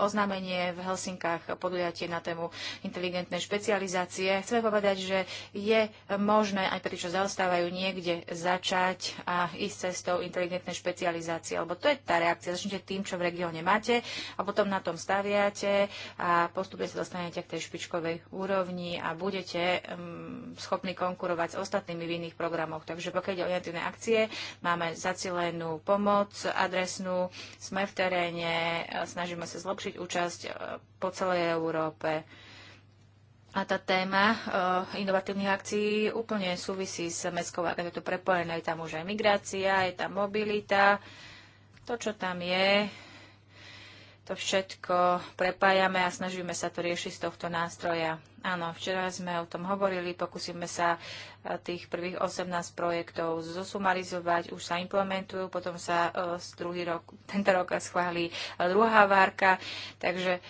oznámenie v Helsinkách podujatie na tému inteligentnej špecializácie. Chceme povedať, že je možné aj pre tí, čo zaostávajú niekde začať a ísť cestou inteligentnej špecializácie. Lebo to je tá reakcia. Začnite tým, čo v regióne máte a potom na tom staviate a postupne sa dostanete k tej špičkovej úrovni a budete um, schopní konkurovať s ostatnými v iných programoch. Takže pokiaľ ide o akcie, máme zacielenú pomoc, adres presnú. Sme v teréne, e, snažíme sa zlepšiť účasť e, po celej Európe. A tá téma e, inovatívnych akcií úplne súvisí s mestskou agendou prepojené. Je tam už aj migrácia, je tam mobilita. To, čo tam je, to všetko prepájame a snažíme sa to riešiť z tohto nástroja. Áno, včera sme o tom hovorili, pokúsime sa e, tých prvých 18 projektov zosumarizovať, už sa implementujú, potom sa e, z druhý rok, tento rok schválí e, druhá várka, takže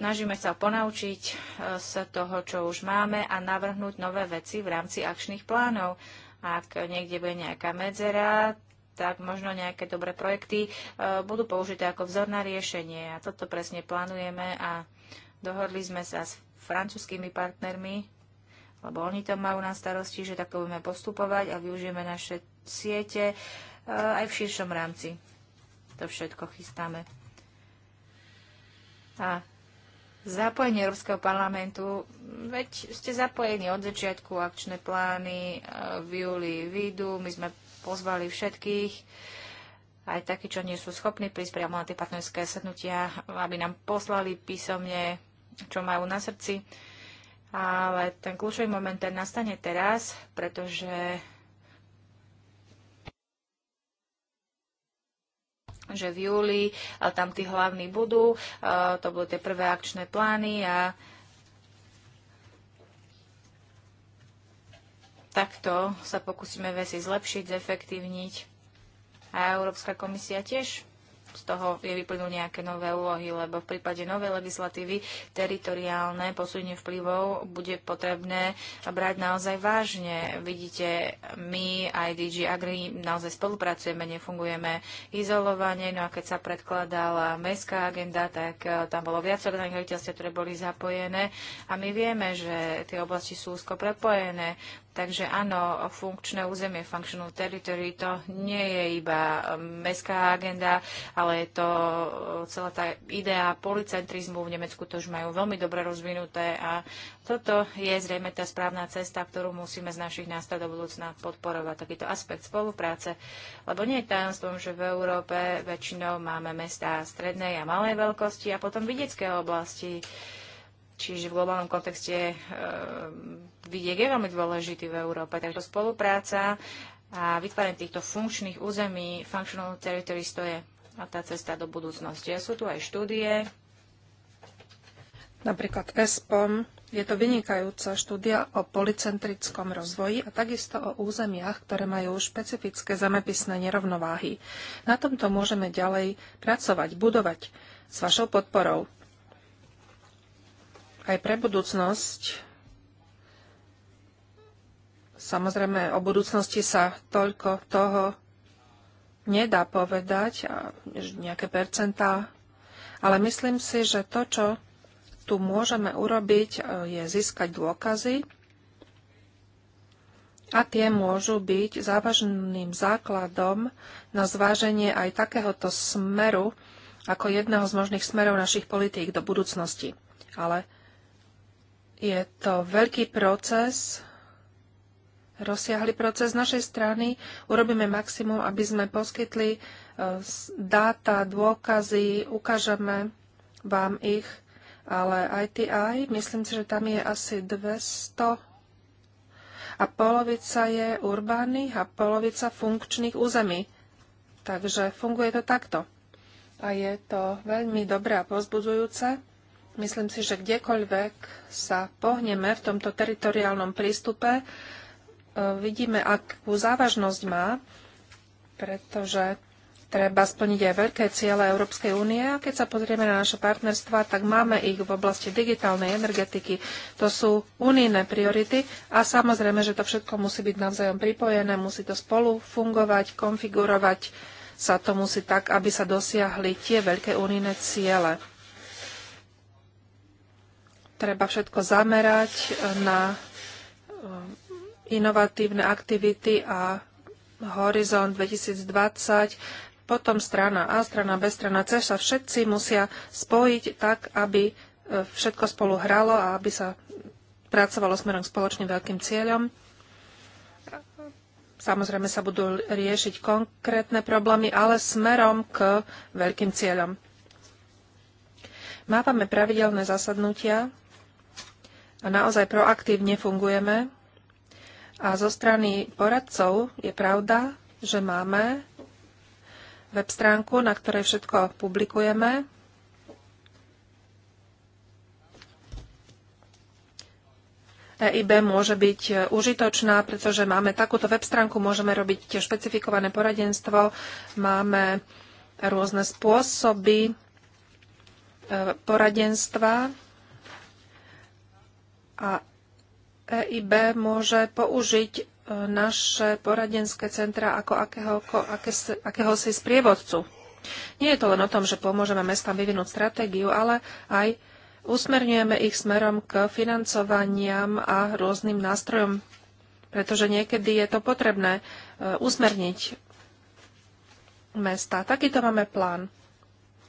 snažíme sa ponaučiť z toho, čo už máme a navrhnúť nové veci v rámci akčných plánov. Ak niekde bude nejaká medzera, tak možno nejaké dobré projekty e, budú použité ako vzor na riešenie. A toto presne plánujeme a dohodli sme sa s francúzskými partnermi, lebo oni to majú na starosti, že takto budeme postupovať a využijeme naše siete e, aj v širšom rámci. To všetko chystáme. A zapojenie Európskeho parlamentu, veď ste zapojení od začiatku, akčné plány e, v júli výjdu, my sme pozvali všetkých, aj takí, čo nie sú schopní prísť priamo na tie partnerské sednutia, aby nám poslali písomne, čo majú na srdci. Ale ten kľúčový moment ten nastane teraz, pretože že v júli eh, tam tí hlavní budú, eh, to budú tie prvé akčné plány a Takto sa pokúsime veci zlepšiť, zefektívniť. A Európska komisia tiež z toho je vyplnú nejaké nové úlohy, lebo v prípade novej legislatívy teritoriálne posúdenie vplyvov bude potrebné brať naozaj vážne. Vidíte, my aj DG Agri naozaj spolupracujeme, nefungujeme izolovane, no a keď sa predkladala mestská agenda, tak e, tam bolo viac orgánnych ktoré boli zapojené a my vieme, že tie oblasti sú úzko prepojené. Takže áno, funkčné územie, functional territory, to nie je iba um, mestská agenda, ale je to uh, celá tá idea policentrizmu. V Nemecku to už majú veľmi dobre rozvinuté a toto je zrejme tá správna cesta, ktorú musíme z našich nástrojov do budúcna podporovať, takýto aspekt spolupráce. Lebo nie je tajomstvom, že v Európe väčšinou máme mestá strednej a malej veľkosti a potom vidiecké oblasti Čiže v globálnom kontexte e, vidiek je veľmi dôležitý v Európe. Takže spolupráca a vytváranie týchto funkčných území, functional territories, to je a tá cesta do budúcnosti. A sú tu aj štúdie. Napríklad ESPOM, je to vynikajúca štúdia o policentrickom rozvoji a takisto o územiach, ktoré majú špecifické zemepisné nerovnováhy. Na tomto môžeme ďalej pracovať, budovať s vašou podporou aj pre budúcnosť Samozrejme, o budúcnosti sa toľko toho nedá povedať, nejaké percentá, ale myslím si, že to, čo tu môžeme urobiť, e, je získať dôkazy a tie môžu byť závažným základom na zváženie aj takéhoto smeru ako jedného z možných smerov našich politík do budúcnosti. Ale je to veľký proces, rozsiahly proces z našej strany. Urobíme maximum, aby sme poskytli e, dáta, dôkazy, ukážeme vám ich, ale ITI, myslím si, že tam je asi 200 a polovica je urbánnych a polovica funkčných území. Takže funguje to takto. A je to veľmi dobré a pozbudzujúce. Myslím si, že kdekoľvek sa pohneme v tomto teritoriálnom prístupe, e, vidíme, akú závažnosť má, pretože treba splniť aj veľké ciele Európskej únie a keď sa pozrieme na naše partnerstva, tak máme ich v oblasti digitálnej energetiky. To sú unijné priority a samozrejme, že to všetko musí byť navzájom pripojené, musí to spolu fungovať, konfigurovať sa to musí tak, aby sa dosiahli tie veľké unijné ciele. Treba všetko zamerať na eh, inovatívne aktivity a Horizont 2020, potom strana A, strana B, strana C sa všetci musia spojiť tak, aby eh, všetko spolu hralo a aby sa pracovalo smerom k spoločným veľkým cieľom. Samozrejme sa budú riešiť konkrétne problémy, ale smerom k veľkým cieľom. Mávame pravidelné zasadnutia a naozaj proaktívne fungujeme. A zo strany poradcov je pravda, že máme web stránku, na ktorej všetko publikujeme. EIB môže byť užitočná, pretože máme takúto web stránku, môžeme robiť špecifikované poradenstvo, máme rôzne spôsoby e, poradenstva a EIB môže použiť e, naše poradenské centra ako akého, akéhosi sprievodcu. Nie je to len o tom, že pomôžeme mestám vyvinúť stratégiu, ale aj usmerňujeme ich smerom k financovaniam a rôznym nástrojom, pretože niekedy je to potrebné e, usmerniť mesta. Takýto máme plán.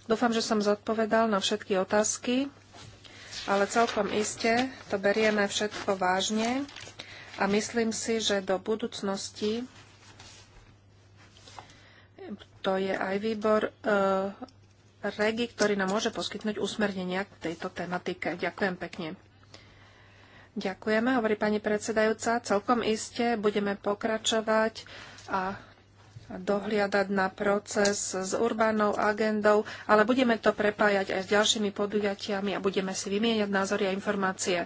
Dúfam, že som zodpovedal na všetky otázky ale celkom iste to berieme všetko vážne a myslím si, že do budúcnosti to je aj výbor uh, REGI, ktorý nám môže poskytnúť usmernenia k tejto tematike. Ďakujem pekne. Ďakujeme, hovorí pani predsedajúca. Celkom iste budeme pokračovať a dohliadať na proces s urbanou agendou, ale budeme to prepájať aj s ďalšími podujatiami a budeme si vymieňať názory a informácie.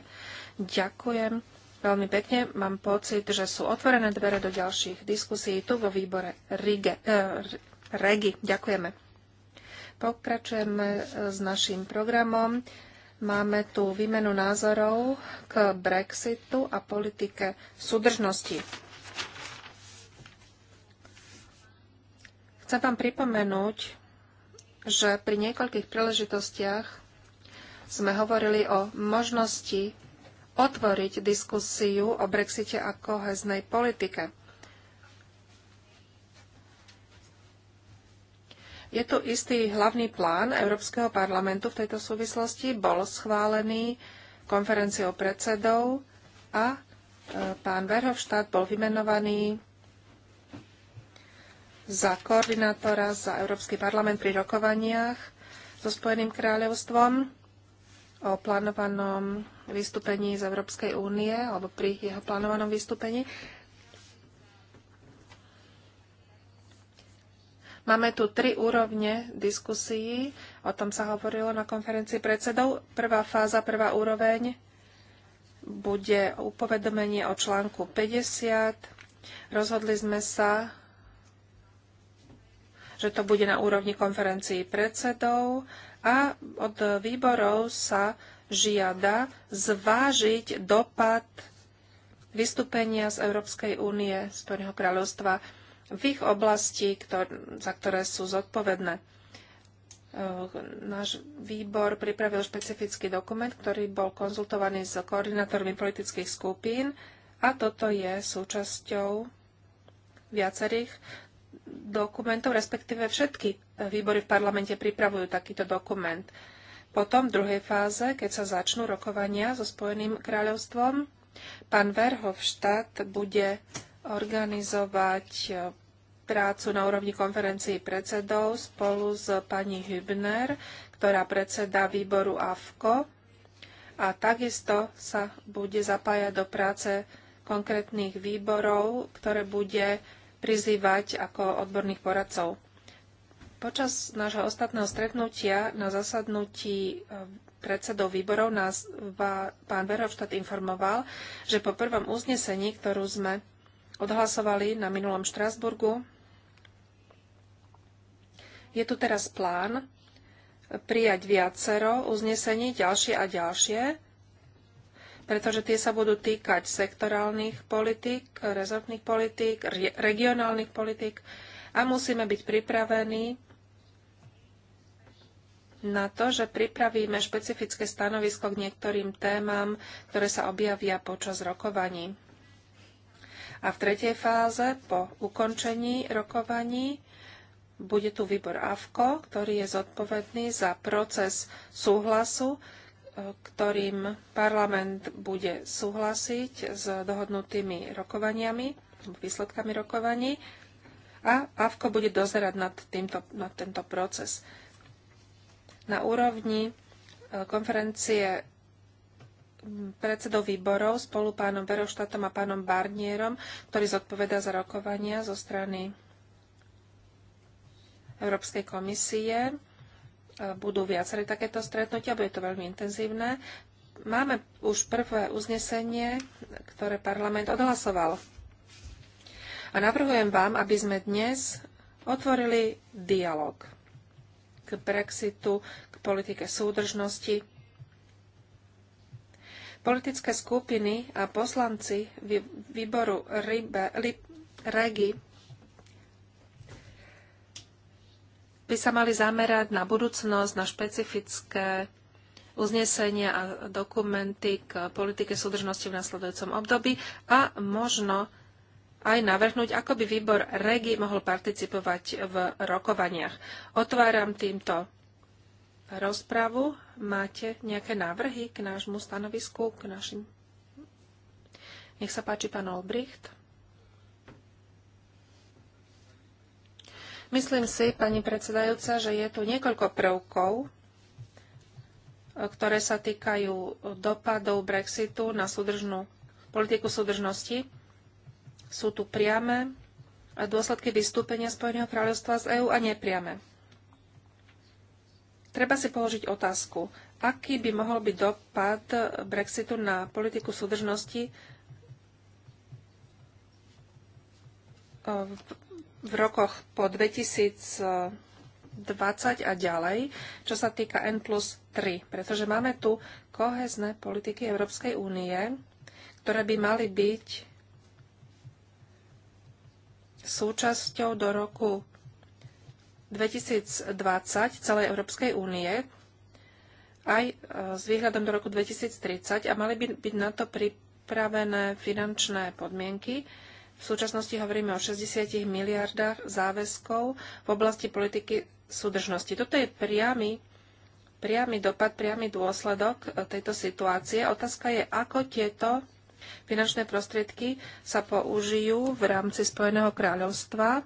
Ďakujem veľmi pekne. Mám pocit, že sú otvorené dvere do ďalších diskusí tu vo výbore Rige, eh, REGI. Ďakujeme. Pokračujeme eh, s našim programom. Máme tu výmenu názorov k Brexitu a politike súdržnosti. Chcem vám pripomenúť, že pri niekoľkých príležitostiach sme hovorili o možnosti otvoriť diskusiu o Brexite a koheznej politike. Je tu istý hlavný plán Európskeho parlamentu v tejto súvislosti, bol schválený konferenciou predsedov a e, pán Verhofštát bol vymenovaný za koordinátora za Európsky parlament pri rokovaniach so Spojeným kráľovstvom o plánovanom vystúpení z Európskej únie alebo pri jeho plánovanom vystúpení. Máme tu tri úrovne diskusií, o tom sa hovorilo na konferencii predsedov. Prvá fáza, prvá úroveň bude upovedomenie o článku 50. Rozhodli sme sa že to bude na úrovni konferencií predsedov a od výborov sa žiada zvážiť dopad vystúpenia z Európskej únie, Spojeného kráľovstva v ich oblasti, ktor- za ktoré sú zodpovedné. Náš výbor pripravil špecifický dokument, ktorý bol konzultovaný s koordinátormi politických skupín a toto je súčasťou viacerých dokumentov, respektíve všetky výbory v parlamente pripravujú takýto dokument. Potom v druhej fáze, keď sa začnú rokovania so Spojeným kráľovstvom, pán Verhofstadt bude organizovať eh, prácu na úrovni konferencií predsedov spolu s pani Hübner, ktorá predseda výboru AFKO a takisto sa bude zapájať do práce konkrétnych výborov, ktoré bude prizývať ako odborných poradcov. Počas nášho ostatného stretnutia na zasadnutí eh, predsedov výborov nás pán Verhofstadt informoval, že po prvom uznesení, ktorú sme odhlasovali na minulom Štrasburgu, je tu teraz plán eh, prijať viacero uznesení, ďalšie a ďalšie, pretože tie sa budú týkať sektorálnych politík, rezortných politík, regionálnych politík a musíme byť pripravení na to, že pripravíme špecifické stanovisko k niektorým témam, ktoré sa objavia počas rokovaní. A v tretej fáze, po ukončení rokovaní, bude tu výbor AVKO, ktorý je zodpovedný za proces súhlasu ktorým parlament bude súhlasiť s dohodnutými rokovaniami, výsledkami rokovaní a AVKO bude dozerať nad, týmto, nad tento proces. Na úrovni e, konferencie predsedov výborov spolu pánom Veroštátom a pánom Barnierom, ktorý zodpoveda za rokovania zo strany Európskej komisie budú viaceré takéto stretnutia, bude to veľmi intenzívne. Máme už prvé uznesenie, ktoré parlament odhlasoval. A navrhujem vám, aby sme dnes otvorili dialog k Brexitu, k politike súdržnosti. Politické skupiny a poslanci výboru RIBE, REGI by sa mali zamerať na budúcnosť, na špecifické uznesenia a dokumenty k politike súdržnosti v nasledujúcom období a možno aj navrhnúť, ako by výbor REGI mohol participovať v rokovaniach. Otváram týmto rozpravu. Máte nejaké návrhy k nášmu stanovisku, k našim... Nech sa páči, pán Olbricht. Myslím si, pani predsedajúca, že je tu niekoľko prvkov, ktoré sa týkajú dopadov Brexitu na súdržnú politiku súdržnosti. Sú tu priame dôsledky vystúpenia Spojeného kráľovstva z EÚ a nepriame. Treba si položiť otázku, aký by mohol byť dopad Brexitu na politiku súdržnosti v rokoch po 2020 a ďalej, čo sa týka N plus 3, pretože máme tu kohezné politiky Európskej únie, ktoré by mali byť súčasťou do roku 2020 celej Európskej únie, aj e, s výhľadom do roku 2030 a mali by byť na to pripravené finančné podmienky, v súčasnosti hovoríme o 60 miliardách záväzkov v oblasti politiky súdržnosti. Toto je priamy, priamy dopad, priamy dôsledok e, tejto situácie. Otázka je, ako tieto finančné prostriedky sa použijú v rámci Spojeného kráľovstva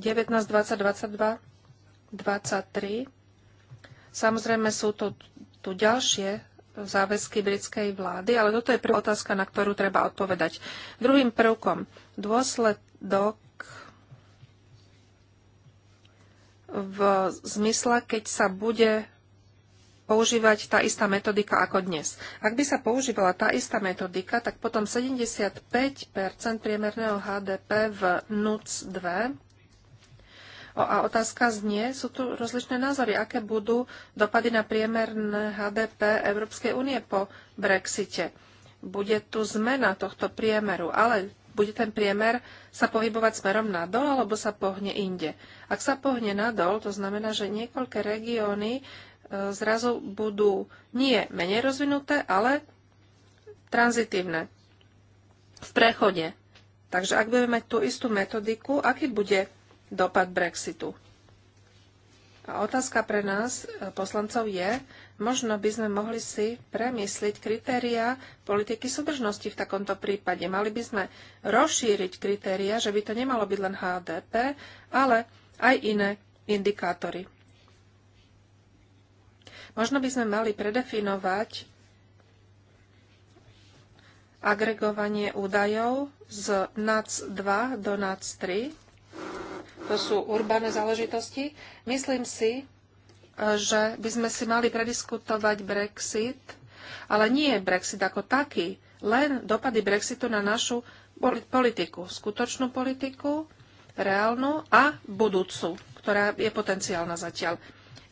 19, 20, 22, 23. Samozrejme sú to tu ďalšie záväzky britskej vlády, ale toto je prvá otázka, na ktorú treba odpovedať. Druhým prvkom, dôsledok v zmysle, keď sa bude používať tá istá metodika ako dnes. Ak by sa používala tá istá metodika, tak potom 75 priemerného HDP v NUC 2 a otázka znie, sú tu rozličné názory, aké budú dopady na priemerné HDP Európskej únie po Brexite. Bude tu zmena tohto priemeru, ale bude ten priemer sa pohybovať smerom nadol alebo sa pohne inde. Ak sa pohne nadol, to znamená, že niekoľké regióny e, zrazu budú nie menej rozvinuté, ale tranzitívne, v prechode. Takže ak budeme mať tú istú metodiku, aký bude dopad Brexitu. A otázka pre nás, eh, poslancov, je, možno by sme mohli si premysliť kritéria politiky súdržnosti v takomto prípade. Mali by sme rozšíriť kritéria, že by to nemalo byť len HDP, ale aj iné indikátory. Možno by sme mali predefinovať agregovanie údajov z NAC 2 do NAC 3 to sú urbané záležitosti. Myslím si, že by sme si mali prediskutovať Brexit, ale nie Brexit ako taký, len dopady Brexitu na našu politiku, skutočnú politiku, reálnu a budúcu, ktorá je potenciálna zatiaľ.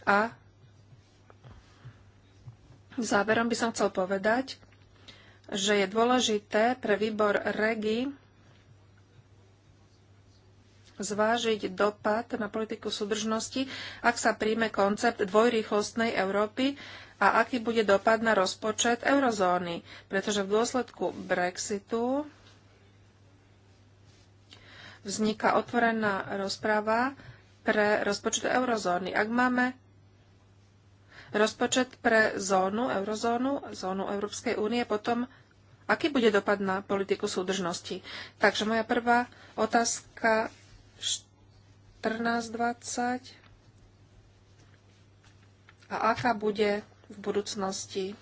A záverom by som chcel povedať, že je dôležité pre výbor REGI zvážiť dopad na politiku súdržnosti, ak sa príjme koncept dvojrýchlostnej Európy a aký bude dopad na rozpočet eurozóny, pretože v dôsledku Brexitu vzniká otvorená rozprava pre rozpočet eurozóny. Ak máme rozpočet pre zónu, eurozónu, zónu Európskej únie, potom aký bude dopad na politiku súdržnosti? Takže moja prvá otázka 1420 a aká bude v budúcnosti,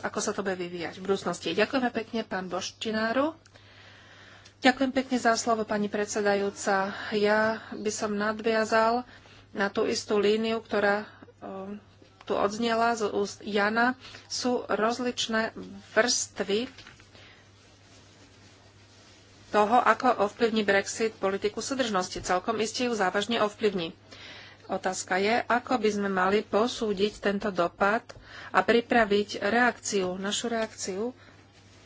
ako sa to bude vyvíjať v budúcnosti. Ďakujeme pekne, pán Boštináru. Ďakujem pekne za slovo, pani predsedajúca. Ja by som nadviazal na tú istú líniu, ktorá um, tu odznela z úst Jana. Sú rozličné vrstvy toho, ako ovplyvní Brexit politiku súdržnosti. Celkom iste ju závažne ovplyvní. Otázka je, ako by sme mali posúdiť tento dopad a pripraviť reakciu, našu reakciu,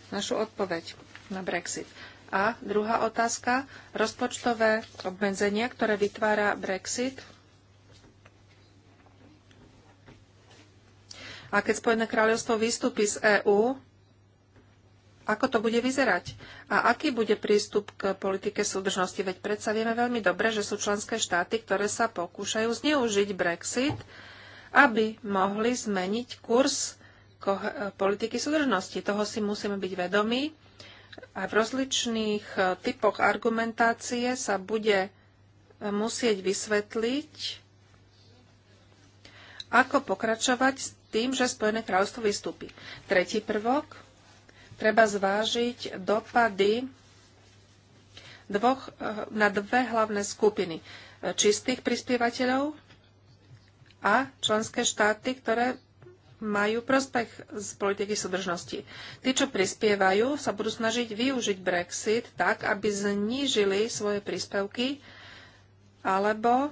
našu odpoveď na Brexit. A druhá otázka, rozpočtové obmedzenia, ktoré vytvára Brexit. A keď Spojené kráľovstvo vystúpi z EÚ, ako to bude vyzerať a aký bude prístup k politike súdržnosti. Veď predsa vieme veľmi dobre, že sú členské štáty, ktoré sa pokúšajú zneužiť Brexit, aby mohli zmeniť kurz e, politiky súdržnosti. Toho si musíme byť vedomí. A v rozličných e, typoch argumentácie sa bude e, musieť vysvetliť, ako pokračovať s tým, že Spojené kráľovstvo vystúpi. Tretí prvok treba zvážiť dopady dvoch, eh, na dve hlavné skupiny. Eh, čistých prispievateľov a členské štáty, ktoré majú prospech z politiky súdržnosti. Tí, čo prispievajú, sa budú snažiť využiť Brexit tak, aby znížili svoje príspevky alebo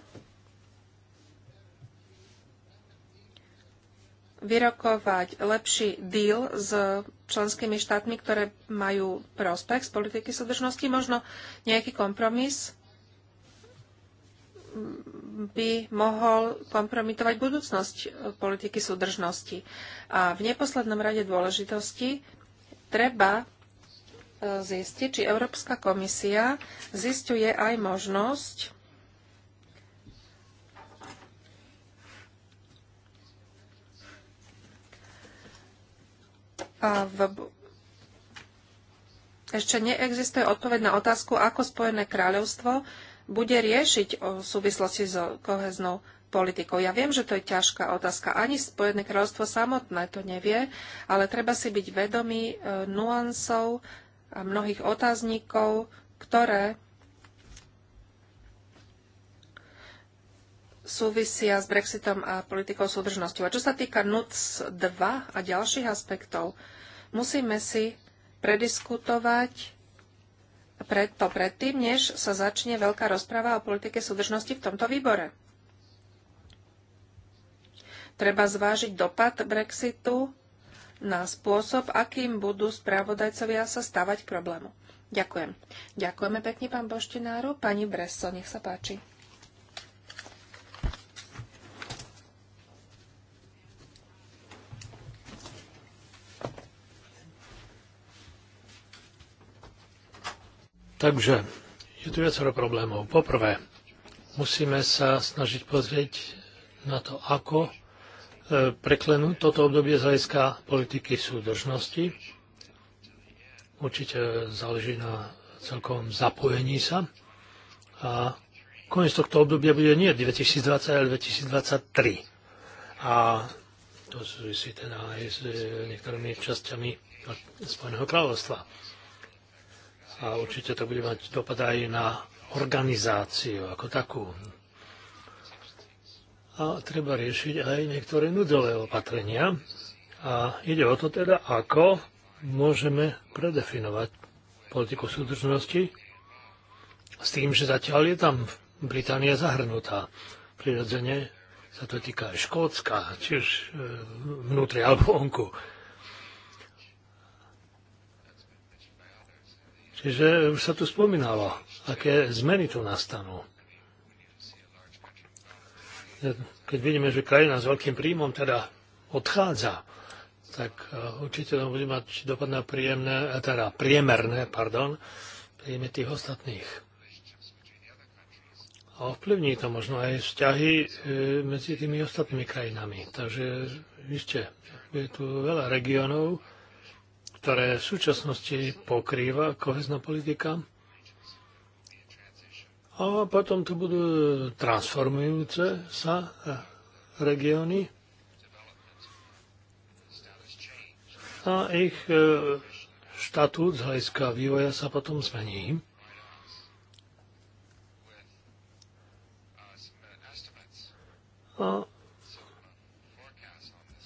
vyrokovať lepší deal s členskými štátmi, ktoré majú prospech z politiky súdržnosti. Možno nejaký kompromis by mohol kompromitovať budúcnosť politiky súdržnosti. A v neposlednom rade dôležitosti treba e, zistiť, či Európska komisia zistuje aj možnosť v... ešte neexistuje odpoveď na otázku, ako Spojené kráľovstvo bude riešiť o súvislosti s so koheznou politikou. Ja viem, že to je ťažká otázka. Ani Spojené kráľovstvo samotné to nevie, ale treba si byť vedomý eh, nuancov a mnohých otáznikov, ktoré súvisia s Brexitom a politikou súdržnosti. A čo sa týka NUC 2 a ďalších aspektov, musíme si prediskutovať preto predtým, než sa začne veľká rozpráva o politike súdržnosti v tomto výbore. Treba zvážiť dopad Brexitu na spôsob, akým budú spravodajcovia sa stavať k problému. Ďakujem. Ďakujeme pekne, pán Boštináru. Pani Bresso, nech sa páči. Takže je tu viacero problémov. Poprvé, musíme sa snažiť pozrieť na to, ako e, preklenúť toto obdobie z hľadiska politiky súdržnosti. Určite záleží na celkovom zapojení sa. A koniec tohto obdobia bude nie 2020, ale 2023. A to súvisí teda aj s e, niektorými časťami Spojeného kráľovstva a určite to bude mať dopad aj na organizáciu ako takú. A treba riešiť aj niektoré nudové opatrenia. A ide o to teda, ako môžeme predefinovať politiku súdržnosti s tým, že zatiaľ je tam Británia zahrnutá. Prirodzene sa to týka aj Škótska, či už e, vnútri alebo vonku. Čiže už sa tu spomínalo, aké zmeny tu nastanú. Keď vidíme, že krajina s veľkým príjmom teda odchádza, tak e, určite to bude mať dopadná príjemné, e, teda priemerné, pardon, príjmy tých ostatných. A ovplyvní to možno aj vzťahy e, medzi tými ostatnými krajinami. Takže vyšte, je tu veľa regiónov, ktoré v súčasnosti pokrýva kohezná politika. A potom tu budú transformujúce sa e, regióny a ich e, štatút z hľadiska vývoja sa potom zmení. A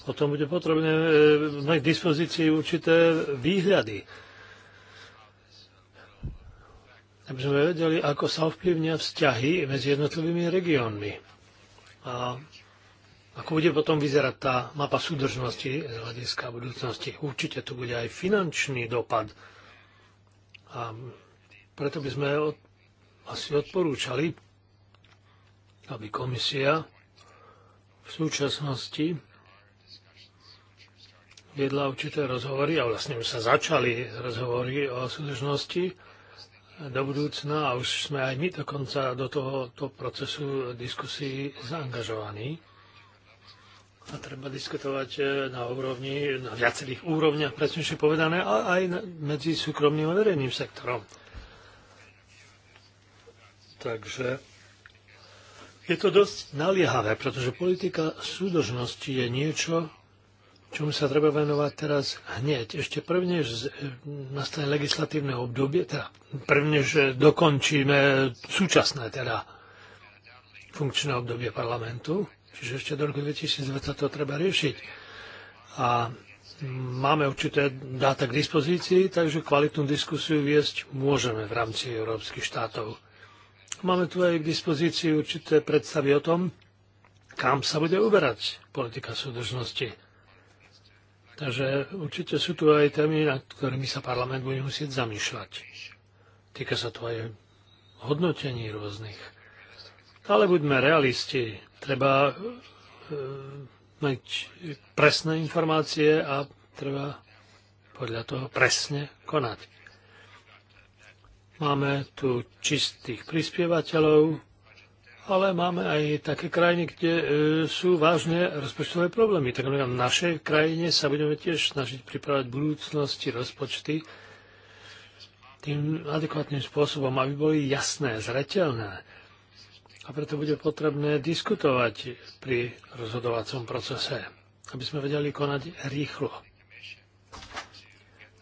potom bude potrebné e, mať k dispozícii určité výhľady. Aby sme vedeli, ako sa ovplyvnia vzťahy medzi jednotlivými regiónmi. A ako bude potom vyzerať tá mapa súdržnosti z hľadiska budúcnosti. Určite tu bude aj finančný dopad. A preto by sme od, asi odporúčali, aby komisia v súčasnosti viedla určité rozhovory, a vlastne už sa začali rozhovory o súdržnosti do budúcna a už sme aj my dokonca do tohoto procesu diskusí zaangažovaní. A treba diskutovať e, na úrovni, na viacerých úrovniach, presnejšie povedané, a aj medzi súkromným a verejným sektorom. Takže je to dosť naliehavé, pretože politika súdržnosti je niečo, čomu sa treba venovať teraz hneď. Ešte prvne, že nastane legislatívne obdobie, teda prvne, že dokončíme súčasné teda funkčné obdobie parlamentu, čiže ešte do roku 2020 to treba riešiť. A máme určité dáta k dispozícii, takže kvalitnú diskusiu viesť môžeme v rámci európskych štátov. Máme tu aj k dispozícii určité predstavy o tom, kam sa bude uberať politika súdržnosti Takže určite sú tu aj témy, nad ktorými sa parlament bude musieť zamýšľať. Týka sa to aj hodnotení rôznych. Ale buďme realisti. Treba e, mať presné informácie a treba podľa toho presne konať. Máme tu čistých prispievateľov, ale máme aj také krajiny, kde e, sú vážne rozpočtové problémy. Tak v našej krajine sa budeme tiež snažiť pripravať budúcnosti rozpočty tým adekvátnym spôsobom, aby boli jasné, zretelné. A preto bude potrebné diskutovať pri rozhodovacom procese, aby sme vedeli konať rýchlo.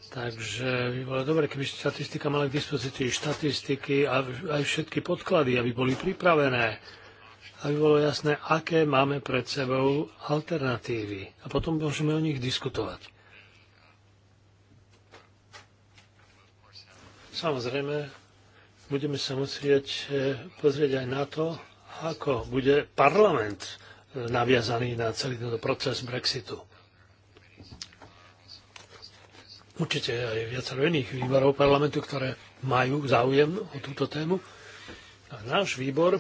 Takže by bolo dobre, keby štatistika mala k dispozícii štatistiky a aj všetky podklady, aby boli pripravené, aby bolo jasné, aké máme pred sebou alternatívy. A potom môžeme o nich diskutovať. Samozrejme, budeme sa musieť eh, pozrieť aj na to, ako bude parlament eh, naviazaný na celý tento proces Brexitu. určite aj viacero iných výborov parlamentu, ktoré majú záujem o túto tému. A náš výbor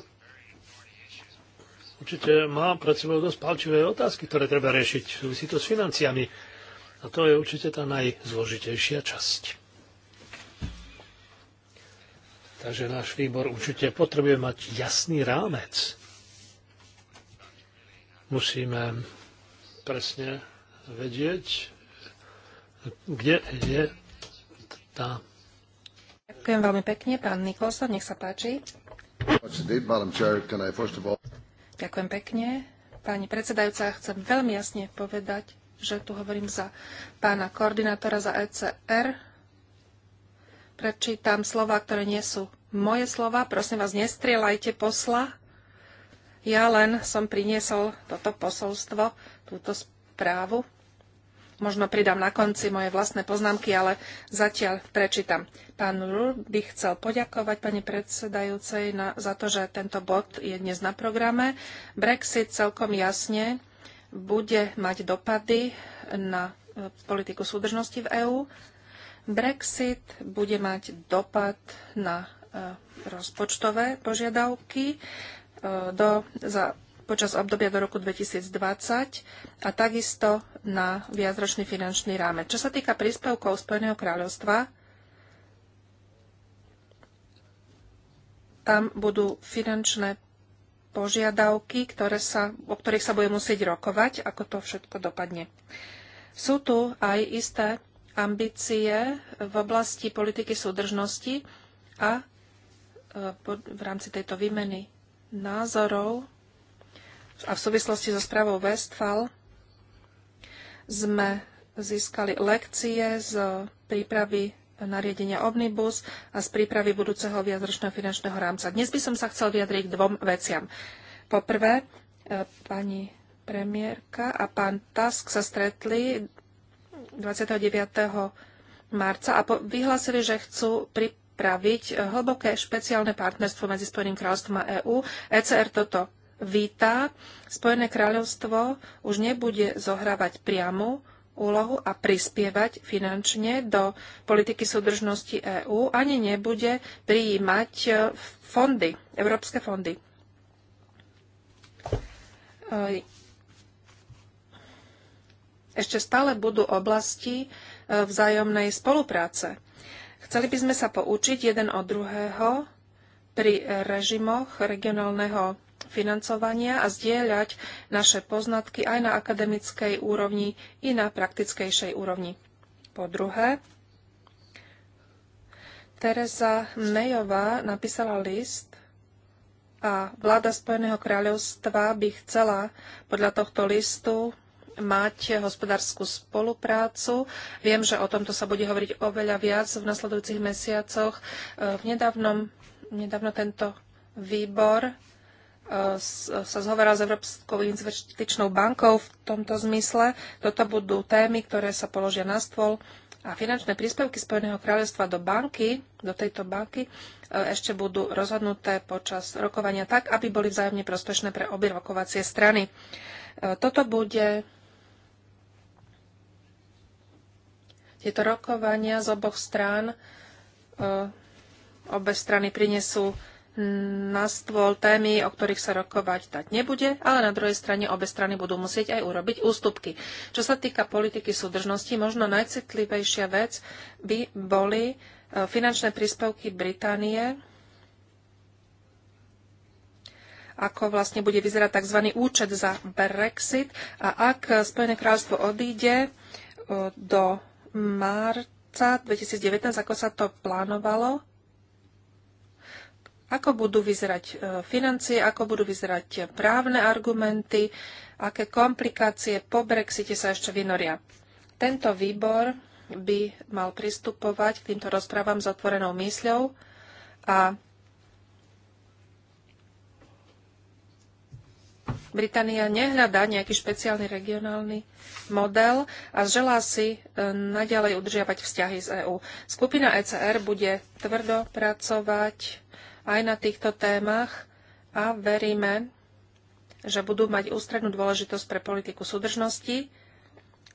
určite má pred sebou dosť palčivé otázky, ktoré treba riešiť. Súvisí to s financiami. A to je určite tá najzložitejšia časť. Takže náš výbor určite potrebuje mať jasný rámec. Musíme presne vedieť, kde je tá... Ďakujem veľmi pekne. Pán Nikolson, nech sa páči. Ďakujem pekne. Pani predsedajúca, chcem veľmi jasne povedať, že tu hovorím za pána koordinátora za ECR. Prečítam slova, ktoré nie sú moje slova. Prosím vás, nestrieľajte posla. Ja len som priniesol toto posolstvo, túto správu. Možno pridám na konci moje vlastné poznámky, ale zatiaľ prečítam. Pán Rúr by chcel poďakovať pani predsedajúcej na, za to, že tento bod je dnes na programe. Brexit celkom jasne bude mať dopady na e, politiku súdržnosti v EÚ. Brexit bude mať dopad na e, rozpočtové požiadavky e, do, za počas obdobia do roku 2020 a takisto na viacročný finančný rámec. Čo sa týka príspevkov Spojeného kráľovstva, tam budú finančné požiadavky, ktoré sa, o ktorých sa bude musieť rokovať, ako to všetko dopadne. Sú tu aj isté ambície v oblasti politiky súdržnosti a e, v rámci tejto výmeny názorov a v súvislosti so správou Westfall sme získali lekcie z prípravy nariadenia Omnibus a z prípravy budúceho viacročného finančného rámca. Dnes by som sa chcel vyjadriť k dvom veciam. Poprvé, e, pani premiérka a pán Tusk sa stretli 29. marca a vyhlásili, že chcú pripraviť e, hlboké špeciálne partnerstvo medzi Spojeným kráľovstvom a EÚ. ECR toto víta, Spojené kráľovstvo už nebude zohrávať priamu úlohu a prispievať finančne do politiky súdržnosti EÚ, ani nebude prijímať e, fondy, európske fondy. E, ešte stále budú oblasti e, vzájomnej spolupráce. Chceli by sme sa poučiť jeden od druhého pri režimoch regionálneho financovania a zdieľať naše poznatky aj na akademickej úrovni i na praktickejšej úrovni. Po druhé, Teresa Mayová napísala list a vláda Spojeného kráľovstva by chcela podľa tohto listu mať hospodárskú spoluprácu. Viem, že o tomto sa bude hovoriť oveľa viac v nasledujúcich mesiacoch. E, v nedávnom, nedávno tento výbor sa zhovoril s Európskou investičnou bankou v tomto zmysle. Toto budú témy, ktoré sa položia na stôl a finančné príspevky Spojeného kráľovstva do banky, do tejto banky, e, ešte budú rozhodnuté počas rokovania tak, aby boli vzájomne prospešné pre obi rokovacie strany. E, toto bude tieto rokovania z oboch strán e, obe strany prinesú na stôl témy, o ktorých sa rokovať dať nebude, ale na druhej strane obe strany budú musieť aj urobiť ústupky. Čo sa týka politiky súdržnosti, možno najcitlivejšia vec by boli e, finančné príspevky Británie, ako vlastne bude vyzerať tzv. účet za Brexit a ak Spojené kráľstvo odíde e, do marca 2019, ako sa to plánovalo, ako budú vyzerať e, financie, ako budú vyzerať právne argumenty, aké komplikácie po Brexite sa ešte vynoria. Tento výbor by mal pristupovať k týmto rozprávam s otvorenou mysľou a Británia nehľadá nejaký špeciálny regionálny model a želá si e, naďalej udržiavať vzťahy z EÚ. Skupina ECR bude tvrdo pracovať aj na týchto témach a veríme, že budú mať ústrednú dôležitosť pre politiku súdržnosti,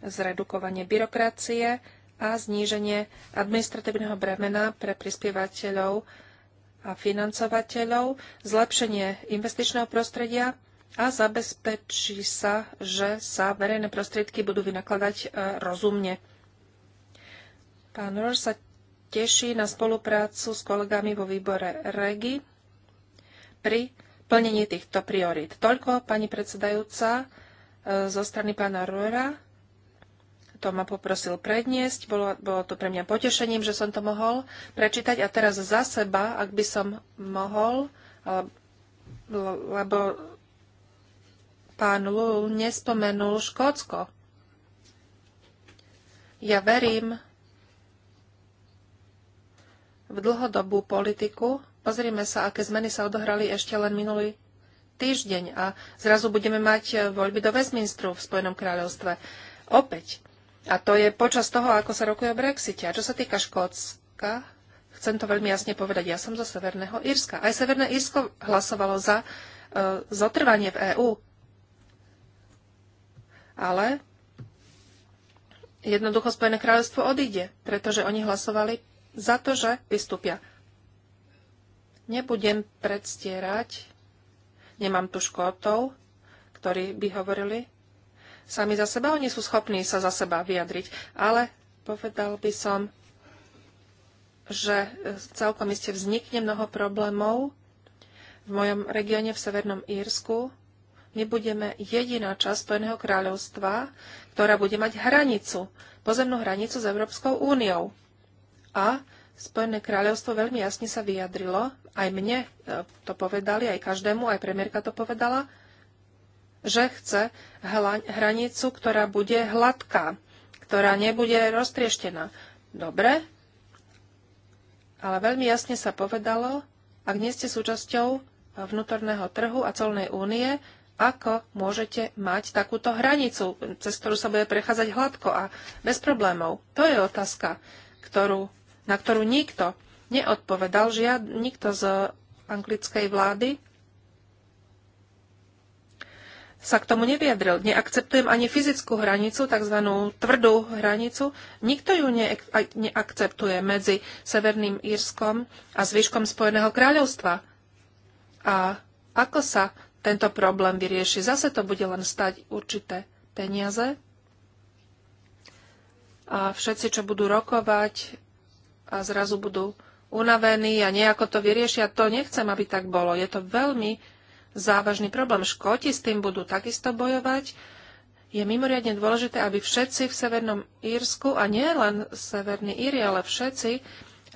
zredukovanie byrokracie a zníženie administratívneho bremena pre prispievateľov a financovateľov, zlepšenie investičného prostredia a zabezpečí sa, že sa verejné prostriedky budú vynakladať e, rozumne. Pán Rož sa teší na spoluprácu s kolegami vo výbore REGI pri plnení týchto priorít. Toľko, pani predsedajúca, e, zo strany pána Rora To ma poprosil predniesť. Bolo, bolo to pre mňa potešením, že som to mohol prečítať. A teraz za seba, ak by som mohol, e, lebo pán Lul nespomenul Škótsko. Ja verím, v dlhodobú politiku. Pozrime sa, aké zmeny sa odohrali ešte len minulý týždeň a zrazu budeme mať e, voľby do Westminsteru v Spojenom kráľovstve. Opäť. A to je počas toho, ako sa rokuje o Brexite. A čo sa týka Škótska, chcem to veľmi jasne povedať, ja som zo Severného Írska. Aj Severné Írsko hlasovalo za e, zotrvanie v EÚ. Ale jednoducho Spojené kráľovstvo odíde, pretože oni hlasovali za to, že vystúpia. Nebudem predstierať, nemám tu škótov, ktorí by hovorili sami za seba, oni sú schopní sa za seba vyjadriť, ale povedal by som, že e, celkom iste vznikne mnoho problémov v mojom regióne v Severnom Írsku. My budeme jediná časť Spojeného kráľovstva, ktorá bude mať hranicu, pozemnú hranicu s Európskou úniou. A Spojené kráľovstvo veľmi jasne sa vyjadrilo, aj mne e, to povedali, aj každému, aj premiérka to povedala, že chce hranicu, ktorá bude hladká, ktorá nebude roztrieštená. Dobre, ale veľmi jasne sa povedalo, ak nie ste súčasťou vnútorného trhu a colnej únie, ako môžete mať takúto hranicu, cez ktorú sa bude prechádzať hladko a bez problémov. To je otázka, ktorú na ktorú nikto neodpovedal, žiad, nikto z anglickej vlády sa k tomu nevyjadril. Neakceptujem ani fyzickú hranicu, tzv. tvrdú hranicu. Nikto ju neakceptuje medzi Severným Írskom a zvyškom Spojeného kráľovstva. A ako sa tento problém vyrieši? Zase to bude len stať určité peniaze. A všetci, čo budú rokovať, a zrazu budú unavení a nejako to vyriešia. To nechcem, aby tak bolo. Je to veľmi závažný problém. Škóti s tým budú takisto bojovať. Je mimoriadne dôležité, aby všetci v Severnom Írsku, a nie len severný Íri, ale všetci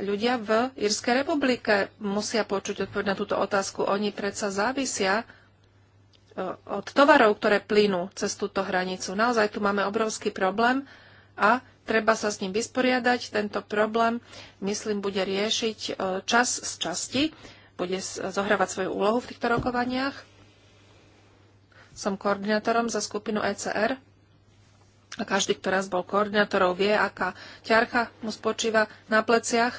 ľudia v Írskej republike musia počuť odpoveď na túto otázku. Oni predsa závisia e, od tovarov, ktoré plynú cez túto hranicu. Naozaj tu máme obrovský problém a Treba sa s ním vysporiadať. Tento problém, myslím, bude riešiť e, čas z časti. Bude zohrávať svoju úlohu v týchto rokovaniach. Som koordinátorom za skupinu ECR a každý, kto raz bol koordinátorov, vie, aká ťarcha mu spočíva na pleciach.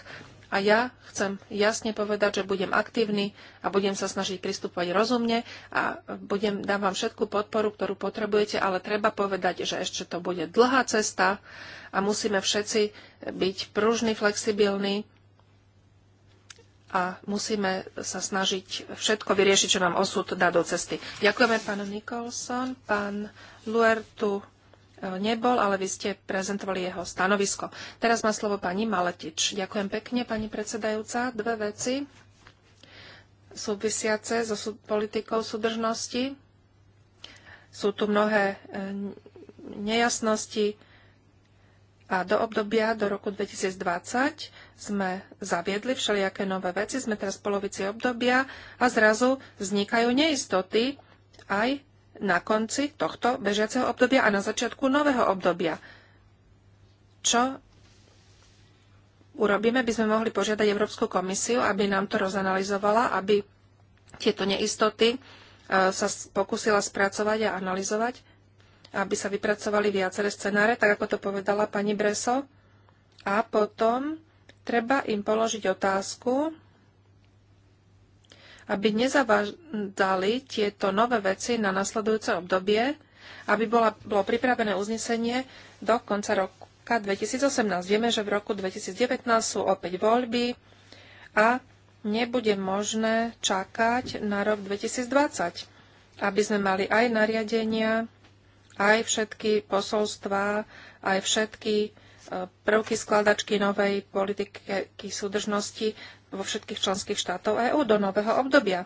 A ja chcem jasne povedať, že budem aktívny a budem sa snažiť pristupovať rozumne a budem, dám vám všetku podporu, ktorú potrebujete, ale treba povedať, že ešte to bude dlhá cesta a musíme všetci byť pružní, flexibilní a musíme sa snažiť všetko vyriešiť, čo nám osud dá do cesty. Ďakujeme pán Nicholson, pán Luertu E, nebol, ale vy ste prezentovali jeho stanovisko. Teraz má slovo pani Maletič. Ďakujem pekne, pani predsedajúca. Dve veci súvisiace so politikou súdržnosti. Sú tu mnohé e, nejasnosti a do obdobia do roku 2020 sme zaviedli všelijaké nové veci, sme teraz v polovici obdobia a zrazu vznikajú neistoty aj na konci tohto bežiaceho obdobia a na začiatku nového obdobia. Čo urobíme, by sme mohli požiadať Európsku komisiu, aby nám to rozanalizovala, aby tieto neistoty e, sa pokúsila spracovať a analyzovať, aby sa vypracovali viaceré scenáre, tak ako to povedala pani Breso. A potom treba im položiť otázku, aby nezavádali tieto nové veci na nasledujúce obdobie, aby bola, bolo pripravené uznesenie do konca roka 2018. Vieme, že v roku 2019 sú opäť voľby a nebude možné čakať na rok 2020, aby sme mali aj nariadenia, aj všetky posolstvá, aj všetky prvky skladačky novej politiky súdržnosti vo všetkých členských štátov EÚ do nového obdobia.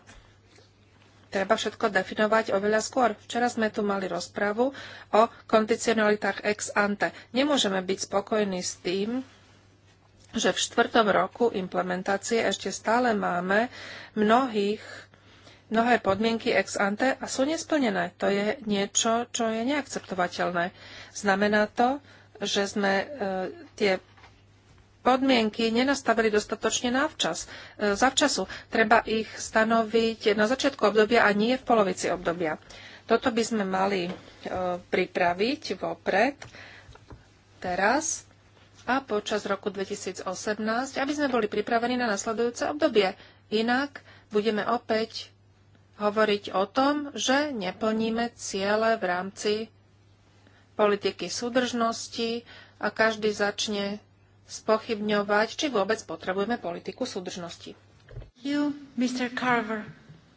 Treba všetko definovať oveľa skôr. Včera sme tu mali rozpravu o kondicionalitách ex ante. Nemôžeme byť spokojní s tým, že v štvrtom roku implementácie ešte stále máme mnohých mnohé podmienky ex ante a sú nesplnené. To je niečo, čo je neakceptovateľné. Znamená to, že sme e, tie podmienky nenastavili dostatočne navčas, e, zavčasu. Treba ich stanoviť na začiatku obdobia a nie v polovici obdobia. Toto by sme mali e, pripraviť vopred teraz a počas roku 2018, aby sme boli pripravení na nasledujúce obdobie. Inak budeme opäť hovoriť o tom, že neplníme ciele v rámci politiky súdržnosti a každý začne spochybňovať, či vôbec potrebujeme politiku súdržnosti. You, Mr. Carver,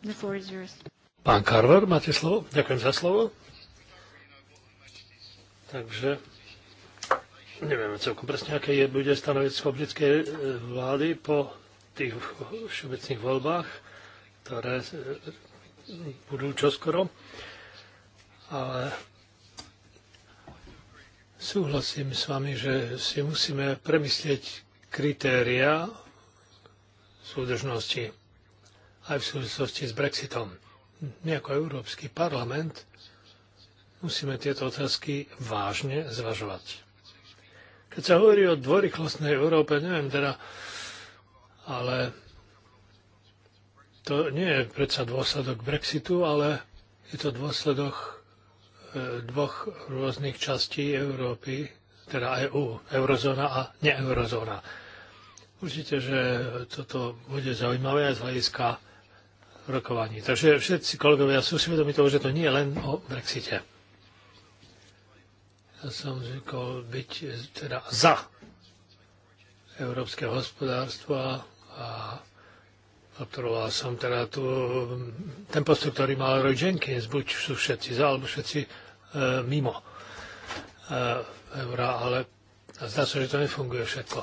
the floor is yours. Pán Carver, máte slovo? Ďakujem za slovo. Takže neviem celkom presne, aké je, bude stanovisko britskej e, vlády po tých všeobecných voľbách, ktoré e, budú čoskoro. Ale Súhlasím s vami, že si musíme premyslieť kritéria súdržnosti aj v súvislosti s Brexitom. My ako Európsky parlament musíme tieto otázky vážne zvažovať. Keď sa hovorí o dvorychlostnej Európe, neviem teda, ale to nie je predsa dôsledok Brexitu, ale je to dôsledok dvoch rôznych častí Európy, teda EU, eurozóna a neeurozóna. Určite, že toto bude zaujímavé aj z hľadiska rokovaní. Takže všetci kolegovia sú si vedomi toho, že to nie je len o Brexite. Ja som zvykol byť teda za európske hospodárstva a absolvoval som teda tu, ten postup, ktorý mal Roy Jenkins, buď sú všetci za, alebo všetci e, mimo e, eura, ale zdá sa, že to nefunguje všetko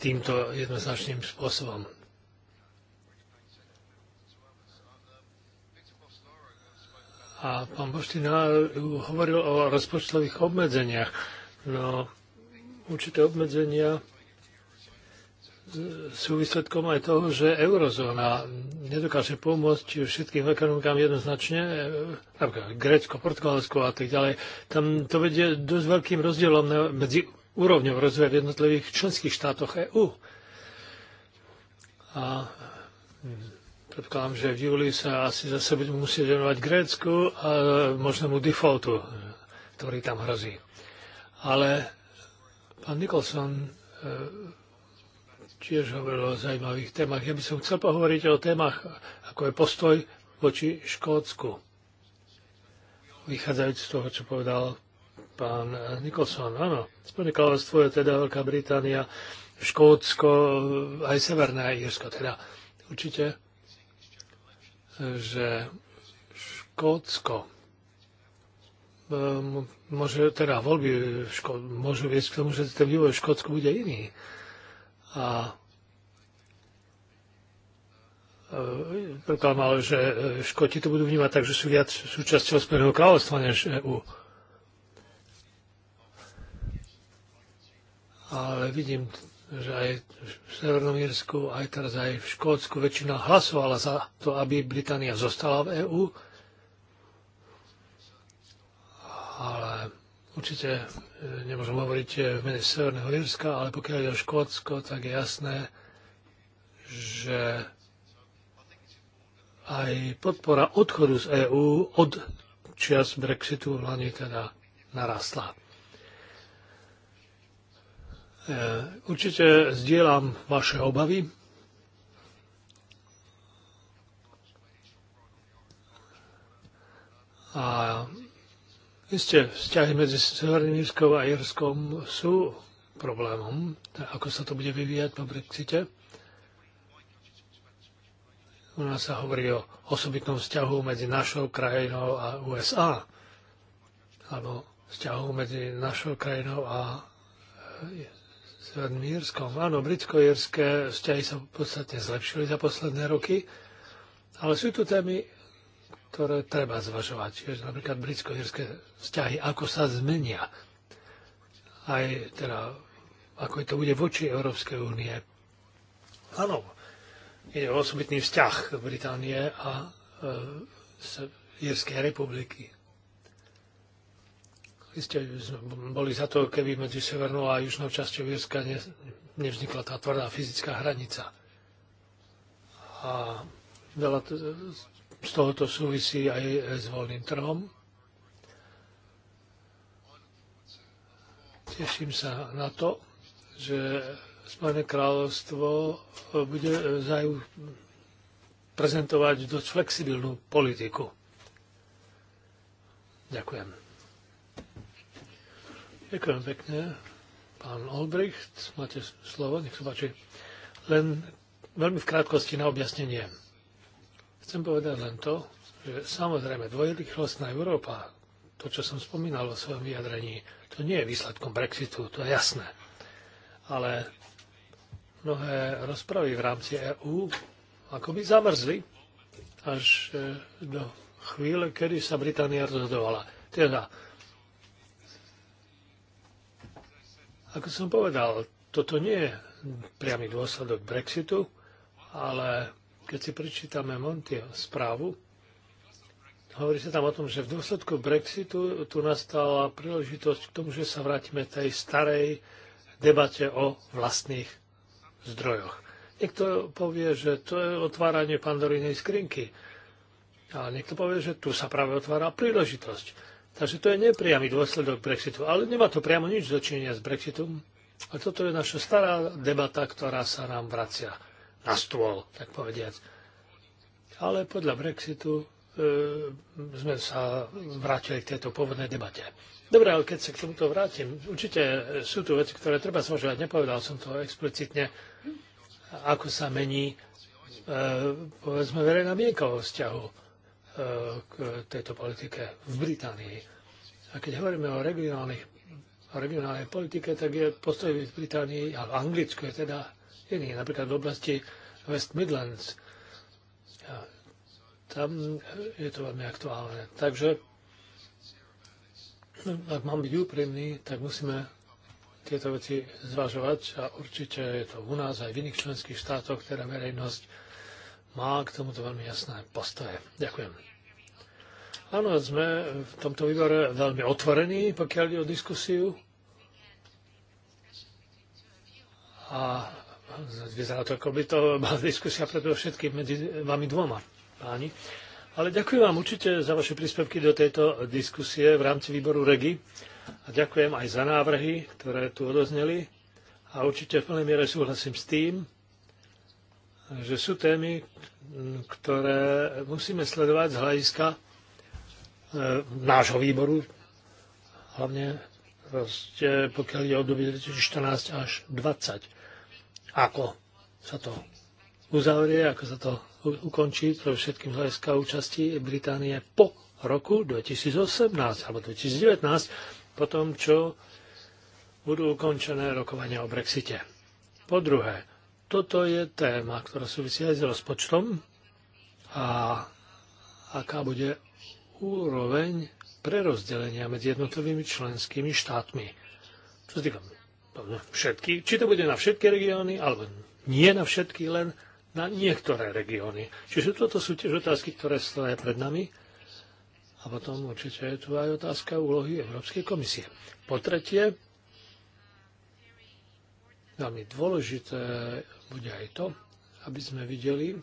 týmto jednoznačným spôsobom. A pán Boština hovoril o rozpočtových obmedzeniach. No, určité obmedzenia sú výsledkom aj toho, že eurozóna nedokáže pomôcť všetkým ekonomikám jednoznačne, napríklad Grécko, Portugalsko a tak ďalej. Tam to vedie dosť veľkým rozdielom medzi úrovňou rozvoja v jednotlivých členských štátoch EÚ. A predpokladám, že v júli sa asi zase budeme musieť venovať Grécku a možnému defaultu, ktorý tam hrozí. Ale pán Nicholson e, tiež hovoril o zaujímavých témach. Ja by som chcel pohovoriť o témach, ako je postoj voči Škótsku. Vychádzajúc z toho, čo povedal pán Nikolson, áno, Spojené kráľovstvo je teda Veľká Británia, Škótsko, aj Severné Írsko, teda určite, že Škótsko ehm, môže, teda voľby môžu viesť k tomu, že ten vývoj v Škótsku bude iný a proklamal, e, že e, Škoti to budú vnímať tak, že sú viac súčasťou Spojeného kráľovstva než EU. Ale vidím, že aj v Severnom Jirsku, aj teraz aj v Škótsku väčšina hlasovala za to, aby Británia zostala v EU. Ale Určite e, nemôžem hovoriť e, v mene Severného Jirska, ale pokiaľ je o Škótsko, tak je jasné, že aj podpora odchodu z EÚ od čias Brexitu v Lani teda narastla. E, určite zdieľam vaše obavy. A Isté, vzťahy medzi Severným Írskom a Írskom sú problémom, ako sa to bude vyvíjať po Brexite. U nás sa hovorí o osobitnom vzťahu medzi našou krajinou a USA, alebo vzťahu medzi našou krajinou a e, Severným Írskom. Áno, britsko-írske vzťahy sa v podstate zlepšili za posledné roky, ale sú tu témy, ktoré treba zvažovať. Čiže napríklad britsko-írske vzťahy, ako sa zmenia. Aj teda, ako to bude voči Európskej únie. Áno, ide o osobitný vzťah Británie a e, Írskej republiky. Isté boli za to, keby medzi severnou a južnou časťou Jirska ne, nevznikla tá tvrdá fyzická hranica. A veľa z tohoto súvisí aj s voľným trhom. Teším sa na to, že Spojené kráľovstvo bude zájú prezentovať dosť flexibilnú politiku. Ďakujem. Ďakujem pekne. Pán Olbricht, máte slovo, nech sa páči. Len veľmi v krátkosti na objasnenie. Chcem povedať len to, že samozrejme dvojrychlostná Európa, to, čo som spomínal o svojom vyjadrení, to nie je výsledkom Brexitu, to je jasné. Ale mnohé rozpravy v rámci EÚ akoby zamrzli až e, do chvíle, kedy sa Británia rozhodovala. Teda, ako som povedal, toto nie je priamy dôsledok Brexitu, ale keď si prečítame Monty správu, hovorí sa tam o tom, že v dôsledku Brexitu tu nastala príležitosť k tomu, že sa vrátime tej starej debate o vlastných zdrojoch. Niekto povie, že to je otváranie pandorínej skrinky. A niekto povie, že tu sa práve otvára príležitosť. Takže to je nepriamy dôsledok Brexitu. Ale nemá to priamo nič dočinenia s Brexitom. A toto je naša stará debata, ktorá sa nám vracia na stôl, tak povediac. Ale podľa Brexitu e, sme sa vrátili k tejto pôvodnej debate. Dobre, ale keď sa k tomuto vrátim, určite sú tu veci, ktoré treba zvažovať. Nepovedal som to explicitne, ako sa mení e, povedzme verejná mienka o vzťahu e, k tejto politike v Británii. A keď hovoríme o regionálnych, o regionálnej politike, tak je postoj v Británii, v Anglicku je teda iný. Napríklad v oblasti West Midlands. A Tam je to veľmi aktuálne. Takže, no, ak mám byť úprimný, tak musíme tieto veci zvažovať a určite je to u nás aj v iných členských štátoch, ktorá verejnosť má k tomuto veľmi jasné postoje. Ďakujem. Áno, sme v tomto výbore veľmi otvorení, pokiaľ ide o diskusiu. A vyzerá to, ako by to bola diskusia predovšetkým medzi vami dvoma páni. Ale ďakujem vám určite za vaše príspevky do tejto diskusie v rámci výboru REGI a ďakujem aj za návrhy, ktoré tu odozneli a určite v plnej miere súhlasím s tým, že sú témy, ktoré musíme sledovať z hľadiska e, nášho výboru, hlavne proste, pokiaľ je obdobie 2014 až 2020 ako sa to uzavrie, ako sa to ukončí, pre všetkým hľadiska účasti Británie po roku 2018 alebo 2019, po tom, čo budú ukončené rokovania o Brexite. Po druhé, toto je téma, ktorá súvisí aj s rozpočtom a aká bude úroveň prerozdelenia medzi jednotlivými členskými štátmi. Čo sa týka všetky, či to bude na všetky regióny, alebo nie na všetky, len na niektoré regióny. Čiže toto sú tiež otázky, ktoré stojí pred nami. A potom určite je tu aj otázka úlohy Európskej komisie. Po tretie, veľmi dôležité bude aj to, aby sme videli,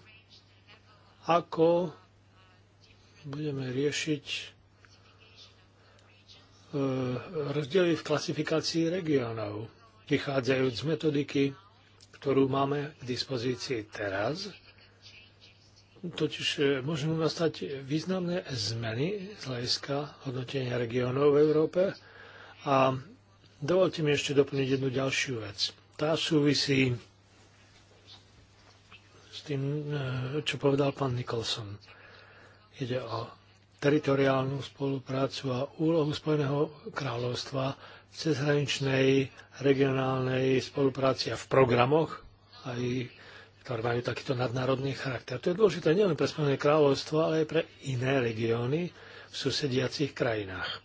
ako budeme riešiť e, rozdiely v klasifikácii regiónov vychádzajúc z metodiky, ktorú máme k dispozícii teraz. Totiž eh, môžu nastať významné zmeny z hľadiska hodnotenia regiónov v Európe. A dovolte mi ešte doplniť jednu ďalšiu vec. Tá súvisí s tým, eh, čo povedal pán Nicholson. Ide o teritoriálnu spoluprácu a úlohu Spojeného kráľovstva cezhraničnej regionálnej spolupráci a v programoch, aj, ktoré majú takýto nadnárodný charakter. To je dôležité nielen pre Spojené kráľovstvo, ale aj pre iné regióny v susediacich krajinách.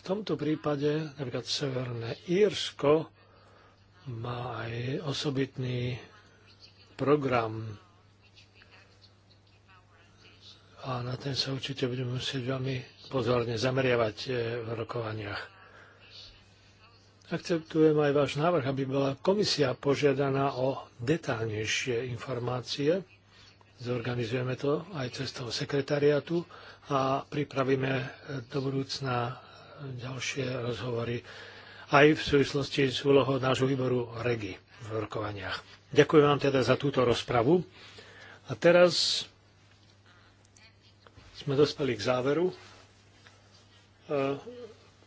V tomto prípade napríklad Severné Írsko má aj osobitný program a na ten sa určite budeme musieť veľmi pozorne zameriavať e, v rokovaniach. Akceptujem aj váš návrh, aby bola komisia požiadaná o detálnejšie informácie. Zorganizujeme to aj cestou sekretariátu a pripravíme e, do budúcna e, ďalšie rozhovory aj v súvislosti s úlohou nášho výboru REGI v rokovaniach. Ďakujem vám teda za túto rozpravu. A teraz sme dospeli k záveru E,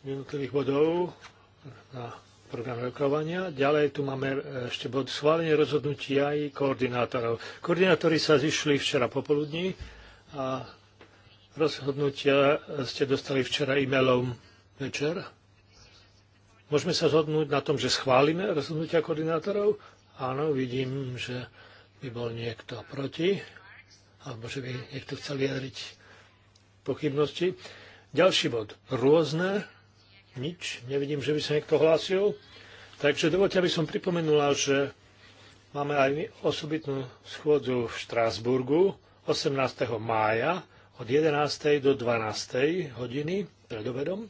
jednotlivých bodov na program rokovania. Ďalej tu máme e, ešte bod schválenie rozhodnutia aj koordinátorov. Koordinátori sa zišli včera popoludní a rozhodnutia ste dostali včera e-mailom večer. Môžeme sa zhodnúť na tom, že schválime rozhodnutia koordinátorov? Áno, vidím, že by bol niekto proti, alebo že by niekto chcel vyjadriť pochybnosti. Ďalší bod. Rôzne. Nič. Nevidím, že by sa niekto hlásil. Takže dovolte, aby som pripomenula, že máme aj osobitnú schôdzu v Štrásburgu 18. mája od 11. do 12. hodiny pred obedom.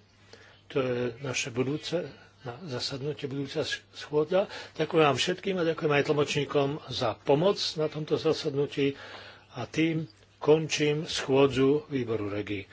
To je naše budúce na zasadnutie budúca schôdza. Ďakujem vám všetkým a ďakujem aj tlmočníkom za pomoc na tomto zasadnutí a tým končím schôdzu výboru regii.